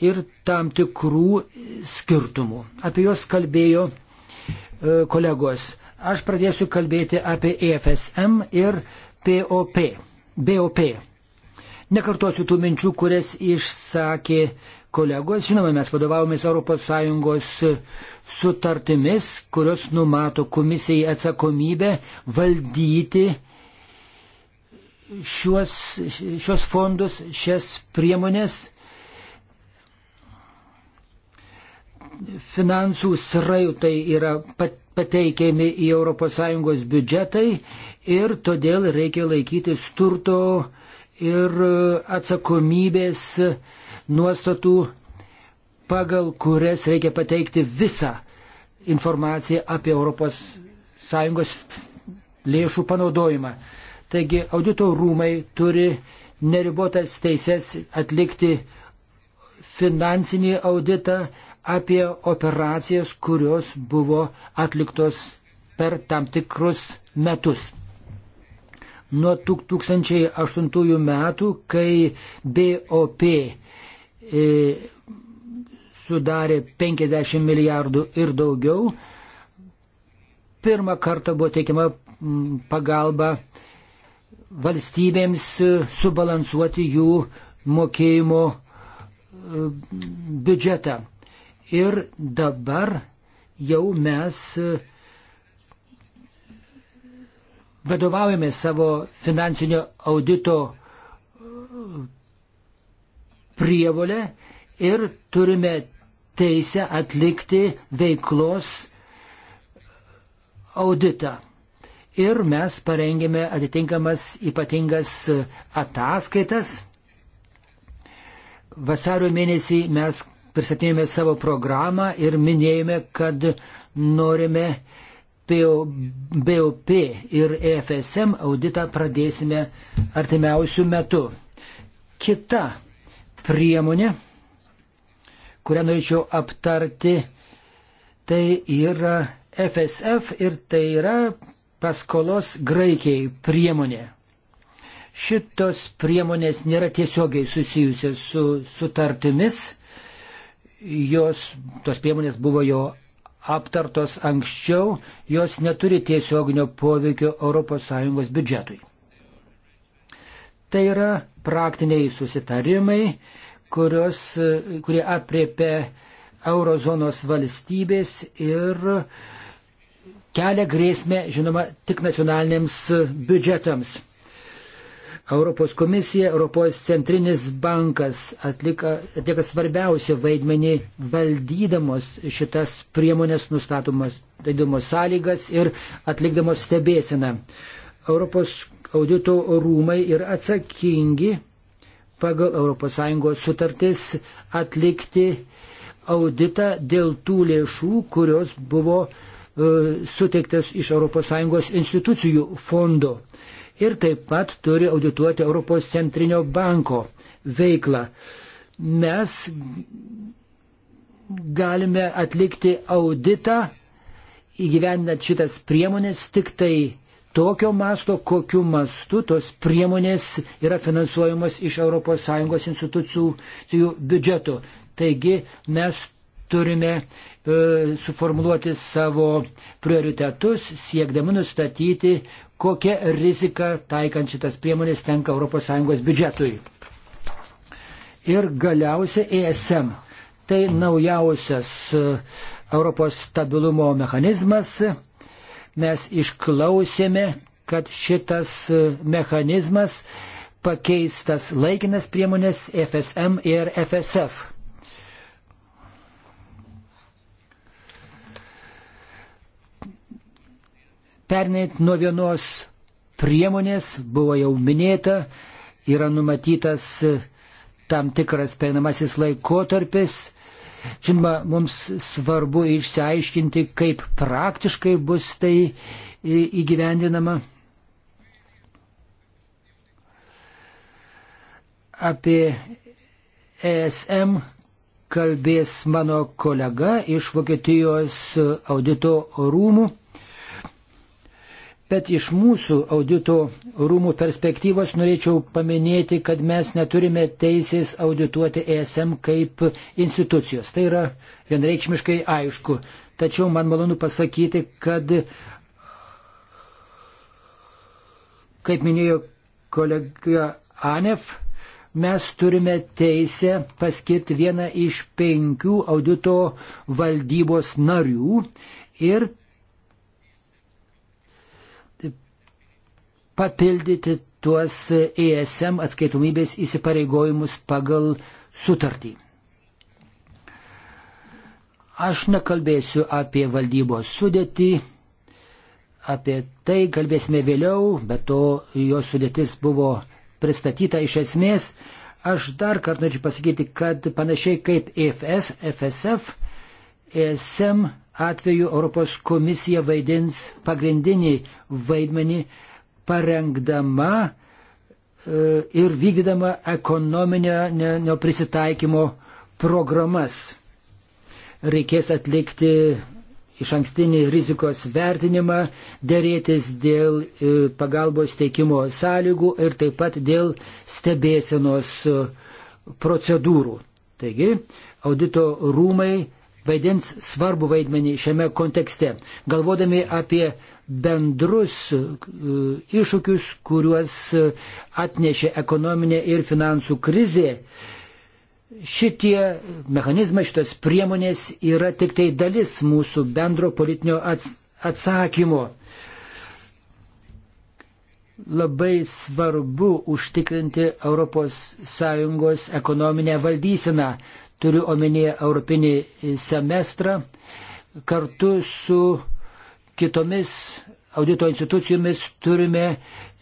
ir tam tikrų skirtumų. Apie juos kalbėjo e, kolegos. Aš pradėsiu kalbėti apie EFSM ir POP. BOP. Nekartosiu tų minčių, kurias išsakė kolegos. Žinoma, mes vadovavomės ES sutartimis, kurios numato komisijai atsakomybę valdyti šiuos, šios fondus, šias priemonės finansų srautai yra pateikiami į ES biudžetai ir todėl reikia laikytis turto ir atsakomybės nuostatų, pagal kurias reikia pateikti visą informaciją apie ES lėšų panaudojimą. Taigi audito rūmai turi neribotas teises atlikti finansinį auditą, apie operacijas, kurios buvo atliktos per tam tikrus metus. Nuo 2008 metų, kai BOP e, sudarė 50 milijardų ir daugiau, pirmą kartą buvo teikiama pagalba valstybėms e, subalansuoti jų mokėjimo e, biudžetą. Ir dabar jau mes e, vadovaujame savo finansinio audito e, prievolę ir turime teisę atlikti veiklos auditą. Ir mes parengėme atitinkamas ypatingas e, ataskaitas. Vasario mėnesį mes pristatėjome savo programą ir minėjome, kad norime BOP ir EFSM auditą pradėsime artimiausių metų. Kita priemonė, kurią norėčiau aptarti, tai yra FSF ir tai yra paskolos Graikijai priemonė. Šitos priemonės nėra tiesiogiai susijusios su sutartimis, jos, tos priemonės buvo jo aptartos anksčiau, jos neturi tiesioginio poveikio ES biudžetui. Tai yra praktiniai susitarimai, kurios, kurie apriepia eurozonos valstybės ir kelia grėsmę, žinoma, tik nacionalinėms biudžetams. Europos komisija, Europos centrinis bankas atlika, atlieka svarbiausią vaidmenį valdydamos šitas priemonės nustatomos daidumos sąlygas ir atlikdamos stebėsiną. Europos audito rūmai yra atsakingi pagal ES sutartis atlikti auditą dėl tų lėšų, kurios buvo e, suteiktas iš ES institucijų fondo ir taip pat turi audituoti Europos centrinio banko veiklą. Mes galime atlikti auditą įgyvendinant šitas priemonės tik tai tokio masto, kokiu mastu tos priemonės yra finansuojamos iš ES institucijų biudžeto. Taigi mes turime e, suformuoluoti savo prioritetus, siekdami nustatyti, kokia rizika taikant šitas priemonės tenka ES biudžetui. Ir galiausia ESM. Tai naujausias e, Europos stabilumo mechanizmas. Mes išklausėme, kad šitas e, mechanizmas pakeistas laikinas priemonės FSM ir FSF. Pernait nuo vienos priemonės, buvo jau minėta, yra numatytas e, tam tikras perinamasis laikotarpis. Žinoma, mums svarbu išsiaiškinti, kaip praktiškai bus tai e, įgyvendinama. Apie ESM kalbės mano kolega iš Vokietijos audito rūmų. Bet iš mūsų audito rūmų perspektyvos norėčiau paminėti, kad mes neturime teisės audituoti ESM kaip institucijos. Tai yra vienreikšmiškai aišku. Tačiau man malonu pasakyti, kad, kaip minėjo kolega Anef, mes turime teisę paskirti vieną iš penkių audito valdybos narių ir papildyti tuos ESM atskaitomybės įsipareigojimus pagal sutartį. Aš nekalbėsiu apie valdybos sudėtį, apie tai kalbėsime vėliau, bet to jos sudėtis buvo pristatyta iš esmės. Aš dar kartą norėčiau pasakyti, kad panašiai kaip EFS, FSF, ESM atveju Europos komisija vaidins pagrindinį vaidmenį parengdama e, ir vykdydama ekonominio prisitaikymo programas. Reikės atlikti iš ankstinį rizikos vertinimą, dėrėtis dėl e, pagalbos teikimo sąlygų ir taip pat dėl stebėsenos e, procedūrų. Taigi, audito rūmai vaidins svarbu vaidmenį šiame kontekste. Galvodami apie bendrus e, iššūkius, kuriuos atnešė ekonominė ir finansų krizė. Šitie mechanizmai, šitos priemonės yra tik tai dalis mūsų bendro politinio atsakymo. Labai svarbu užtikrinti ES ekonominę valdyseną, turiu omenyje Europinį semestrą, kartu su kitomis audito institucijomis turime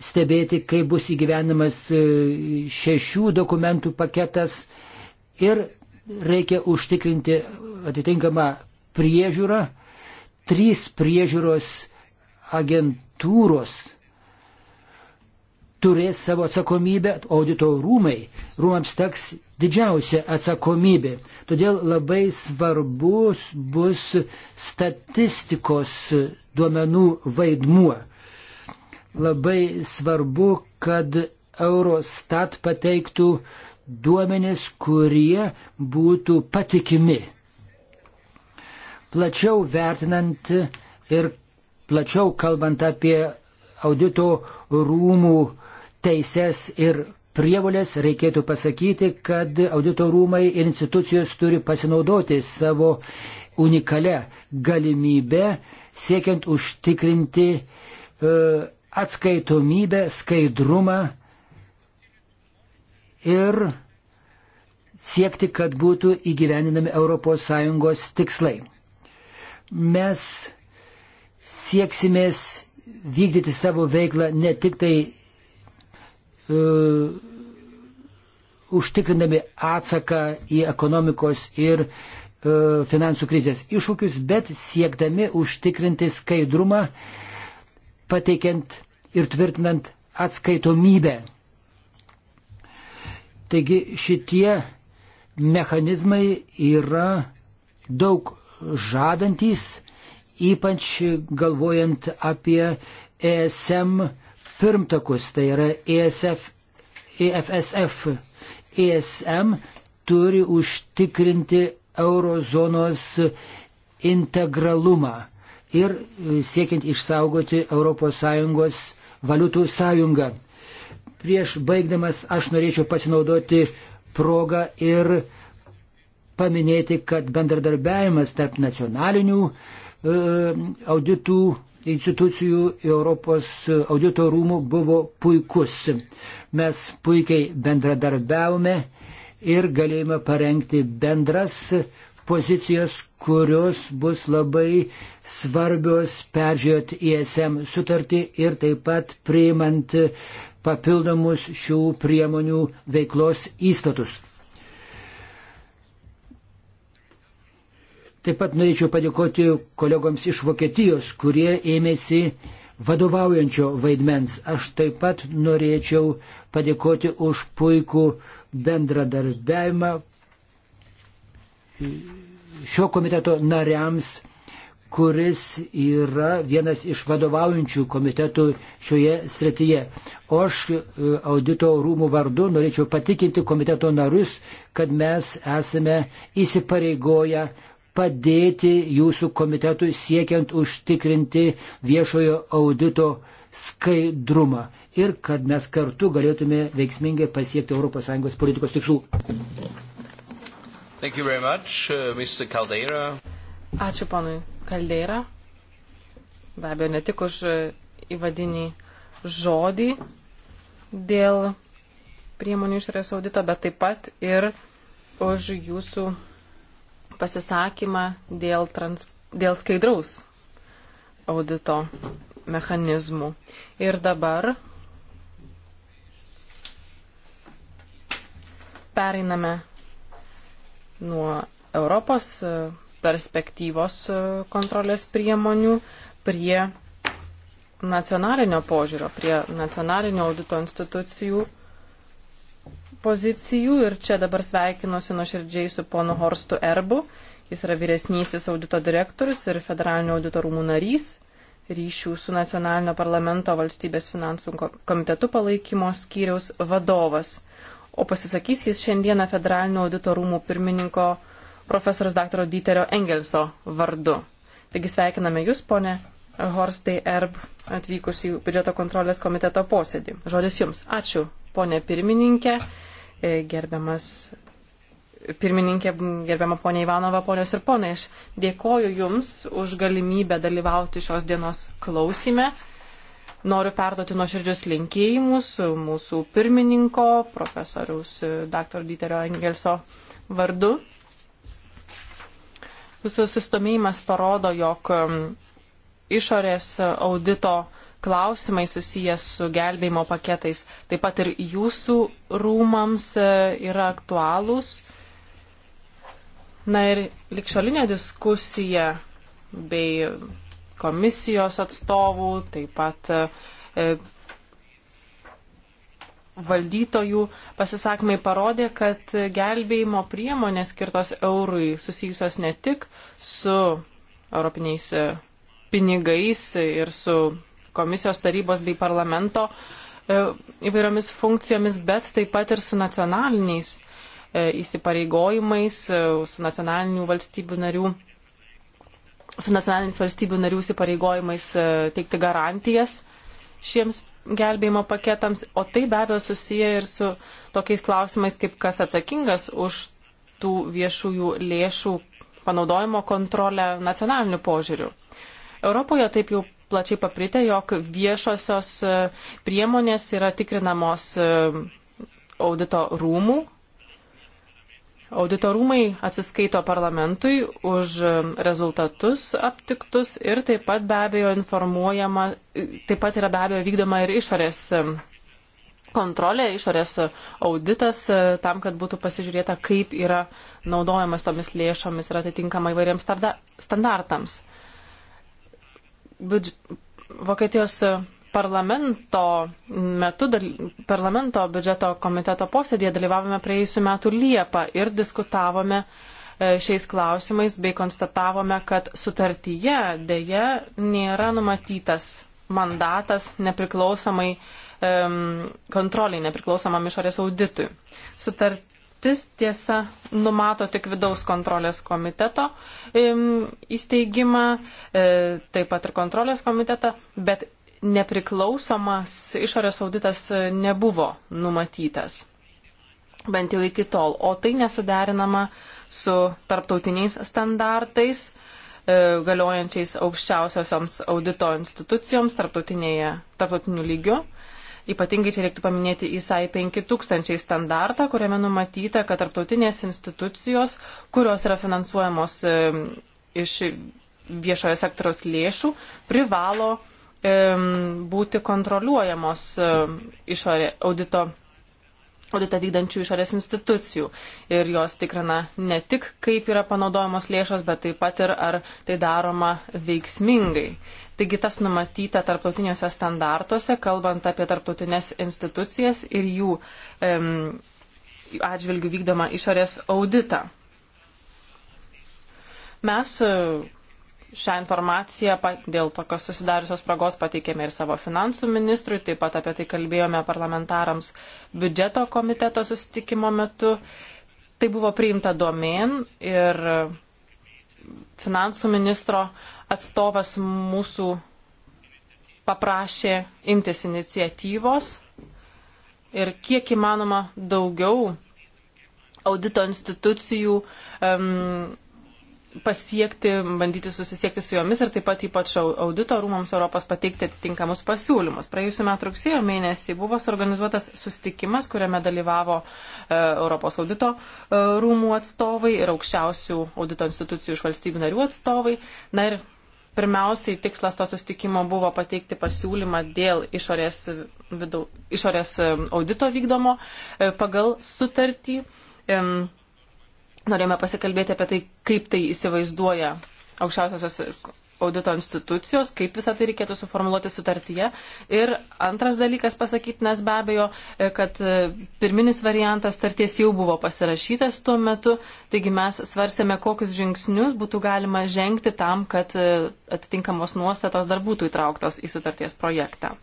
stebėti, kaip bus įgyvenamas e, šešių dokumentų paketas ir reikia užtikrinti atitinkamą priežiūrą. Trys priežiūros agentūros turės savo atsakomybę, audito rūmai, rūmams teks didžiausia atsakomybė. Todėl labai svarbus bus statistikos duomenų vaidmuo. Labai svarbu, kad Eurostat pateiktų duomenis, kurie būtų patikimi. Plačiau vertinant ir plačiau kalbant apie audito rūmų teises ir prievolės, reikėtų pasakyti, kad audito rūmai ir institucijos turi pasinaudoti savo unikalią galimybę siekiant užtikrinti e, atskaitomybę, skaidrumą ir siekti, kad būtų įgyveninami ES tikslai. Mes sieksimės vykdyti savo veiklą ne tik tai uh, užtikrindami atsaką į ekonomikos ir uh, E, finansų krizės iššūkius, bet siekdami užtikrinti skaidrumą, pateikiant ir tvirtinant atskaitomybę. Taigi šitie mechanizmai yra daug žadantys, ypač galvojant apie ESM pirmtakus, tai yra ESF, EFSF. ESM turi užtikrinti eurozonos integralumą ir e, siekiant išsaugoti ES valiutų sąjungą. Prieš baigdamas aš norėčiau pasinaudoti progą ir paminėti, kad bendradarbiavimas tarp nacionalinių e, auditų institucijų Europos audito rūmų buvo puikus. Mes puikiai bendradarbiavome ir galėjome parengti bendras pozicijos, kurios bus labai svarbios peržiūrėt ISM e sutartį ir taip pat priimant papildomus šių priemonių veiklos įstatus. Taip pat norėčiau padėkoti kolegoms iš Vokietijos, kurie ėmėsi vadovaujančio vaidmens. Aš taip pat norėčiau padėkoti už puikų bendradarbiavimą šio komiteto nariams, kuris yra vienas iš vadovaujančių komitetų šioje srityje. O aš e, audito rūmų vardu norėčiau patikinti komiteto narius, kad mes esame įsipareigoję padėti jūsų komitetui siekiant užtikrinti viešojo audito skaidrumą ir kad mes kartu galėtume veiksmingai pasiekti ES politikos tikslų. Much, uh, Ačiū ponui Kaldeira. Be abejo, ne tik už uh, įvadinį žodį dėl priemonių išorės audito, bet taip pat ir už jūsų pasisakymą dėl, trans, dėl skaidraus audito mechanizmų. Ir dabar pereiname nuo Europos e, perspektyvos e, kontrolės priemonių prie nacionalinio požiūrio, prie nacionalinio audito institucijų pozicijų. Ir čia dabar sveikinuosi nuoširdžiai su ponu Horstu Erbu. Jis yra vyresnysis audito direktorius ir federalinio audito rūmų narys, ryšių su nacionalinio parlamento valstybės finansų komitetu palaikymo skyriaus vadovas o pasisakys jis šiandieną federalinio audito rūmų pirmininko profesorius dr. Dieterio Engelso vardu. Taigi sveikiname Jūs, ponė Horstai Erb, atvykus į biudžeto kontrolės komiteto posėdį. Žodis Jums. Ačiū, ponė pirmininkė, e, gerbiamas pirmininkė, gerbiama ponė Ivanova, ponios ir ponai. Aš dėkoju Jums už galimybę dalyvauti šios dienos klausime. Noriu perduoti nuoširdžius linkėjimus mūsų pirmininko, profesoriaus e, dr. Dieterio Engelso vardu. Jūsų sustomėjimas parodo, jog išorės audito klausimai susijęs su gelbėjimo paketais taip pat ir jūsų rūmams e, yra aktualūs. Na ir likšalinė diskusija bei komisijos atstovų, taip pat e, valdytojų pasisakymai parodė, kad gelbėjimo priemonės skirtos eurui susijusios ne tik su europiniais e, pinigais ir su komisijos tarybos bei parlamento e, įvairiomis funkcijomis, bet taip pat ir su nacionaliniais e, įsipareigojimais, su nacionalinių valstybių narių su nacionaliniais valstybių narių įsipareigojimais e, teikti garantijas šiems gelbėjimo paketams, o tai be abejo susiję ir su tokiais klausimais, kaip kas atsakingas už tų viešųjų lėšų panaudojimo kontrolę nacionaliniu požiūriu. Europoje taip jau plačiai papritę, jog viešosios e, priemonės yra tikrinamos e, audito rūmų Auditorumai atsiskaito parlamentui už rezultatus aptiktus ir taip pat be abejo informuojama, taip pat yra be abejo vykdoma ir išorės kontrolė, išorės auditas tam, kad būtų pasižiūrėta, kaip yra naudojamas tomis lėšomis ir atitinkama įvairiems standartams. Budž... Vokietijos parlamento metu, dal, parlamento biudžeto komiteto posėdėje dalyvavome praėjusiu metu Liepą ir diskutavome e, šiais klausimais bei konstatavome, kad sutartyje dėje nėra numatytas mandatas nepriklausomai um, kontroliai, nepriklausomam išorės auditui. Sutartis tiesa numato tik vidaus kontrolės komiteto um, įsteigimą, e, taip pat ir kontrolės komitetą, bet nepriklausomas išorės auditas nebuvo numatytas, bent jau iki tol, o tai nesuderinama su tarptautiniais standartais e, galiojančiais aukščiausiosioms audito institucijoms tarptautiniu lygiu. Ypatingai čia reiktų paminėti ISAI 5000 standartą, kuriame numatyta, kad tarptautinės institucijos, kurios yra finansuojamos e, iš viešojo sektoriaus lėšų, privalo būti kontroliuojamos išorė, audito, auditą vykdančių išorės institucijų. Ir jos tikrina ne tik, kaip yra panaudojamos lėšos, bet taip pat ir ar tai daroma veiksmingai. Taigi tas numatyta tarptautiniuose standartuose, kalbant apie tarptautinės institucijas ir jų em, atžvilgių vykdomą išorės auditą. Mes šią informaciją dėl tokios susidariusios spragos pateikėme ir savo finansų ministrui, taip pat apie tai kalbėjome parlamentarams biudžeto komiteto susitikimo metu. Tai buvo priimta domen ir finansų ministro atstovas mūsų paprašė imtis iniciatyvos ir kiek įmanoma daugiau audito institucijų um, pasiekti, bandyti susisiekti su jomis ir taip pat ypač audito rūmams Europos pateikti tinkamus pasiūlymus. Praėjusiu metu rugsėjo mėnesį buvo suorganizuotas sustikimas, kuriame dalyvavo e, Europos audito e, rūmų atstovai ir aukščiausių audito institucijų iš valstybių narių atstovai. Na ir pirmiausiai tikslas to sustikimo buvo pateikti pasiūlymą dėl išorės, vidau, išorės e, audito vykdomo e, pagal sutartį. E, Norėjome pasikalbėti apie tai, kaip tai įsivaizduoja aukščiausiosios audito institucijos, kaip visą tai reikėtų suformuoluoti sutartyje. Ir antras dalykas pasakyti, nes be abejo, e, kad e, pirminis variantas starties jau buvo pasirašytas tuo metu, taigi mes svarstėme, kokius žingsnius būtų galima žengti tam, kad e, atitinkamos nuostatos dar būtų įtrauktos į sutarties projektą.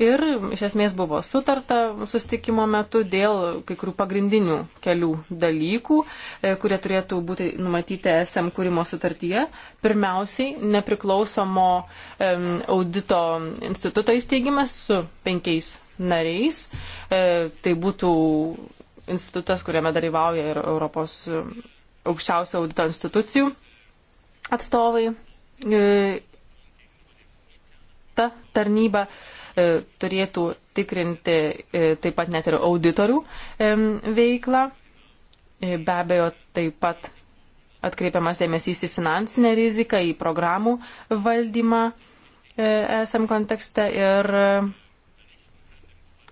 Ir iš esmės buvo sutarta sustikimo metu dėl kai kurių pagrindinių kelių dalykų, e, kurie turėtų būti numatyti SM kūrimo sutartyje. Pirmiausiai, nepriklausomo audito instituto įsteigimas su penkiais nariais. E, tai būtų institutas, kuriame dalyvauja ir Europos e, aukščiausio audito institucijų atstovai tarnyba e, turėtų tikrinti e, taip pat net ir auditorių e, veiklą. Be abejo, taip pat atkreipiamas dėmesys į finansinę riziką, į programų valdymą ESM kontekste ir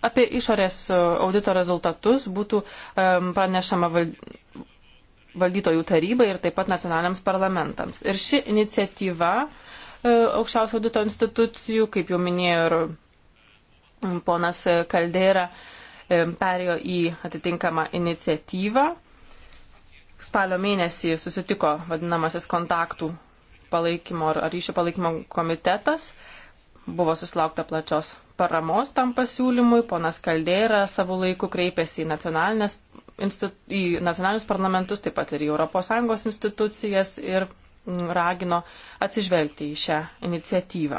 apie išorės audito rezultatus būtų pranešama valdytojų tarybai ir taip pat nacionaliniams parlamentams. Ir ši iniciatyva E, aukščiausio audito institucijų, kaip jau minėjo ir ponas Kaldera, e, perėjo į atitinkamą iniciatyvą. Spalio mėnesį susitiko vadinamasis kontaktų palaikymo ar ryšio palaikymo komitetas. Buvo susilaukta plačios paramos tam pasiūlymui. Ponas Kaldėra savo laiku kreipėsi į, nacionalinės, į nacionalinius parlamentus, taip pat ir į ES institucijas ir ragino atsižvelgti į šią iniciatyvą.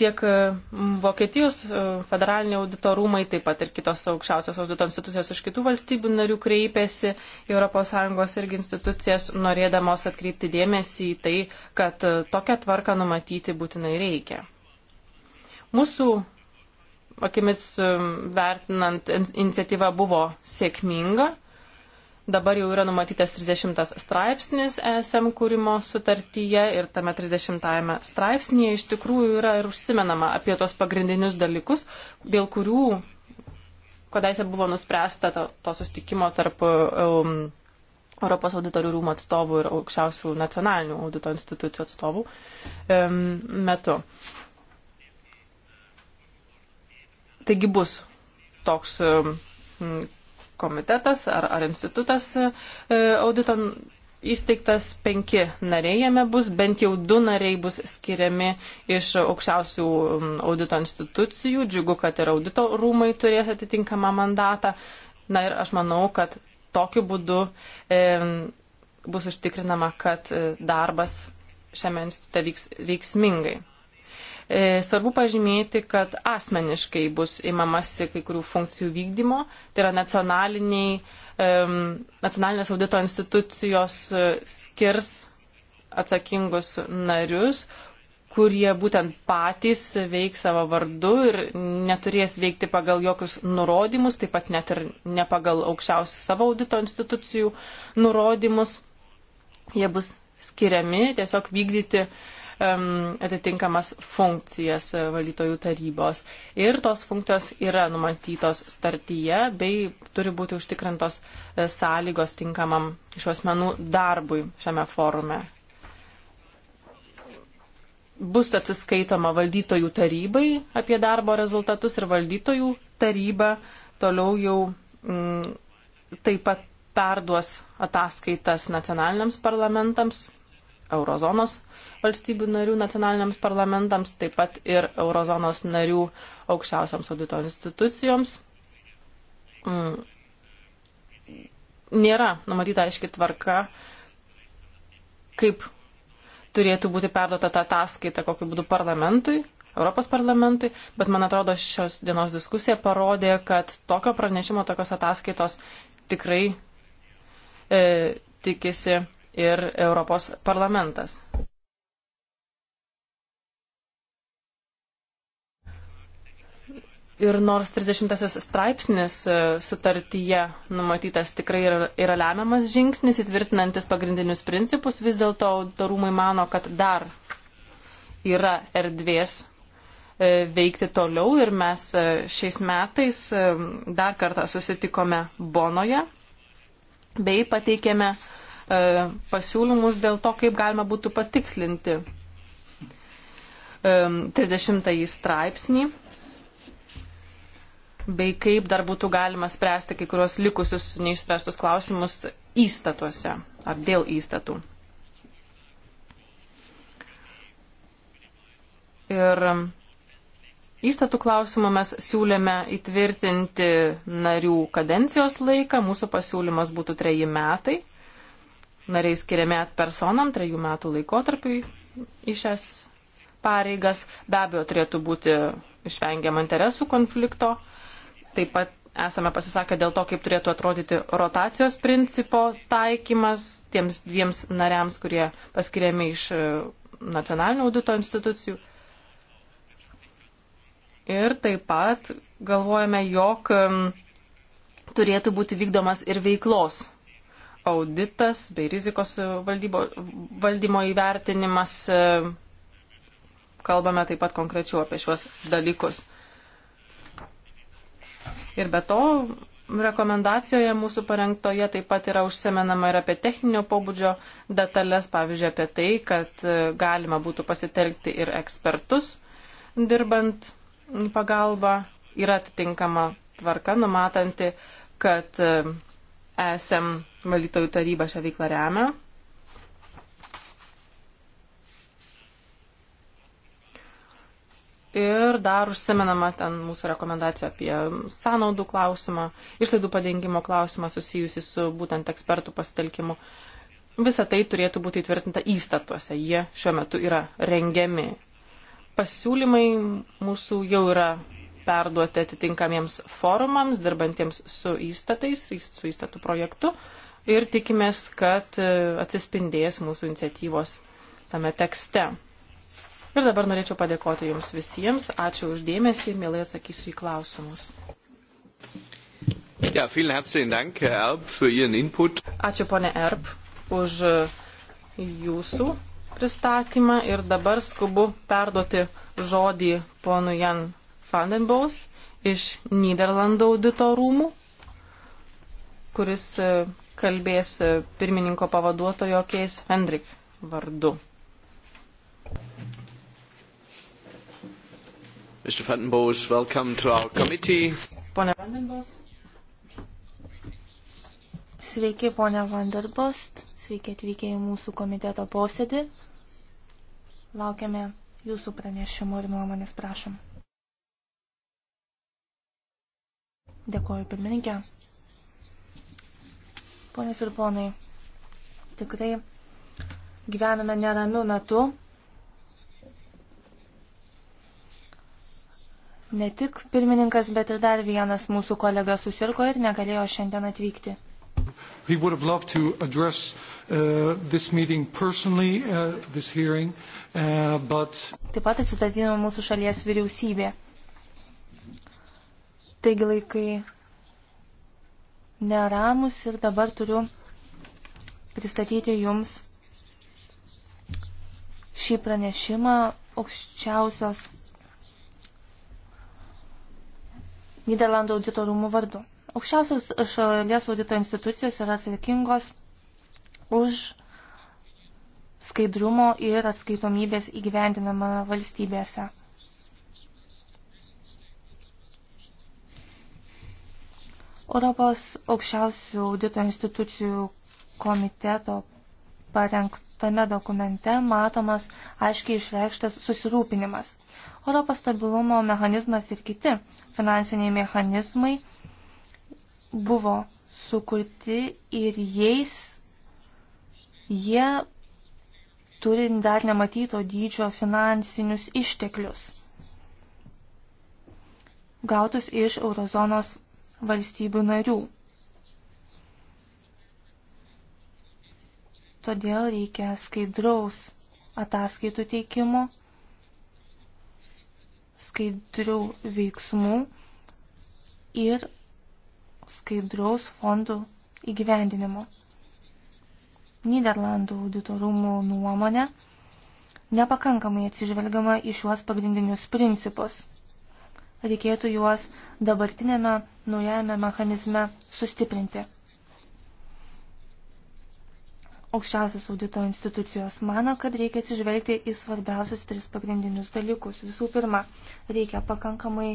Tiek e, Vokietijos e, federaliniai auditorumai, taip pat ir kitos aukščiausios audito institucijos iš kitų valstybių narių kreipėsi į ES irgi institucijas, norėdamos atkreipti dėmesį į tai, kad e, tokią tvarką numatyti būtinai reikia. Mūsų akimis vertinant iniciatyva buvo sėkminga Dabar jau yra numatytas 30 straipsnis ESM kūrimo sutartyje ir tame 30 straipsnėje iš tikrųjų yra ir užsimenama apie tos pagrindinius dalykus, dėl kurių kadaise buvo nuspręsta to, to sustikimo tarp um, Europos auditorių rūmų atstovų ir aukščiausių nacionalinių audito institucijų atstovų um, metu. Taigi bus toks um, komitetas ar, ar institutas e, audito įsteigtas penki nariai jame bus, bent jau du nariai bus skiriami iš aukščiausių audito institucijų. Džiugu, kad ir audito rūmai turės atitinkamą mandatą. Na ir aš manau, kad tokiu būdu e, bus užtikrinama, kad e, darbas šiame institute vyks veiksmingai. E, svarbu pažymėti, kad asmeniškai bus imamasi kai kurių funkcijų vykdymo, tai yra nacionalinės audito institucijos e, skirs atsakingus narius, kurie būtent patys veiks savo vardu ir neturės veikti pagal jokius nurodymus, taip pat net ir ne pagal aukščiausių savo audito institucijų nurodymus. Jie bus skiriami tiesiog vykdyti atitinkamas funkcijas valytojų tarybos. Ir tos funkcijos yra numatytos startyje bei turi būti užtikrintos e, sąlygos tinkamam šių asmenų darbui šiame forume. Bus atsiskaitoma valdytojų tarybai apie darbo rezultatus ir valdytojų taryba toliau jau mm, taip pat perduos ataskaitas nacionaliniams parlamentams, eurozonos valstybių narių nacionaliniams parlamentams, taip pat ir eurozonos narių aukščiausiams audito institucijoms. Mm. Nėra numatyta aiški tvarka, kaip turėtų būti perduota ta ataskaita, kokiu būdu parlamentui, Europos parlamentui, bet man atrodo šios dienos diskusija parodė, kad tokio pranešimo, tokios ataskaitos tikrai e, tikisi ir Europos parlamentas. Ir nors 30 straipsnis e, sutartyje numatytas tikrai yra lemiamas žingsnis įtvirtinantis pagrindinius principus, vis dėlto darumai mano, kad dar yra erdvės e, veikti toliau ir mes e, šiais metais dar kartą susitikome Bonoje bei pateikėme pasiūlymus dėl to, kaip galima būtų patikslinti 30 straipsnį bei kaip dar būtų galima spręsti kai kurios likusius neišspręstus klausimus įstatuose ar dėl įstatų. Ir Įstatų klausimą mes siūlėme įtvirtinti narių kadencijos laiką. Mūsų pasiūlymas būtų treji metai. Nariai skiriami at personam trejų metų laikotarpiui į šias pareigas. Be abejo, turėtų būti išvengiama interesų konflikto. Taip pat esame pasisakę dėl to, kaip turėtų atrodyti rotacijos principo taikymas tiems dviems nariams, kurie paskiriami iš e, nacionalinio audito institucijų. Ir taip pat galvojame, jog e, turėtų būti vykdomas ir veiklos auditas bei rizikos valdybo, valdymo įvertinimas. E, kalbame taip pat konkrečiau apie šiuos dalykus. Ir be to, rekomendacijoje mūsų parengtoje taip pat yra užsimenama ir apie techninio pobūdžio detalės, pavyzdžiui, apie tai, kad e, galima būtų pasitelkti ir ekspertus dirbant pagalbą. Yra atitinkama tvarka numatanti, kad e, ESM valytojų taryba šią veiklą remia Ir dar užsimenama ten mūsų rekomendacija apie sąnaudų klausimą, išlaidų padengimo klausimą susijusi su būtent ekspertų pasitelkimu. Visa tai turėtų būti įtvirtinta įstatuose. Jie šiuo metu yra rengiami. Pasiūlymai mūsų jau yra perduoti atitinkamiems forumams, dirbantiems su įstatais, su įstatų projektu. Ir tikimės, kad atsispindės mūsų iniciatyvos tame tekste. Ir dabar norėčiau padėkoti Jums visiems. Ačiū uždėmesį, mielai atsakysiu į klausimus. Ja, vielen herzlichen Dank, Herr Erb, für Ihren Input. Ačiū, ponė Erb, už Jūsų pristatymą ir dabar skubu perduoti žodį ponu Jan Vandenbaus iš Niderlandų audito rūmų, kuris kalbės pirmininko pavaduotojo Keis Hendrik vardu. Mr. Van den Bos, welcome to our committee. Pone Van den Bos. Sveiki, ponia Vanderbost, sveiki atvykę į mūsų komiteto posėdį. Laukiame jūsų pranešimų ir nuomonės, prašom. Dėkoju, pirmininkė. Ponios ir ponai, tikrai gyvename neramių metų, Ne tik pirmininkas, bet ir dar vienas mūsų kolega susirgo ir negalėjo šiandien atvykti. He would have loved to address uh, this meeting personally, uh, this hearing, uh, but... Taip pat atsistatydino mūsų šalies vyriausybė. Taigi laikai neramus ir dabar turiu pristatyti jums šį pranešimą aukščiausios Niderlandų audito rūmų vardu. Aukščiausios šalies audito institucijos yra atsakingos už skaidrumo ir atskaitomybės įgyvendinamą valstybėse. Europos aukščiausių audito institucijų komiteto parengtame dokumente matomas aiškiai išreikštas susirūpinimas. Europos stabilumo mechanizmas ir kiti finansiniai mechanizmai buvo sukurti ir jais jie turi dar nematyto dydžio finansinius išteklius gautus iš eurozonos valstybių narių. Todėl reikia skaidraus ataskaitų teikimo skaidrių veiksmų ir skaidraus fondų įgyvendinimo. Niderlandų auditorumų nuomonė nepakankamai atsižvelgiama į šiuos pagrindinius principus. Reikėtų juos dabartinėme naujame mechanizme sustiprinti aukščiausios audito institucijos mano, kad reikia atsižvelgti į svarbiausius tris pagrindinius dalykus. Visų pirma, reikia pakankamai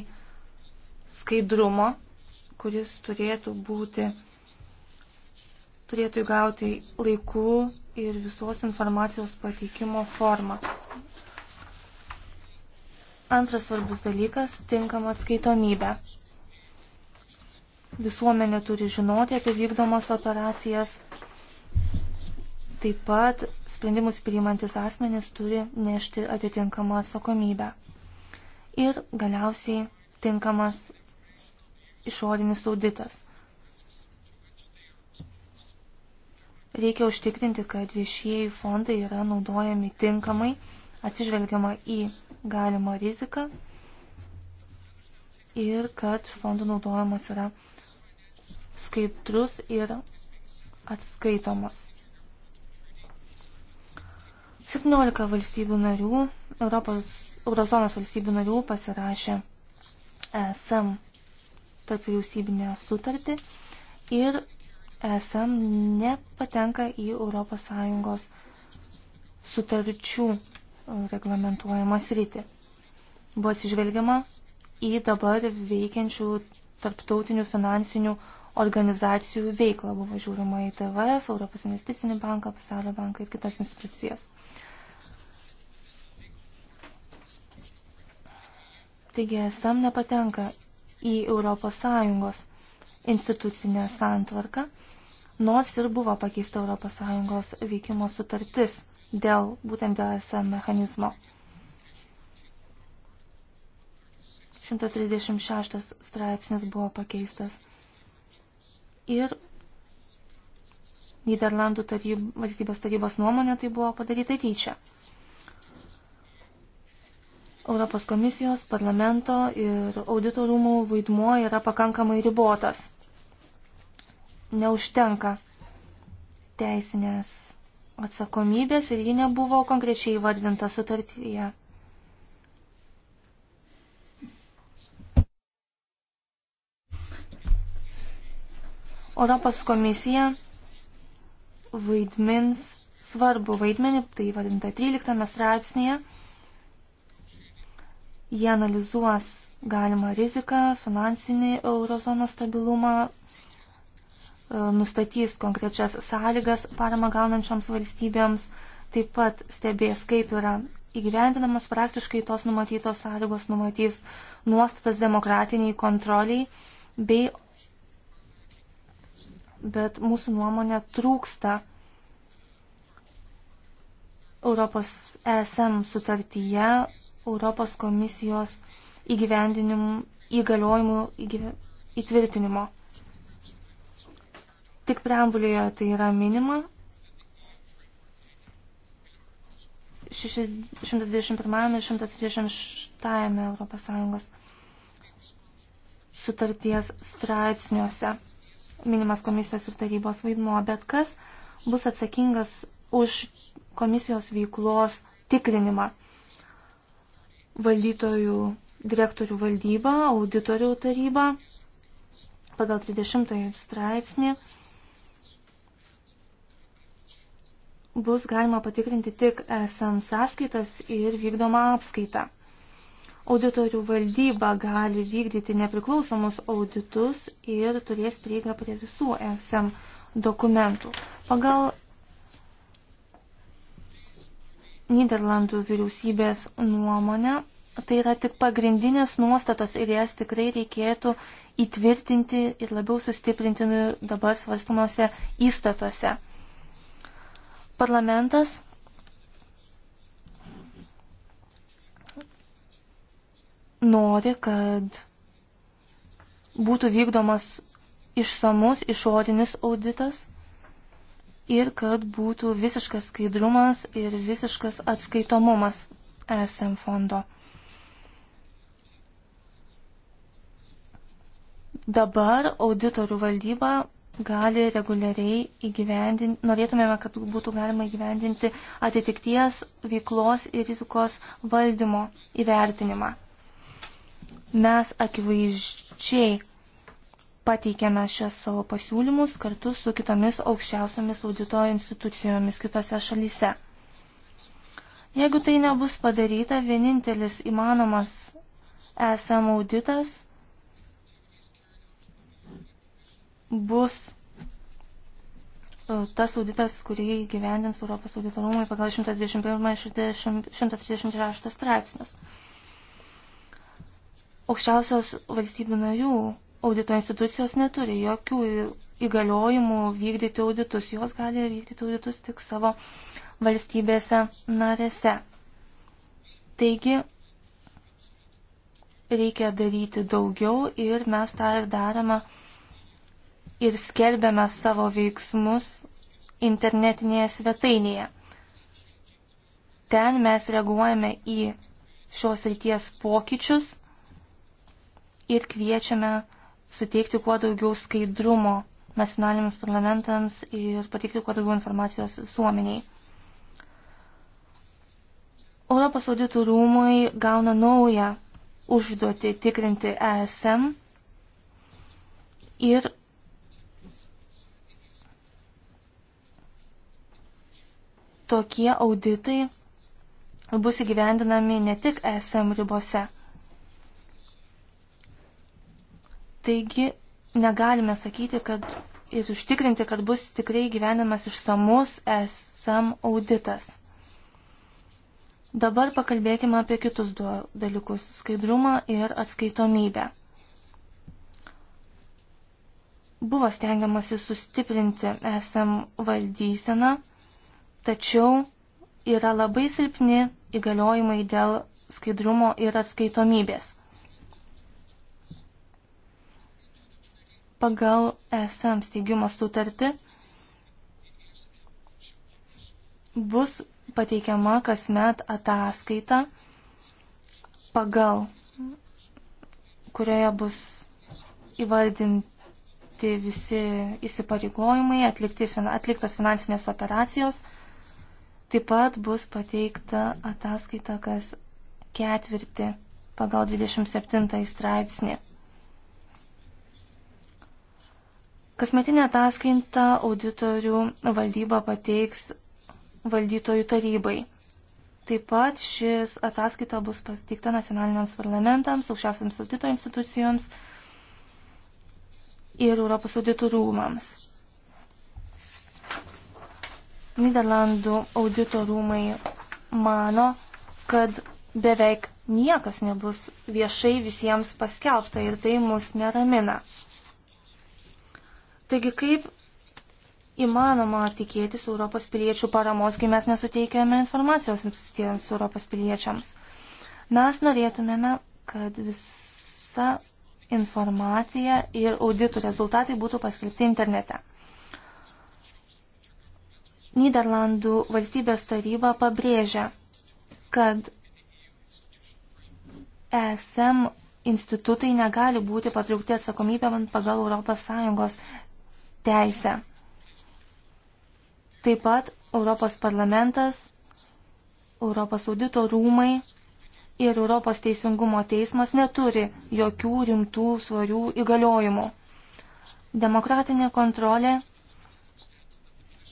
skaidrumo, kuris turėtų būti, turėtų įgauti laiku ir visos informacijos pateikimo formą. Antras svarbus dalykas - tinkama atskaitomybė. Visuomenė turi žinoti apie vykdomas operacijas Taip pat sprendimus priimantis asmenys turi nešti atitinkamą atsakomybę. Ir galiausiai tinkamas išorinis auditas. Reikia užtikrinti, kad viešieji fondai yra naudojami tinkamai, atsižvelgiama į galimą riziką ir kad fondų naudojimas yra skaidrus ir atskaitomas. 17 valstybių narių, Europos, Eurozonos valstybių narių pasirašė ESM tarp vyriausybinę sutartį ir ESM nepatenka į ES sutarčių e, reglamentuojamą sritį. Buvo atsižvelgiama į dabar veikiančių tarptautinių finansinių organizacijų veiklą. Buvo žiūrima į TVF, Europos investicinį banką, Pasaulio banką ir kitas institucijas. Taigi SM nepatenka į ES institucinę santvarką, nors ir buvo pakeista ES veikimo sutartis dėl būtent dėl SM mechanizmo. 136 straipsnis buvo pakeistas. Ir Niderlandų taryb, valstybės tarybos nuomonė tai buvo padaryta tyčia. Europos komisijos, parlamento ir audito rūmų vaidmuo yra pakankamai ribotas. Neužtenka teisinės atsakomybės ir ji nebuvo konkrečiai įvardinta sutartyje. Europos komisija vaidmins svarbu vaidmenį, tai vadinta 13 straipsnėje. Jie analizuos galimą riziką, finansinį eurozono stabilumą, e, nustatys konkrečias sąlygas parama gaunančioms valstybėms, taip pat stebės, kaip yra įgyvendinamos praktiškai tos numatytos sąlygos, numatys nuostatas demokratiniai kontroliai, bei, bet mūsų nuomonė trūksta Europos ESM sutartyje Europos komisijos įgaliojimų įgyve, įtvirtinimo. Tik preambulėje tai yra minima. 121 ir 136 Europos Sąjungos sutarties straipsniuose minimas komisijos ir tarybos vaidmuo, bet kas bus atsakingas už komisijos veiklos tikrinimą. Valdytojų direktorių valdyba, auditorių taryba pagal 30 straipsnį bus galima patikrinti tik SM sąskaitas ir vykdomą apskaitą. Auditorių valdyba gali vykdyti nepriklausomus auditus ir turės prieigą prie visų SM dokumentų. Pagal Niderlandų vyriausybės nuomonę, tai yra tik pagrindinės nuostatos ir jas tikrai reikėtų įtvirtinti ir labiau sustiprinti dabar svarstumose įstatuose. Parlamentas nori, kad būtų vykdomas išsamus išorinis auditas ir kad būtų visiškas skaidrumas ir visiškas atskaitomumas ESM fondo. Dabar auditorių valdyba gali reguliariai įgyvendinti, norėtumėme, kad būtų galima įgyvendinti atitikties, veiklos ir rizikos valdymo įvertinimą. Mes akivaizdžiai pateikėme šias savo pasiūlymus kartu su kitomis aukščiausiamis audito institucijomis kitose šalyse. Jeigu tai nebus padaryta, vienintelis įmanomas esam auditas bus e, tas auditas, kurį gyvendins Europos audito rūmai pagal 121 ir 136 straipsnius. Aukščiausios valstybių narių audito institucijos neturi jokių įgaliojimų vykdyti auditus. Jos gali vykdyti auditus tik savo valstybėse narėse. Taigi, reikia daryti daugiau ir mes tą ir darome ir skelbiame savo veiksmus internetinėje svetainėje. Ten mes reaguojame į šios ryties pokyčius ir kviečiame suteikti kuo daugiau skaidrumo nacionaliniams parlamentams ir pateikti kuo daugiau informacijos visuomeniai. Europos auditų rūmai gauna naują užduotį tikrinti ESM ir tokie auditai bus įgyvendinami ne tik ESM ribose. Taigi negalime sakyti, kad ir užtikrinti, kad bus tikrai gyvenimas išsamus SM auditas. Dabar pakalbėkime apie kitus du dalykus - skaidrumą ir atskaitomybę. Buvo stengiamasi sustiprinti SM valdyseną, tačiau yra labai silpni įgaliojimai dėl skaidrumo ir atskaitomybės. pagal ESM steigimo sutartį bus pateikiama kasmet ataskaita, pagal kurioje bus įvardinti visi įsipareigojimai, atlikti, atliktos finansinės operacijos. Taip pat bus pateikta ataskaita kas ketvirtį pagal 27 straipsnį. Kasmetinė ataskaita auditorių valdyba pateiks valdytojų tarybai. Taip pat šis ataskaita bus pasteikta nacionaliniams parlamentams, aukščiausiams audito institucijoms ir Europos auditų rūmams. Niderlandų audito rūmai mano, kad beveik niekas nebus viešai visiems paskelbta ir tai mus neramina. Taigi kaip įmanoma tikėtis Europos piliečių paramos, kai mes nesuteikiame informacijos tiems Europos piliečiams? Mes norėtumėme, kad visa informacija ir auditų rezultatai būtų paskelbti internete. Niderlandų valstybės taryba pabrėžia, kad ESM institutai negali būti patraukti atsakomybėm pagal ES teisę. Taip pat Europos parlamentas, Europos audito rūmai ir Europos teisingumo teismas neturi jokių rimtų svarių įgaliojimų. Demokratinė kontrolė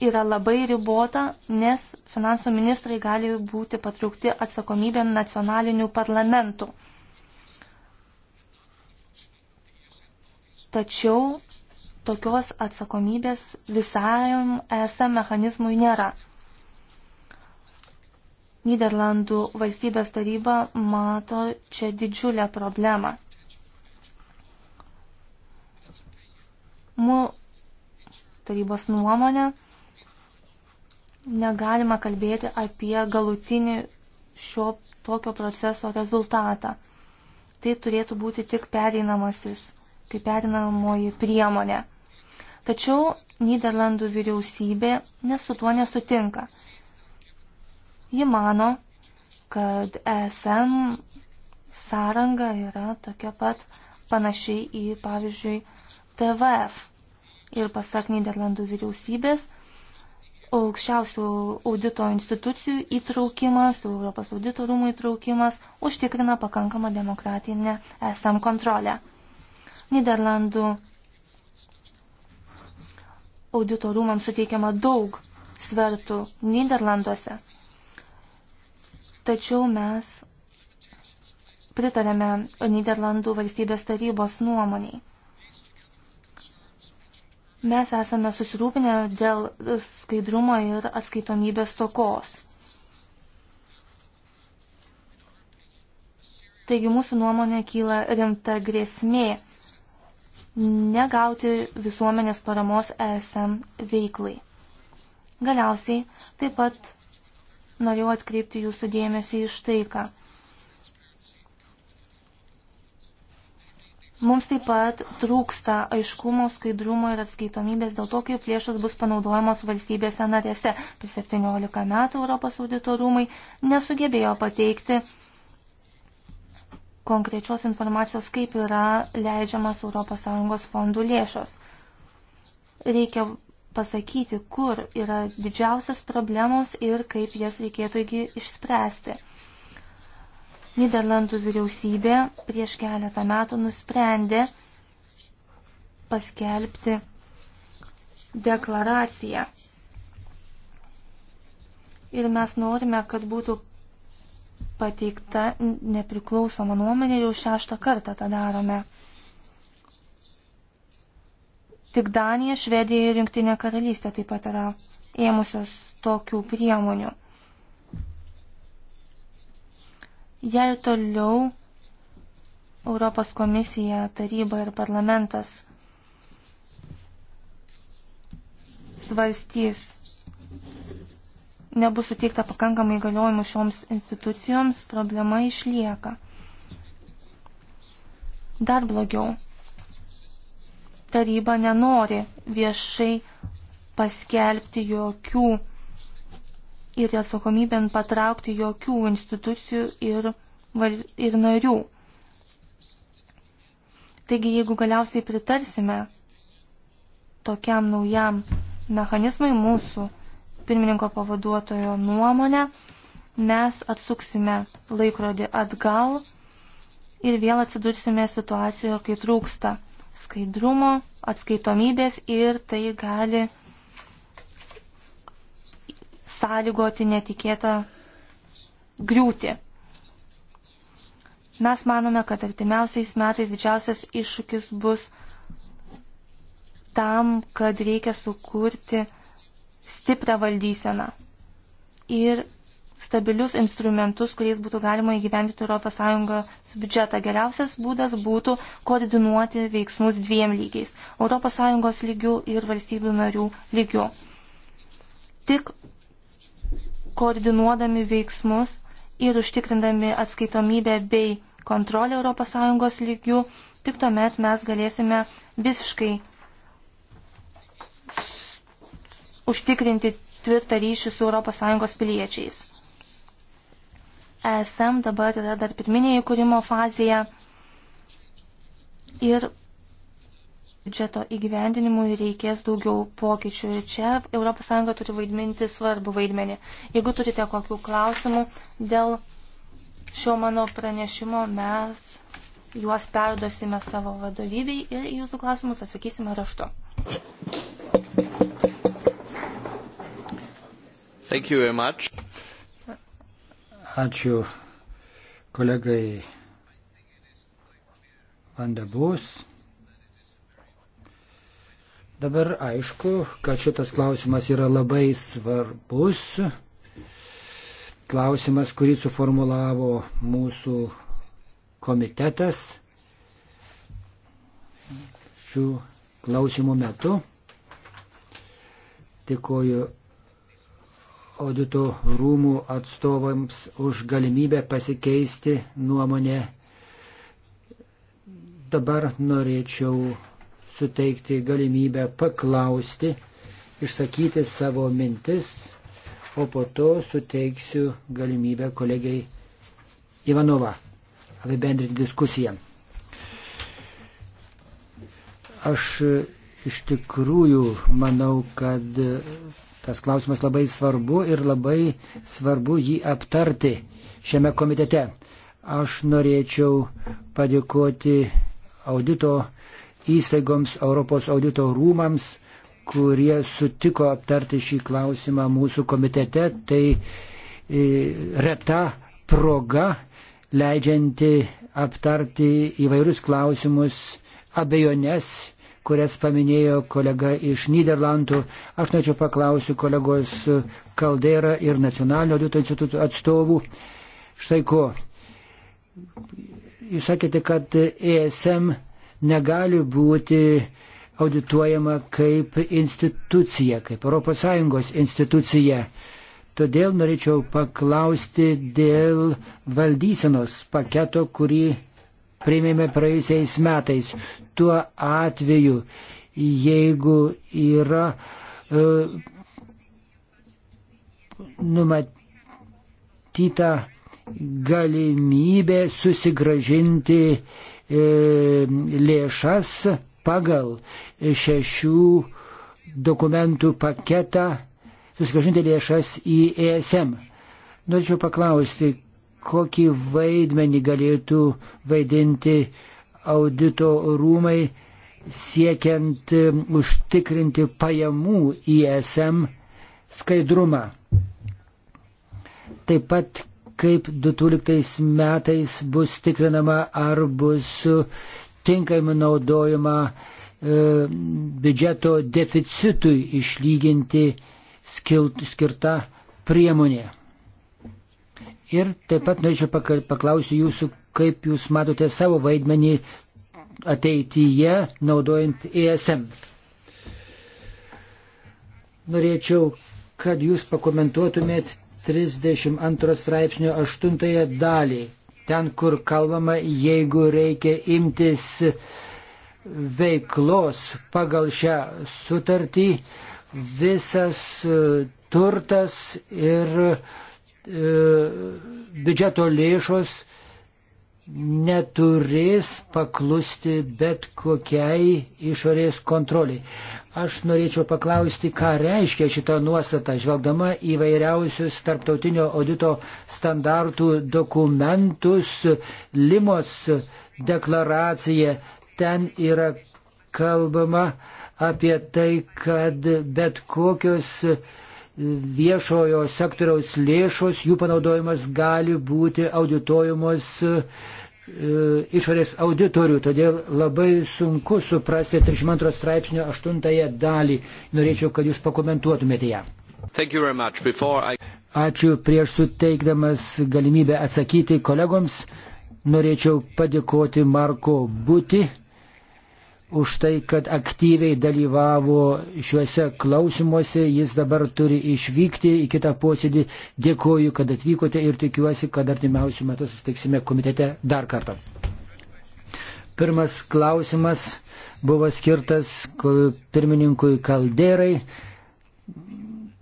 yra labai ribota, nes finansų ministrai gali būti patraukti atsakomybėm nacionalinių parlamentų. Tačiau tokios atsakomybės visam esam mechanizmui nėra. Niderlandų valstybės taryba mato čia didžiulę problemą. Mū tarybos nuomonė negalima kalbėti apie galutinį šio tokio proceso rezultatą. Tai turėtų būti tik pereinamasis, kaip pereinamoji priemonė. Tačiau Niderlandų vyriausybė nes su tuo nesutinka. Ji mano, kad ESM sąranga yra tokia pat panašiai į, pavyzdžiui, TVF. Ir pasak Niderlandų vyriausybės, aukščiausių audito institucijų įtraukimas, Europos audito rūmų įtraukimas užtikrina pakankamą demokratinę e SM kontrolę. Niderlandų auditorumams suteikiama daug svertų Niderlanduose. Tačiau mes pritarėme Niderlandų valstybės tarybos nuomoniai. Mes esame susirūpinę dėl skaidrumo ir atskaitomybės tokos. Taigi mūsų nuomonė kyla rimta grėsmė negauti visuomenės paramos ESM veiklai. Galiausiai taip pat norėjau atkreipti jūsų dėmesį į štai ką. Mums taip pat trūksta aiškumo, skaidrumo ir atskaitomybės dėl to, kaip lėšos bus panaudojamos valstybėse narėse. Per 17 metų Europos auditorumai nesugebėjo pateikti konkrečios informacijos, kaip yra leidžiamas ES fondų lėšos. Reikia pasakyti, kur yra didžiausios problemos ir kaip jas reikėtų išspręsti. Niderlandų vyriausybė prieš keletą metų nusprendė paskelbti deklaraciją. Ir mes norime, kad būtų pateikta nepriklausoma nuomonė, jau šeštą kartą tą darome. Tik Danija, Švedija ir Junktinė karalystė taip pat yra ėmusios tokių priemonių. Jei ir toliau Europos komisija, taryba ir parlamentas svarstys nebus suteikta pakankamai galiojimų šioms institucijoms, problema išlieka. Dar blogiau. Taryba nenori viešai paskelbti jokių ir atsakomybėn patraukti jokių institucijų ir, ir narių. Taigi, jeigu galiausiai pritarsime tokiam naujam mechanizmai mūsų pirmininko pavaduotojo nuomonę, mes atsuksime laikrodį atgal ir vėl atsidursime situacijoje, kai trūksta skaidrumo, atskaitomybės ir tai gali sąlygoti netikėtą griūtį. Mes manome, kad artimiausiais metais didžiausias iššūkis bus tam, kad reikia sukurti stiprią valdyseną ir stabilius instrumentus, kuriais būtų galima įgyvendyti ES biudžetą. Geriausias būdas būtų koordinuoti veiksmus dviem lygiais - ES lygių ir valstybių narių lygių. Tik koordinuodami veiksmus ir užtikrindami atskaitomybę bei kontrolę ES lygių, tik tuomet mes galėsime visiškai užtikrinti tvirtą ryšį su ES piliečiais. ESM dabar yra dar pirminėje įkūrimo fazėje ir biudžeto įgyvendinimui reikės daugiau pokyčių. Ir čia ES turi vaidminti svarbu vaidmenį. Jeigu turite kokių klausimų dėl šio mano pranešimo, mes juos perdosime savo vadovybei ir jūsų klausimus atsakysime raštu. Thank you very much. Ačiū kolegai Vandabus. Dabar aišku, kad šitas klausimas yra labai svarbus. Klausimas, kurį suformulavo mūsų komitetas šių klausimų metu. Dėkoju audito rūmų atstovams už galimybę pasikeisti nuomonę. Dabar norėčiau suteikti galimybę paklausti, išsakyti savo mintis, o po to suteiksiu galimybę kolegiai Ivanova apibendrinti diskusiją. Aš iš tikrųjų manau, kad Tas klausimas labai svarbu ir labai svarbu jį aptarti šiame komitete. Aš norėčiau padėkoti audito įstaigoms, Europos audito rūmams, kurie sutiko aptarti šį klausimą mūsų komitete. Tai e, reta proga leidžianti aptarti įvairius klausimus, abejones kurias paminėjo kolega iš Niderlandų. Aš norėčiau paklausti kolegos Kaldera ir Nacionalinio audito instituto atstovų. Štai ko. Jūs sakėte, kad ESM negali būti audituojama kaip institucija, kaip ES institucija. Todėl norėčiau paklausti dėl valdysenos paketo, kurį priėmėme praėjusiais metais tuo atveju, jeigu yra uh, numatyta galimybė susigražinti uh, lėšas pagal šešių dokumentų paketą, susigražinti lėšas į ESM. Norėčiau paklausti, kokį vaidmenį galėtų vaidinti audito rūmai siekiant um, užtikrinti pajamų ISM skaidrumą. Taip pat kaip 2012 metais bus tikrinama, ar bus tinkamai naudojama e, biudžeto deficitui išlyginti skilt, skirta priemonė. Ir taip pat norėčiau paklausti jūsų, kaip jūs matote savo vaidmenį ateityje naudojant ESM. Norėčiau, kad jūs pakomentuotumėt 32 straipsnio 8 dalį. Ten, kur kalbama, jeigu reikia imtis veiklos pagal šią sutartį, visas e, turtas ir e, biudžeto lėšos neturės paklusti bet kokiai išorės kontroliai. Aš norėčiau paklausti, ką reiškia šita nuostata, žvelgdama įvairiausius tarptautinio audito standartų dokumentus, Limos deklaraciją. Ten yra kalbama apie tai, kad bet kokios uh, viešojo sektoriaus lėšos, jų panaudojimas gali būti audituojamos e, išorės auditorių, todėl labai sunku suprasti 32 straipsnio 8 dalį. Norėčiau, kad jūs pakomentuotumėte ją. I... Ačiū prieš suteikdamas galimybę atsakyti kolegoms. Norėčiau padėkoti Marko Būti už tai, kad aktyviai dalyvavo šiuose klausimuose. Jis dabar turi išvykti į kitą posėdį. Dėkoju, kad atvykote ir tikiuosi, kad artimiausių metų susitiksime komitete dar kartą. Pirmas klausimas buvo skirtas pirmininkui Kalderai.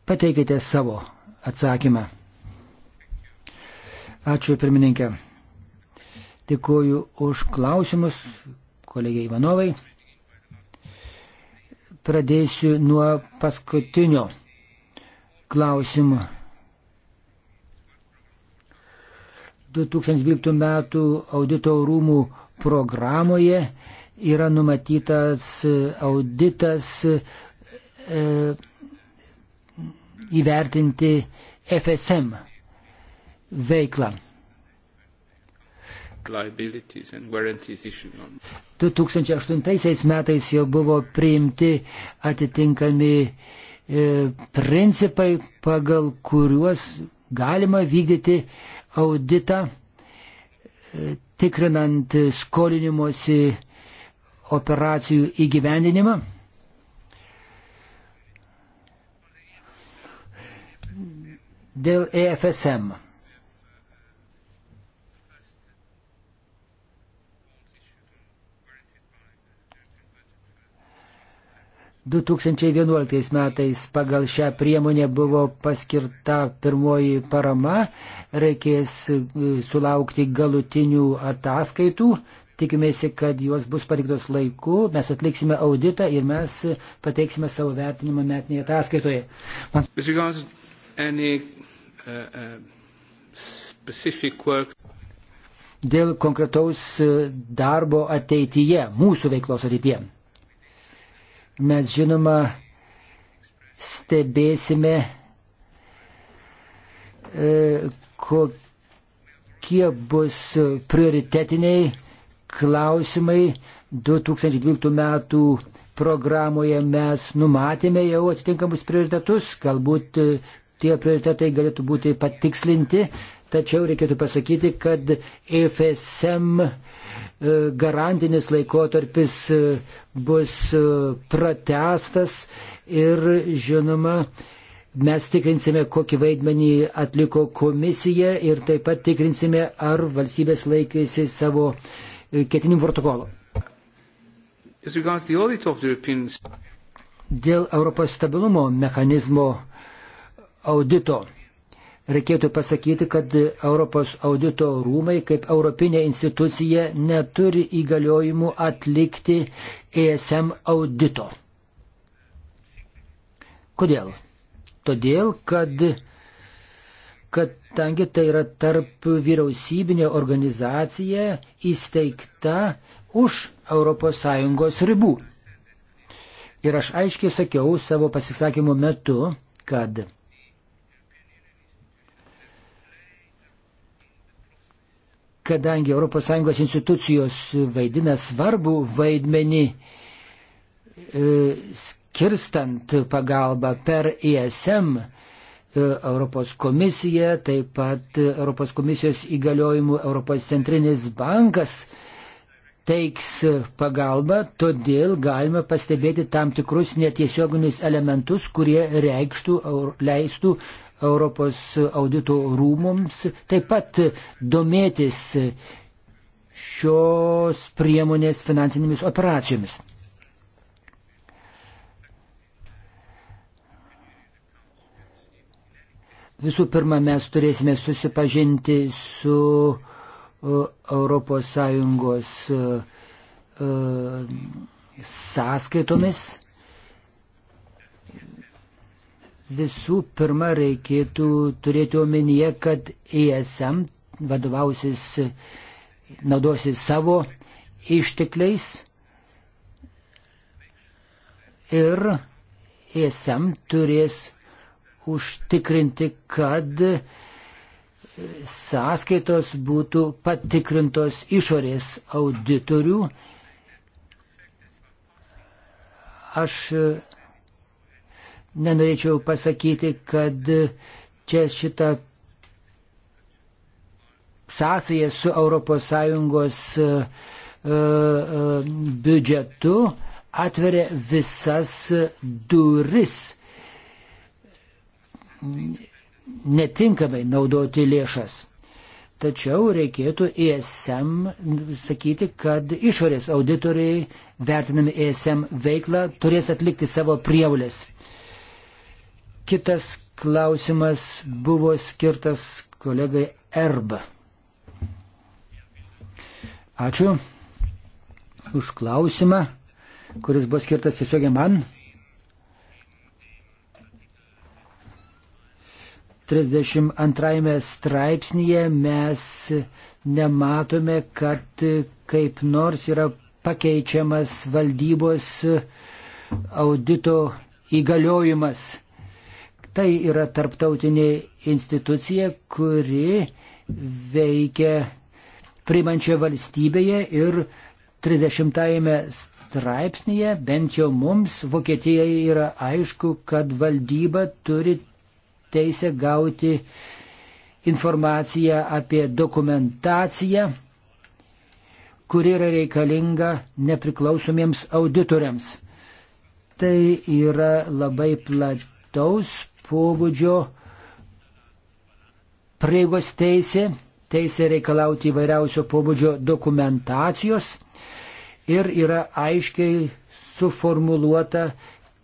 Pateikite savo atsakymą. Ačiū pirmininkė. Dėkuoju už klausimus, kolegė Ivanovai. Pradėsiu nuo paskutinio klausimo. 2012 m. audito rūmų programoje yra numatytas auditas e, įvertinti FSM veiklą. 2008 metais jau buvo priimti atitinkami e, principai, pagal kuriuos galima vykdyti auditą, e, tikrinant skolinimuosi operacijų įgyvendinimą. Dėl EFSM 2011 metais pagal šią priemonę buvo paskirta pirmoji parama, reikės e, sulaukti galutinių ataskaitų, tikimėsi, kad jos bus patiktos laiku, mes atliksime auditą ir mes pateiksime savo vertinimą metinėje ataskaitoje. Man... Any, uh, uh, Dėl konkretaus e, darbo ateityje, mūsų veiklos ateityje. Mes žinoma stebėsime, e, kokie bus prioritetiniai klausimai 2012 metų programoje mes numatėme jau atitinkamus prioritetus, galbūt e, tie prioritetai galėtų būti patikslinti, tačiau reikėtų pasakyti, kad FSM E, garantinis laikotarpis e, bus e, pratestas ir žinoma, mes tikrinsime, kokį vaidmenį atliko komisija ir taip pat tikrinsime, ar valstybės laikėsi savo ketinimų protokolo. Dėl Europos stabilumo mechanizmo audito reikėtų pasakyti, kad Europos audito rūmai kaip europinė institucija neturi įgaliojimų atlikti ESM audito. Kodėl? Todėl, kad, kad tangi tai yra tarp vyriausybinė organizacija įsteigta už ES ribų. Ir aš aiškiai sakiau savo pasisakymo metu, kad kadangi ES institucijos vaidina svarbų vaidmenį e, skirstant pagalbą per ESM, e, Europos komisija, taip pat Europos komisijos įgaliojimų Europos centrinis bankas teiks pagalbą, todėl galime pastebėti tam tikrus netiesioginius elementus, kurie reikštų, leistų Europos audito rūmums taip pat domėtis šios priemonės finansinėmis operacijomis. Visų pirma, mes turėsime susipažinti su uh, ES uh, uh, sąskaitomis Visų pirma, reikėtų turėti omenyje, kad ESM vadovausis, naudosis savo ištekliais ir ESM turės užtikrinti, kad sąskaitos būtų patikrintos išorės auditorių. Aš nenorėčiau pasakyti, kad čia šita sąsaja su ES e, e, biudžetu atveria visas duris netinkamai naudoti lėšas. Tačiau reikėtų ESM sakyti, kad išorės auditoriai vertinami ESM veiklą turės atlikti savo prievolės. Kitas klausimas buvo skirtas kolegai Erba. Ačiū už klausimą, kuris buvo skirtas tiesiog man. 32 straipsnėje mes nematome, kad kaip nors yra pakeičiamas valdybos audito įgaliojimas. Tai yra tarptautinė institucija, kuri veikia primančioje valstybėje ir 30-ame straipsnėje, bent jau mums, Vokietijai yra aišku, kad valdyba turi teisę gauti informaciją apie dokumentaciją, kuri yra reikalinga nepriklausomiems auditoriams. Tai yra labai plati plataus pobūdžio prieigos teisė, teisė reikalauti įvairiausio pobūdžio dokumentacijos ir yra aiškiai suformuluota,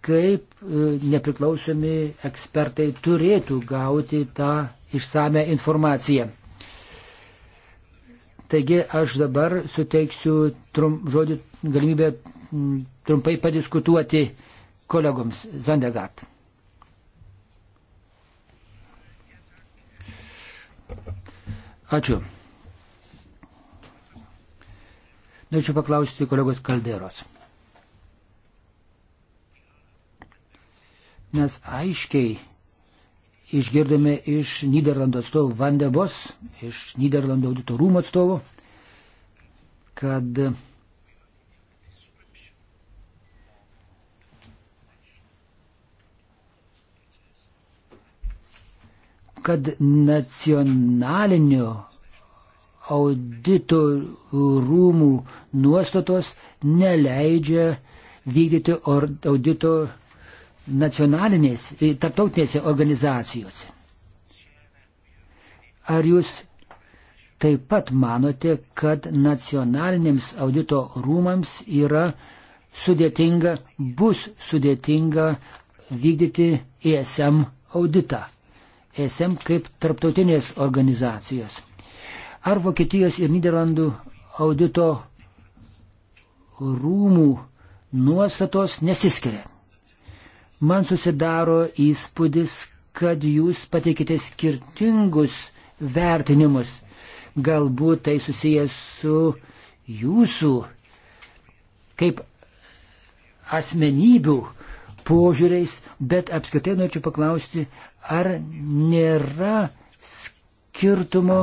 kaip e, nepriklausomi ekspertai turėtų gauti tą išsame informaciją. Taigi aš dabar suteiksiu trum, žodį galimybę trumpai padiskutuoti kolegoms Zandegat. Ačiū. Norėčiau paklausti kolegos Kalderos. Mes aiškiai išgirdome iš Niderlandų atstovų Vandebos, iš Niderlandų audito rūmų atstovų, kad kad nacionalinių audito rūmų nuostatos neleidžia vykdyti audito nacionalinės, tarptautinėse organizacijose. Ar jūs taip pat manote, kad nacionalinėms audito rūmams yra sudėtinga, bus sudėtinga vykdyti ESM auditą? ESM kaip tarptautinės organizacijos. Ar Vokietijos ir Niderlandų audito rūmų nuostatos nesiskiria? Man susidaro įspūdis, kad jūs pateikite skirtingus vertinimus. Galbūt tai susijęs su jūsų kaip asmenybių požiūriais, bet apskritai norėčiau paklausti, ar nėra skirtumo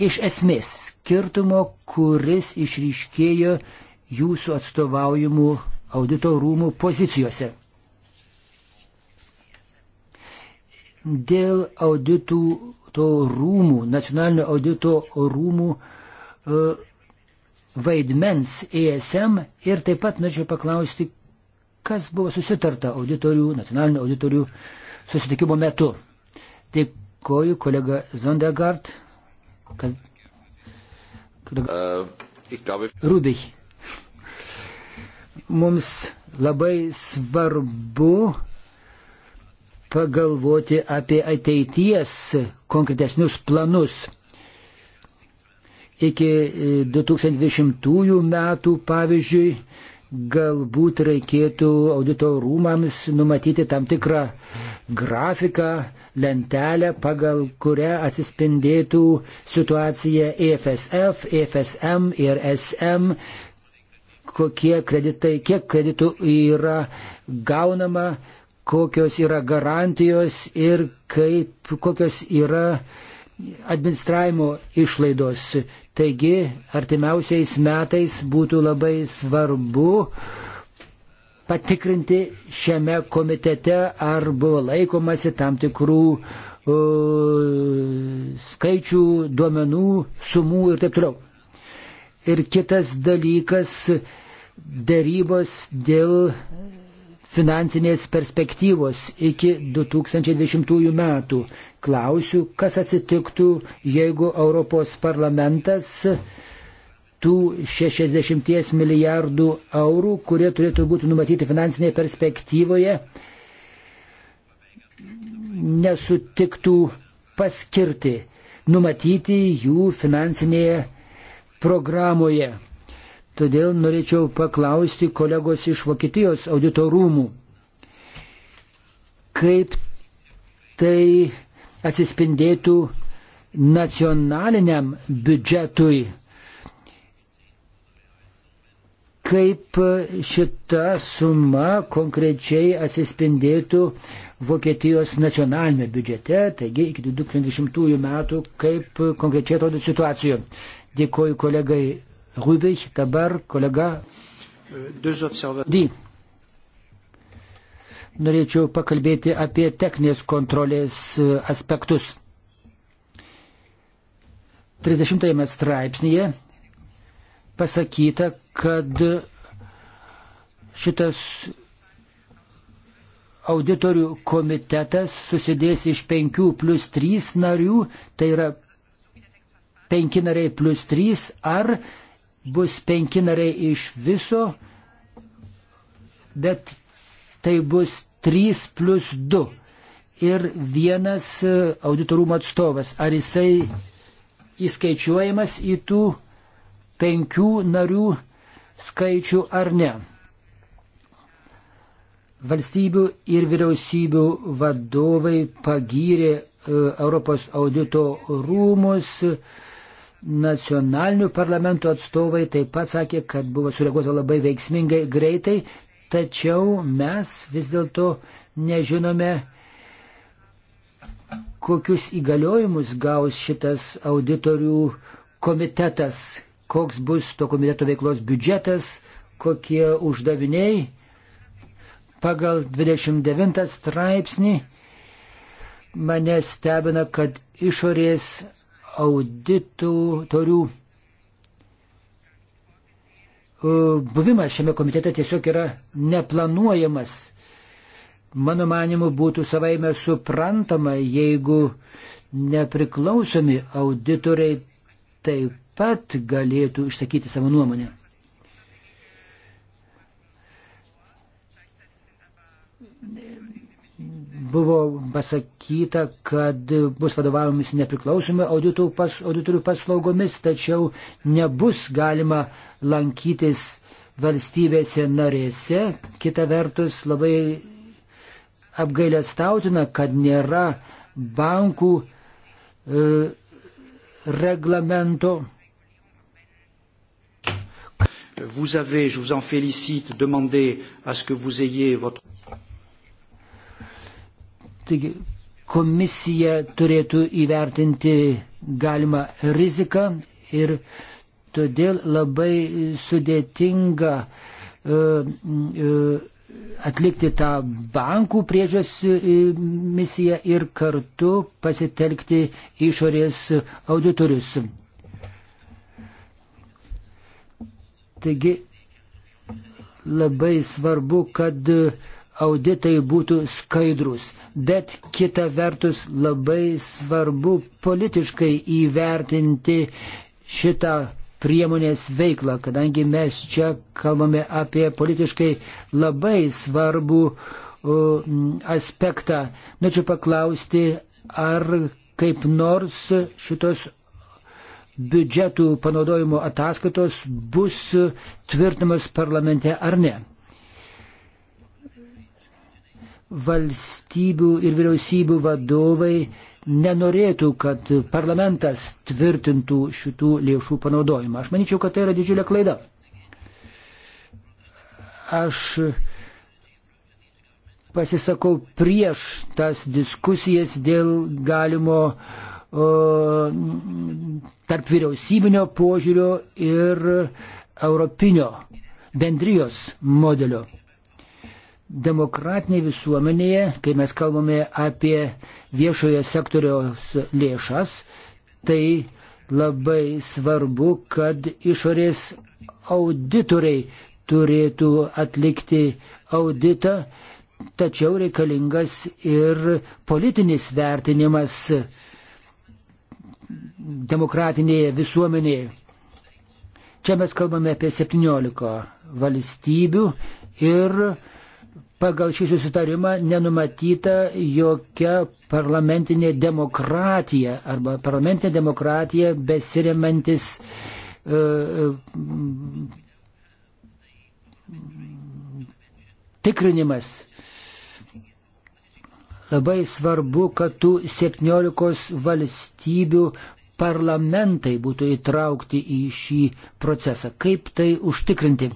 iš esmės, skirtumo, kuris išryškėjo jūsų atstovaujimų audito rūmų pozicijose. Dėl auditų to rūmų, nacionalinio audito rūmų e, vaidmens ESM ir taip pat norėčiau paklausti, kas buvo susitarta auditorių, nacionalinių auditorių susitikimo metu. Dėkoju kolega Zondegard, kas... Kolega... Uh, Rubich. Mums labai svarbu pagalvoti apie ateities konkretesnius planus. Iki 2020 e, metų, pavyzdžiui, galbūt reikėtų audito rūmams numatyti tam tikrą grafiką, lentelę, pagal kurią atsispindėtų situacija EFSF, EFSM ir SM, kokie kreditai, kiek kreditų yra gaunama, kokios yra garantijos ir kaip, kokios yra uh, administravimo išlaidos. Taigi artimiausiais metais būtų labai svarbu patikrinti šiame komitete, ar buvo laikomasi tam tikrų uh, skaičių, duomenų, sumų ir taip toliau. Ir kitas dalykas - dėrybos dėl finansinės perspektyvos iki 2020 metų klausiu, kas atsitiktų, jeigu Europos parlamentas tų 60 milijardų eurų, kurie turėtų būti numatyti finansinėje perspektyvoje, nesutiktų paskirti, numatyti jų finansinėje programoje. Todėl norėčiau paklausti kolegos iš Vokietijos auditorumų, kaip tai atsispindėtų nacionaliniam biudžetui. Kaip šita suma konkrečiai atsispindėtų Vokietijos nacionalinėme biudžete, taigi iki 2020 metų, kaip konkrečiai atrodo situacija. Dėkoju kolegai Rubich, dabar kolega. Di norėčiau pakalbėti apie techninės kontrolės e, aspektus. 30 straipsnėje pasakyta, kad šitas auditorių komitetas susidės iš 5 plus 3 narių, tai yra 5 nariai plus 3 ar bus 5 nariai iš viso, bet tai bus 3 plus 2 ir vienas e, auditorumo atstovas. Ar jisai įskaičiuojamas į tų penkių narių skaičių ar ne? Valstybių ir vyriausybių vadovai pagyrė e, Europos audito rūmus, nacionalinių parlamentų atstovai taip pat sakė, kad buvo sureaguota labai veiksmingai greitai, tačiau mes vis dėlto nežinome, kokius įgaliojimus gaus šitas auditorių komitetas, koks bus to komiteto veiklos biudžetas, kokie uždaviniai pagal 29 straipsnį mane stebina, kad išorės auditorių E, buvimas šiame komitete tiesiog yra neplanuojamas. Mano manimu būtų savaime suprantama, jeigu nepriklausomi auditoriai taip pat galėtų išsakyti savo nuomonę. buvo pasakyta, kad bus vadovavomis nepriklausomai pas, auditorių paslaugomis, tačiau nebus galima lankytis valstybėse narėse. Kita vertus, labai apgailestautina, kad nėra bankų e, reglamento. Vous avez, je vous en félicite, demandé à ce que vous ayez votre. Taigi komisija turėtų įvertinti galimą riziką ir todėl labai sudėtinga e, e, atlikti tą bankų priežas e, misiją ir kartu pasitelkti išorės auditorius. Taigi labai svarbu, kad uh, auditai būtų skaidrus, bet kita vertus labai svarbu politiškai įvertinti šitą priemonės veiklą, kadangi mes čia kalbame apie politiškai labai svarbų aspektą. Norėčiau paklausti, ar kaip nors šitos biudžetų panaudojimo ataskaitos bus tvirtinamas parlamente ar ne valstybių ir vyriausybių vadovai nenorėtų, kad parlamentas tvirtintų šitų lėšų panaudojimą. Aš manyčiau, kad tai yra didžiulė klaida. Aš pasisakau prieš tas diskusijas dėl galimo o, tarp vyriausybinio požiūrio ir europinio bendrijos modelio demokratinėje visuomenėje, kai mes kalbame apie viešojo sektoriaus lėšas, tai labai svarbu, kad išorės auditoriai turėtų atlikti auditą, tačiau reikalingas ir politinis vertinimas demokratinėje visuomenėje. Čia mes kalbame apie 17 valstybių ir pagal šį susitarimą nenumatyta jokia parlamentinė demokratija arba parlamentinė demokratija besirimantis uh, e, e, tikrinimas. Labai svarbu, kad tų 17 valstybių parlamentai būtų įtraukti į šį procesą. Kaip tai užtikrinti?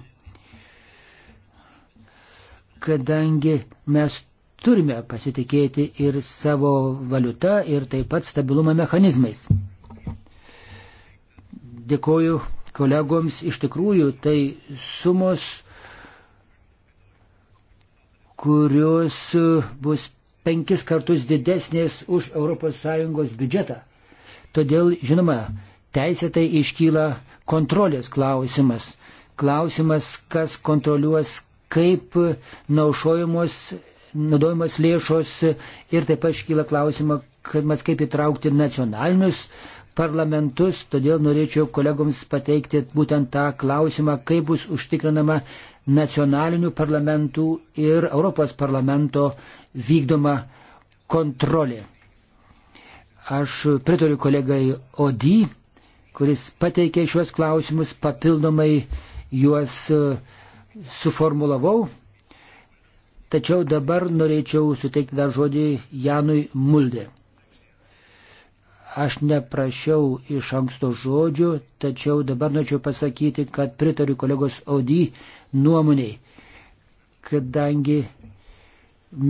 kadangi mes turime pasitikėti ir savo valiuta, ir taip pat stabilumo mechanizmais. Dėkoju kolegoms, iš tikrųjų tai sumos, kurios bus penkis kartus didesnės už ES biudžetą. Todėl, žinoma, teisėtai iškyla kontrolės klausimas. Klausimas, kas kontroliuos, kaip naušojamos, naudojamos lėšos ir taip pat iškyla klausimą, kad mes kaip įtraukti nacionalinius parlamentus, todėl norėčiau kolegoms pateikti būtent tą klausimą, kaip bus užtikrinama nacionalinių parlamentų ir Europos parlamento vykdoma kontrolė. Aš pritariu kolegai Odį, kuris pateikė šiuos klausimus, papildomai juos uh, suformulavau, tačiau dabar norėčiau suteikti dar žodį Janui Muldė. Aš neprašiau iš anksto žodžių, tačiau dabar norėčiau pasakyti, kad pritariu kolegos Audy nuomoniai, kadangi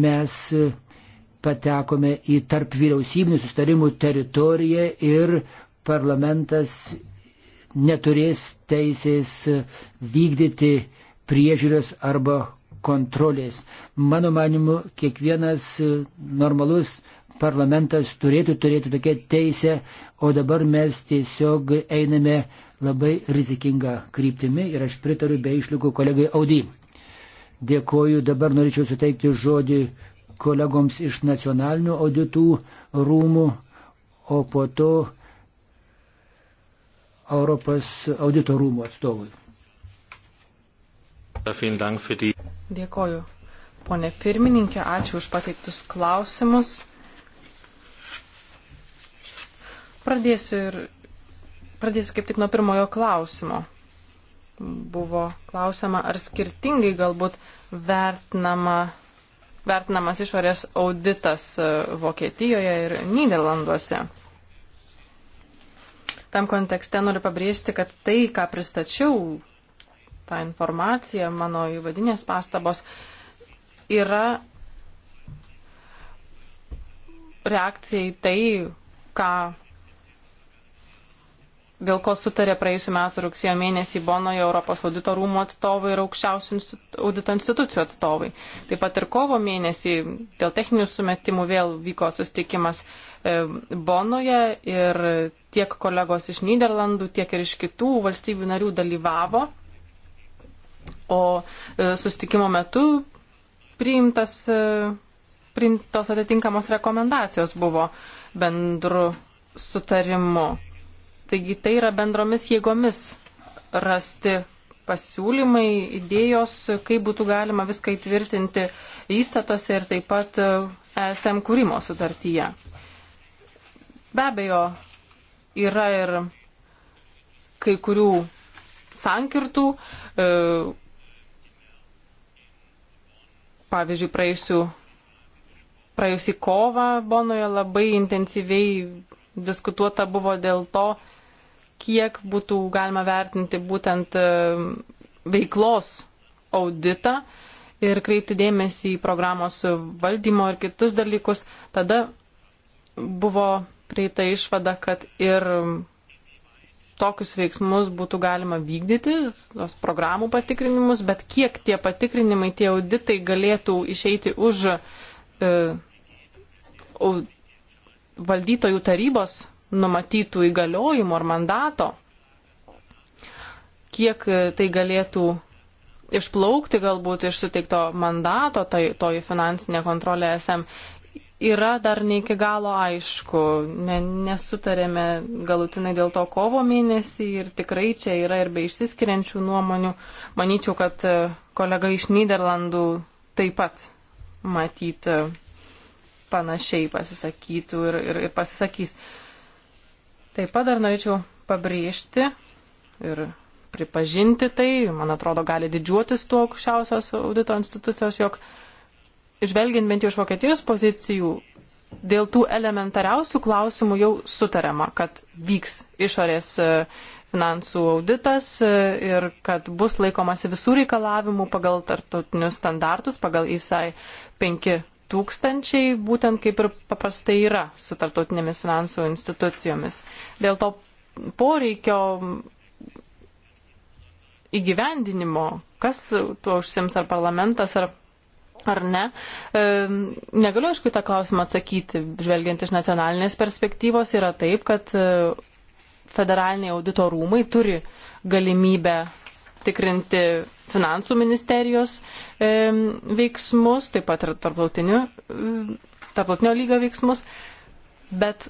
mes patekome į tarp vyriausybinių sustarimų teritoriją ir parlamentas neturės teisės vykdyti priežiūros arba kontrolės. Mano manimu, kiekvienas e, normalus parlamentas turėtų turėti tokią teisę, o dabar mes tiesiog einame labai rizikingą kryptimį ir aš pritariu be išlygų kolegai Audy. Dėkoju, dabar norėčiau suteikti žodį kolegoms iš nacionalinių auditų rūmų, o po to Europos audito rūmų atstovui. Dėkoju. Pone pirmininkė, ačiū už pateiktus klausimus. Pradėsiu ir pradėsiu kaip tik nuo pirmojo klausimo. Buvo klausima, ar skirtingai galbūt vertinama, vertinamas išorės auditas e, Vokietijoje ir Niderlanduose. Tam kontekste noriu pabrėžti, kad tai, ką pristačiau tą informaciją, mano įvadinės pastabos, yra reakcija į tai, ką, dėl ko sutarė praėjusiu metu rugsėjo mėnesį Bonoje Europos audito rūmų atstovai ir aukščiausių audito institucijų atstovai. Taip pat ir kovo mėnesį dėl techninių sumetimų vėl vyko sustikimas e, Bonoje ir tiek kolegos iš Niderlandų, tiek ir iš kitų valstybių narių dalyvavo O e, sustikimo metu priimtas, e, priimtos atitinkamos rekomendacijos buvo bendru sutarimu. Taigi tai yra bendromis jėgomis rasti pasiūlymai, idėjos, kaip būtų galima viską įtvirtinti įstatose ir taip pat ESM e kūrimo sutartyje. Be abejo, yra ir kai kurių sankirtų. E, pavyzdžiui, praėjusiu, praėjusį kovą Bonoje labai intensyviai diskutuota buvo dėl to, kiek būtų galima vertinti būtent e, veiklos auditą ir kreipti dėmesį į programos valdymo ir kitus dalykus. Tada buvo prieita išvada, kad ir tokius veiksmus būtų galima vykdyti, tos programų patikrinimus, bet kiek tie patikrinimai, tie auditai galėtų išeiti už e, valdytojų tarybos numatytų įgaliojimų ar mandato, kiek tai galėtų išplaukti galbūt iš suteikto mandato, tai toji finansinė kontrolė SM yra dar ne iki galo aišku. Ne, nesutarėme galutinai dėl to kovo mėnesį ir tikrai čia yra ir be išsiskiriančių nuomonių. Manyčiau, kad e, kolega iš Niderlandų taip pat matyt e, panašiai pasisakytų ir, ir, ir pasisakys. Taip pat dar norėčiau pabrėžti ir pripažinti tai, man atrodo, gali didžiuotis tuo aukščiausios audito institucijos, jog uh, žvelgiant bent jau iš Vokietijos pozicijų, dėl tų elementariausių klausimų jau sutarama, kad vyks išorės e, finansų auditas e, ir kad bus laikomasi visų reikalavimų pagal tartutinius standartus, pagal ISAI 5000, būtent kaip ir paprastai yra su tartutinėmis finansų institucijomis. Dėl to poreikio įgyvendinimo, kas tuo užsims ar parlamentas, ar ar ne. E, negaliu aišku tą klausimą atsakyti, žvelgiant iš nacionalinės perspektyvos, yra taip, kad e, federaliniai audito rūmai turi galimybę tikrinti finansų ministerijos e, veiksmus, taip pat ir tarptautinio lygio veiksmus, bet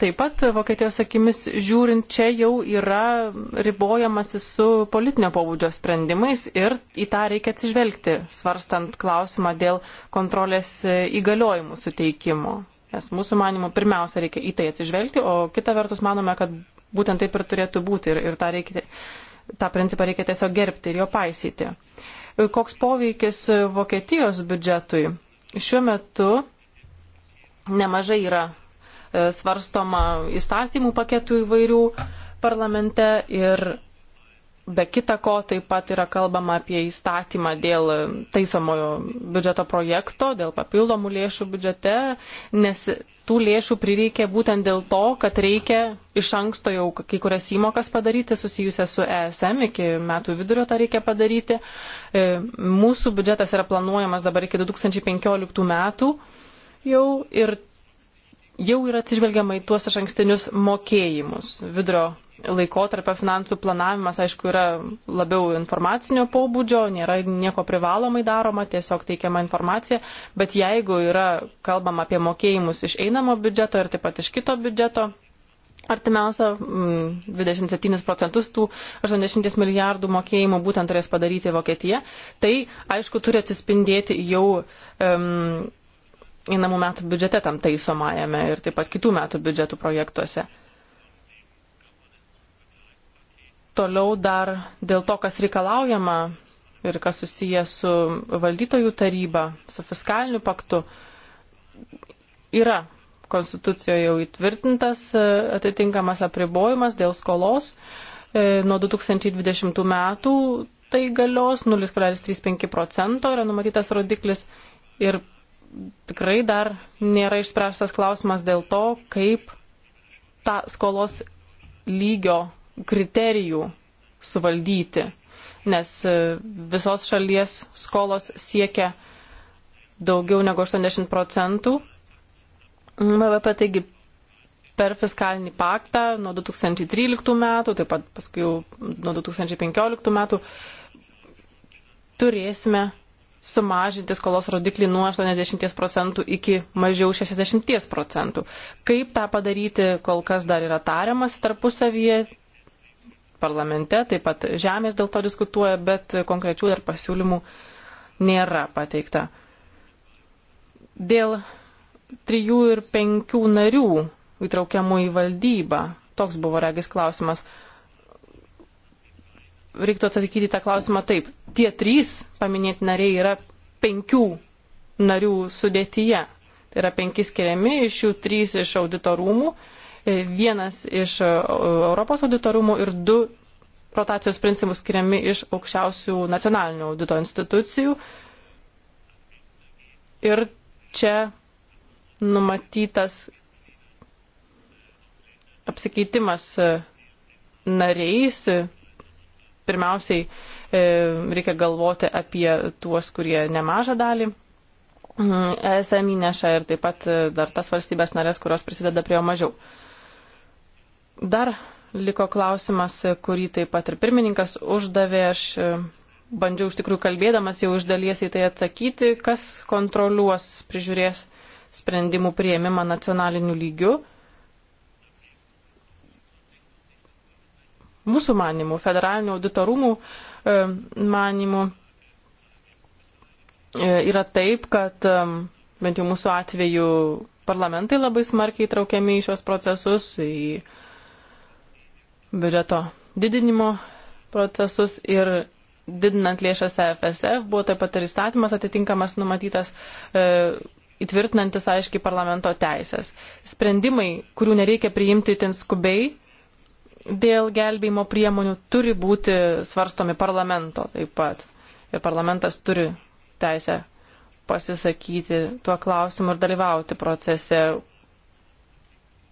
Taip pat Vokietijos akimis žiūrint, čia jau yra ribojamasi su politinio pobūdžio sprendimais ir į tą reikia atsižvelgti, svarstant klausimą dėl kontrolės įgaliojimų suteikimo. Nes mūsų manimo pirmiausia reikia į tai atsižvelgti, o kita vertus manome, kad būtent taip ir turėtų būti ir, ir tą, reikia, tą principą reikia tiesiog gerbti ir jo paisyti. Koks poveikis Vokietijos biudžetui? Šiuo metu nemažai yra E, svarstoma įstatymų paketų įvairių parlamente ir be kita ko taip pat yra kalbama apie įstatymą dėl taisomojo biudžeto projekto, dėl papildomų lėšų biudžete, nes tų lėšų prireikė būtent dėl to, kad reikia iš anksto jau kai kurias įmokas padaryti susijusias su ESM, iki metų vidurio tą reikia padaryti. E, mūsų biudžetas yra planuojamas dabar iki 2015 metų jau ir jau yra atsižvelgiama į tuos išankstinius mokėjimus. Vidurio laikotarpio finansų planavimas, aišku, yra labiau informacinio pobūdžio, nėra nieko privalomai daroma, tiesiog teikiama informacija, bet jeigu yra kalbama apie mokėjimus iš einamo biudžeto ir taip pat iš kito biudžeto, artimiausia 27 mm, procentus tų 80 milijardų mokėjimų būtent turės padaryti Vokietija, tai aišku turi atsispindėti jau um, einamų metų biudžete tam taisomajame ir taip pat kitų metų biudžetų projektuose. Toliau dar dėl to, kas reikalaujama ir kas susiję su valdytojų taryba, su fiskaliniu paktu, yra konstitucijoje jau įtvirtintas e, atitinkamas apribojimas dėl skolos. E, nuo 2020 metų tai galios 0,35 procento yra numatytas rodiklis ir tikrai dar nėra išspręstas klausimas dėl to, kaip tą skolos lygio kriterijų suvaldyti, nes e, visos šalies skolos siekia daugiau negu 80 procentų BVP, taigi per fiskalinį paktą nuo 2013 metų, taip pat paskui jau nuo 2015 metų turėsime sumažinti skolos rodiklį nuo 80 procentų iki mažiau 60 procentų. Kaip tą padaryti, kol kas dar yra tariamas tarpusavyje parlamente, taip pat žemės dėl to diskutuoja, bet konkrečių dar pasiūlymų nėra pateikta. Dėl trijų ir penkių narių įtraukiamų į valdybą, toks buvo regis klausimas, reiktų atsakyti tą klausimą taip tie trys paminėti nariai yra penkių narių sudėtyje. Tai yra penki skiriami, iš jų trys iš auditorumų, e, vienas iš e, Europos auditorumų ir du rotacijos principus skiriami iš aukščiausių nacionalinių audito institucijų. Ir čia numatytas apsikeitimas e, nariais, pirmiausiai E, reikia galvoti apie tuos, kurie nemažą dalį ESM mm, e įneša ir taip pat e, dar tas valstybės narės, kurios prisideda prie jo mažiau. Dar liko klausimas, kurį taip pat ir pirmininkas uždavė. Aš bandžiau iš tikrųjų kalbėdamas jau iš dalies į tai atsakyti, kas kontroliuos, prižiūrės sprendimų prieimimą nacionaliniu lygiu. Mūsų manimų, federalinių auditorumų uh, E, manimų e, yra taip, kad e, bent jau mūsų atveju parlamentai labai smarkiai traukiami į šios procesus, į biudžeto didinimo procesus ir didinant lėšas EFSF buvo taip pat ir įstatymas atitinkamas numatytas e, įtvirtinantis aiškiai parlamento teisės. Sprendimai, kurių nereikia priimti itin skubiai, dėl gelbėjimo priemonių turi būti svarstomi parlamento taip pat. Ir parlamentas turi teisę pasisakyti tuo klausimu ir dalyvauti procese.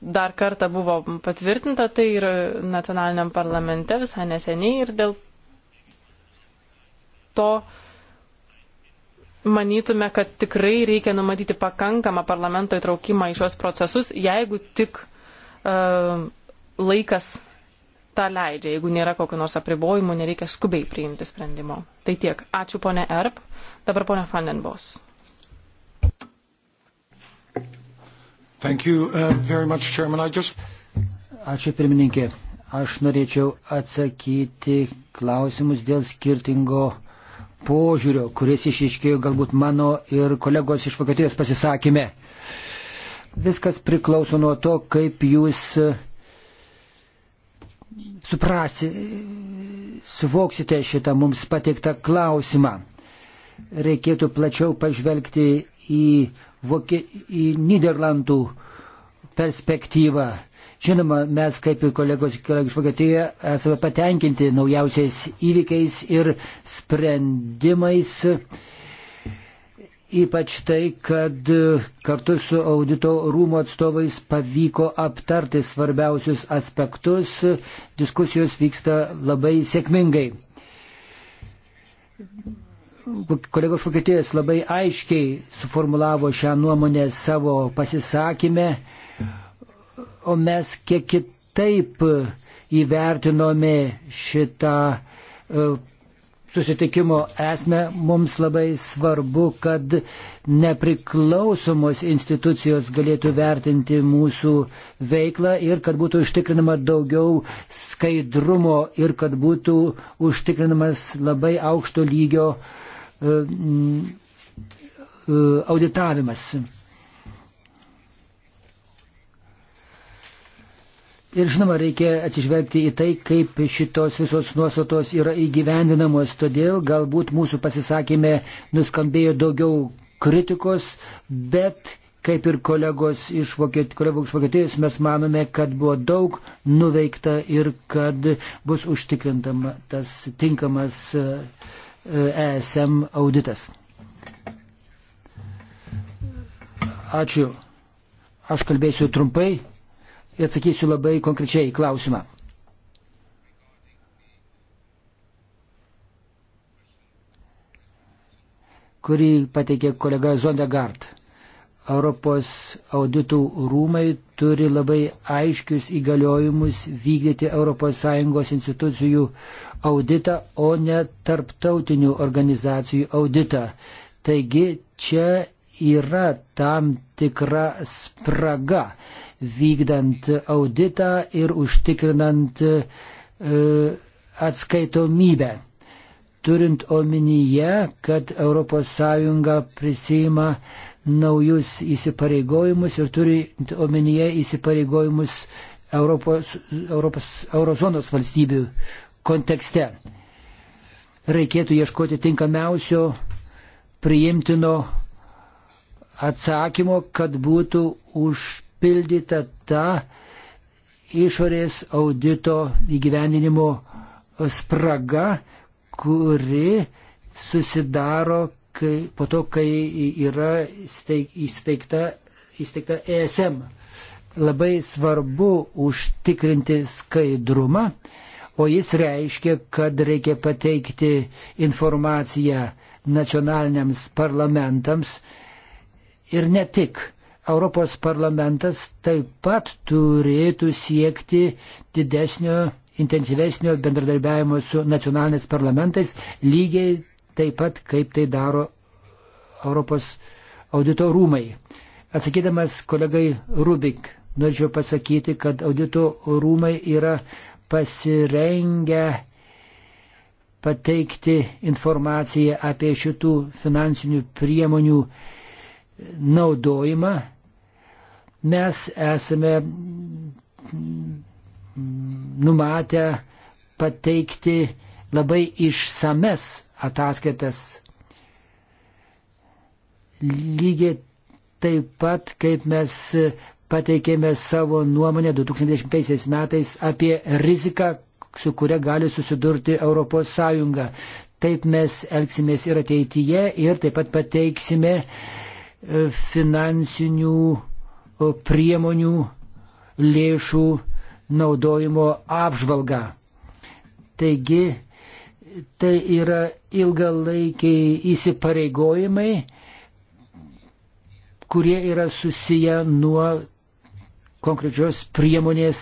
Dar kartą buvo patvirtinta tai ir nacionaliniam parlamente visai neseniai ir dėl to manytume, kad tikrai reikia numatyti pakankamą parlamento įtraukimą į šios procesus, jeigu tik uh, laikas tą leidžia. Jeigu nėra kokio nors apribojimų, nereikia skubiai priimti sprendimo. Tai tiek. Ačiū ponė Erb. Dabar ponė Fandenbos. Uh, much, just... Ačiū pirmininkė. Aš norėčiau atsakyti klausimus dėl skirtingo požiūrio, kuris išiškėjo galbūt mano ir kolegos iš Vokietijos pasisakymė. Viskas priklauso nuo to, kaip jūs suprasi, suvoksite šitą mums pateiktą klausimą. Reikėtų plačiau pažvelgti į, Vokie, į Niderlandų perspektyvą. Žinoma, mes kaip ir kolegos iš Vokietijoje esame patenkinti naujausiais įvykiais ir sprendimais Ypač tai, kad e, kartu su audito rūmo atstovais pavyko aptarti svarbiausius aspektus, diskusijos vyksta labai sėkmingai. Kolegos Vokietijos labai aiškiai suformulavo šią nuomonę savo pasisakymę, o mes kiek kitaip įvertinome šitą e, susitikimo esmę, mums labai svarbu, kad nepriklausomos institucijos galėtų vertinti mūsų veiklą ir kad būtų užtikrinama daugiau skaidrumo ir kad būtų užtikrinamas labai aukšto lygio e, e, auditavimas. Ir žinoma, reikia atsižvelgti į tai, kaip šitos visos nuostatos yra įgyvendinamos, todėl galbūt mūsų pasisakymė nuskambėjo daugiau kritikos, bet kaip ir kolegos iš, Vokiet, kolegos iš Vokietijos mes manome, kad buvo daug nuveikta ir kad bus užtikrintama tas tinkamas ESM e auditas. Ačiū. Aš kalbėsiu trumpai ir atsakysiu labai konkrečiai į klausimą. kurį pateikė kolega Zondegard. Europos auditų rūmai turi labai aiškius įgaliojimus vykdyti ES institucijų auditą, o ne tarptautinių organizacijų auditą. Taigi čia yra tam tikra spraga vykdant auditą ir užtikrinant e, atskaitomybę. Turint omenyje, kad ES prisima naujus įsipareigojimus ir turint omenyje įsipareigojimus Europos, Europos, Eurozonos valstybių kontekste. Reikėtų ieškoti tinkamiausio priimtino atsakymo, kad būtų už papildyta ta išorės audito įgyvendinimo spraga, kuri susidaro kai, po to, kai yra steig, įsteigta, įsteigta ESM. Labai svarbu užtikrinti skaidrumą, o jis reiškia, kad reikia pateikti informaciją nacionaliniams parlamentams ir ne tik Europos parlamentas taip pat turėtų siekti didesnio, intensyvesnio bendradarbiavimo su nacionaliniais parlamentais, lygiai taip pat kaip tai daro Europos audito rūmai. Atsakydamas kolegai Rubik, norėčiau pasakyti, kad audito rūmai yra pasirengę pateikti informaciją apie šitų finansinių priemonių naudojimą Mes esame numatę pateikti labai išsames ataskaitas. Lygiai taip pat, kaip mes pateikėme savo nuomonę 2010 metais apie riziką, su kuria gali susidurti ES. Taip mes elgsimės ir ateityje ir taip pat pateiksime e, finansinių priemonių lėšų naudojimo apžvalgą. Taigi, tai yra ilgalaikiai įsipareigojimai, kurie yra susiję nuo konkrečios priemonės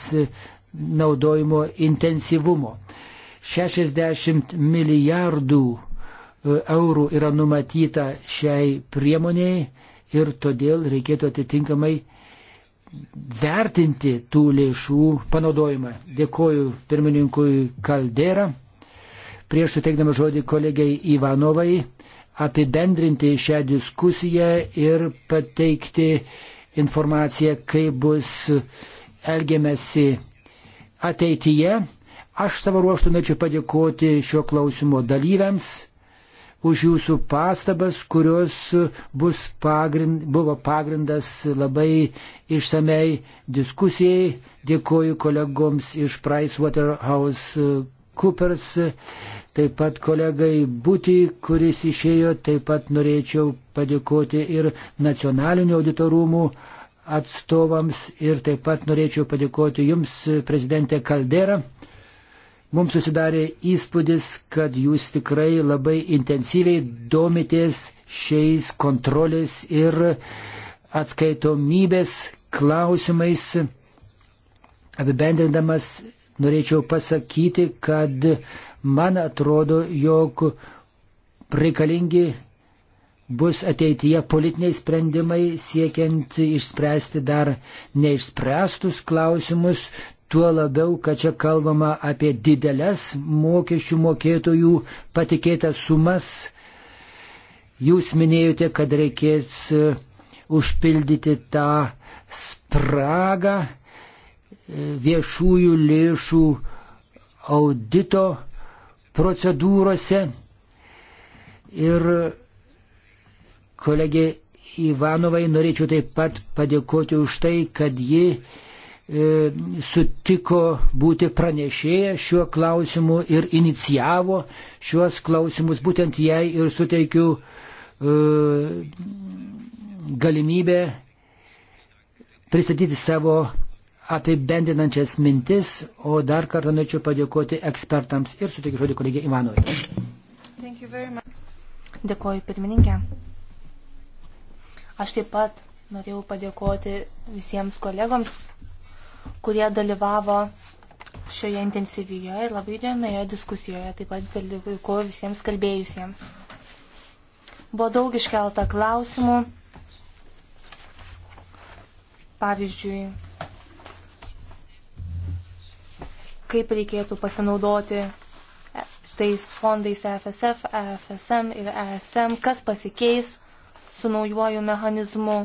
naudojimo intensyvumo. 60 milijardų e, eurų yra numatyta šiai priemoniai ir todėl reikėtų atitinkamai vertinti tų lėšų panaudojimą. Dėkoju pirmininkui Kaldera. Prieš suteikdama žodį kolegiai Ivanovai apibendrinti šią diskusiją ir pateikti informaciją, kaip bus elgiamasi ateityje. Aš savo ruoštų norėčiau padėkoti šio klausimo dalyviams už jūsų pastabas, kurios pagrind, buvo pagrindas labai išsamei diskusijai. Dėkoju kolegoms iš PricewaterhouseCoopers, taip pat kolegai Būti, kuris išėjo, taip pat norėčiau padėkoti ir nacionalinių auditorumų atstovams ir taip pat norėčiau padėkoti Jums, prezidentė Kaldera. Mums susidarė įspūdis, kad jūs tikrai labai intensyviai domitės šiais kontrolės ir atskaitomybės klausimais. Apibendrindamas norėčiau pasakyti, kad man atrodo, jog reikalingi bus ateityje politiniai sprendimai siekiant išspręsti dar neišspręstus klausimus, Tuo labiau, kad čia kalbama apie didelės mokesčių mokėtojų patikėtas sumas. Jūs minėjote, kad reikės e, užpildyti tą spragą e, viešųjų lėšų audito procedūrose. Ir kolegė Ivanovai norėčiau taip pat padėkoti už tai, kad ji E, sutiko būti pranešėję šiuo klausimu ir inicijavo šiuos klausimus. Būtent jai ir suteikiu e, galimybę pristatyti savo apibendinančias mintis, o dar kartą norėčiau padėkoti ekspertams ir suteikiu žodį kolegė Ivanovai. Dėkoju pirmininkė. Aš taip pat norėjau padėkoti visiems kolegoms, kurie dalyvavo šioje intensyvioje ir labai įdomioje diskusijoje, taip pat dėkoju visiems kalbėjusiems. Buvo daug iškelta klausimų, pavyzdžiui, kaip reikėtų pasinaudoti tais fondais EFSF, EFSM ir ESM, kas pasikeis su naujuoju mechanizmu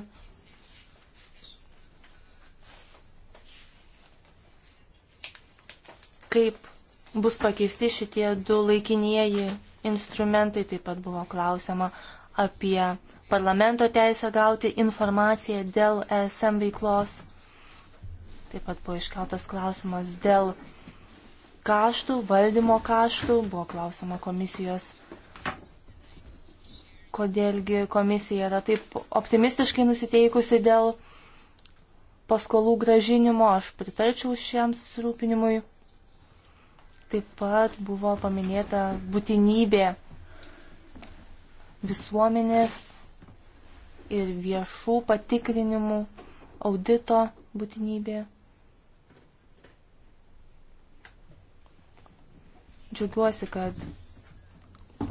kaip bus pakeisti šitie du laikinieji instrumentai. Taip pat buvo klausima apie parlamento teisę gauti informaciją dėl ESM veiklos. Taip pat buvo iškeltas klausimas dėl kaštų, valdymo kaštų. Buvo klausima komisijos, kodėlgi komisija yra taip optimistiškai nusiteikusi dėl paskolų gražinimo. Aš pritarčiau šiems susirūpinimui. Taip pat buvo paminėta būtinybė visuomenės ir viešų patikrinimų audito būtinybė. Džiaugiuosi, kad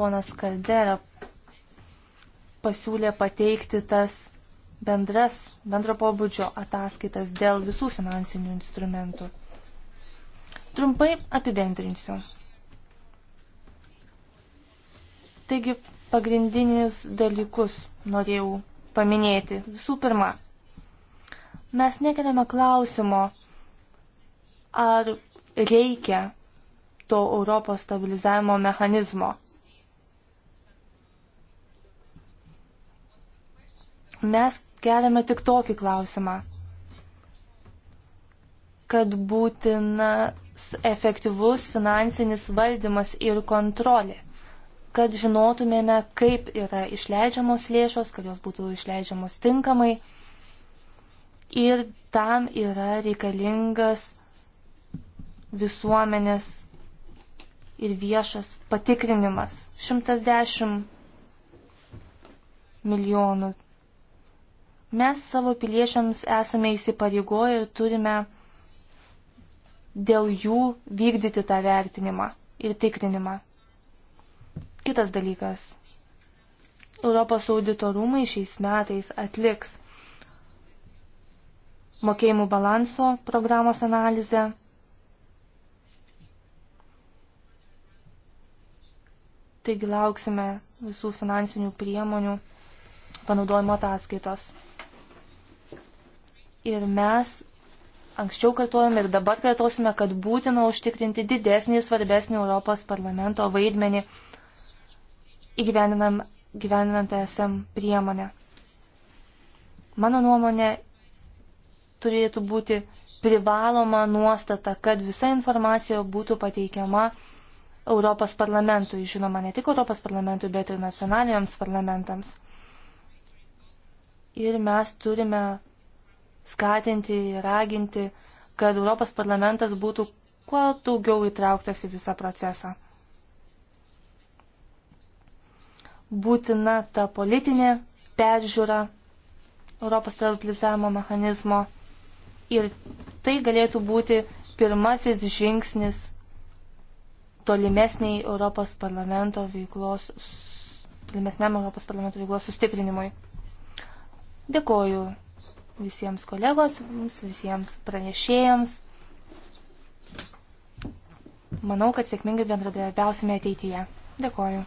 ponas Kaldera pasiūlė pateikti tas bendras, bendro pobūdžio ataskaitas dėl visų finansinių instrumentų. Trumpai apibendrinsiu. Taigi pagrindinius dalykus norėjau paminėti. Visų pirma, mes nekeliame klausimo, ar reikia to Europos stabilizavimo mechanizmo. Mes keliame tik tokį klausimą, kad būtina efektyvus finansinis valdymas ir kontrolė, kad žinotumėme, kaip yra išleidžiamos lėšos, kad jos būtų išleidžiamos tinkamai. Ir tam yra reikalingas visuomenės ir viešas patikrinimas. 110 milijonų. Mes savo piliečiams esame įsipareigoję ir turime dėl jų vykdyti tą vertinimą ir tikrinimą. Kitas dalykas. Europos audito rūmai šiais metais atliks mokėjimų balanso programos analizę, taigi lauksime visų finansinių priemonių panaudojimo ataskaitos. Ir mes anksčiau kartuojame ir dabar kartosime, kad būtina užtikrinti didesnį ir svarbesnį Europos parlamento vaidmenį įgyveninant esam priemonę. Mano nuomonė turėtų būti privaloma nuostata, kad visa informacija būtų pateikiama Europos parlamentui, žinoma, ne tik Europos parlamentui, bet ir nacionaliniams parlamentams. Ir mes turime skatinti ir raginti, kad Europos parlamentas būtų kuo daugiau įtrauktas į visą procesą. Būtina ta politinė peržiūra Europos stabilizavimo mechanizmo ir tai galėtų būti pirmasis žingsnis tolimesniai Europos parlamento veiklos, tolimesniam Europos parlamento veiklos sustiprinimui. Dėkoju visiems kolegos, visiems pranešėjams. Manau, kad sėkmingai bendradarbiausime ateityje. Dėkoju.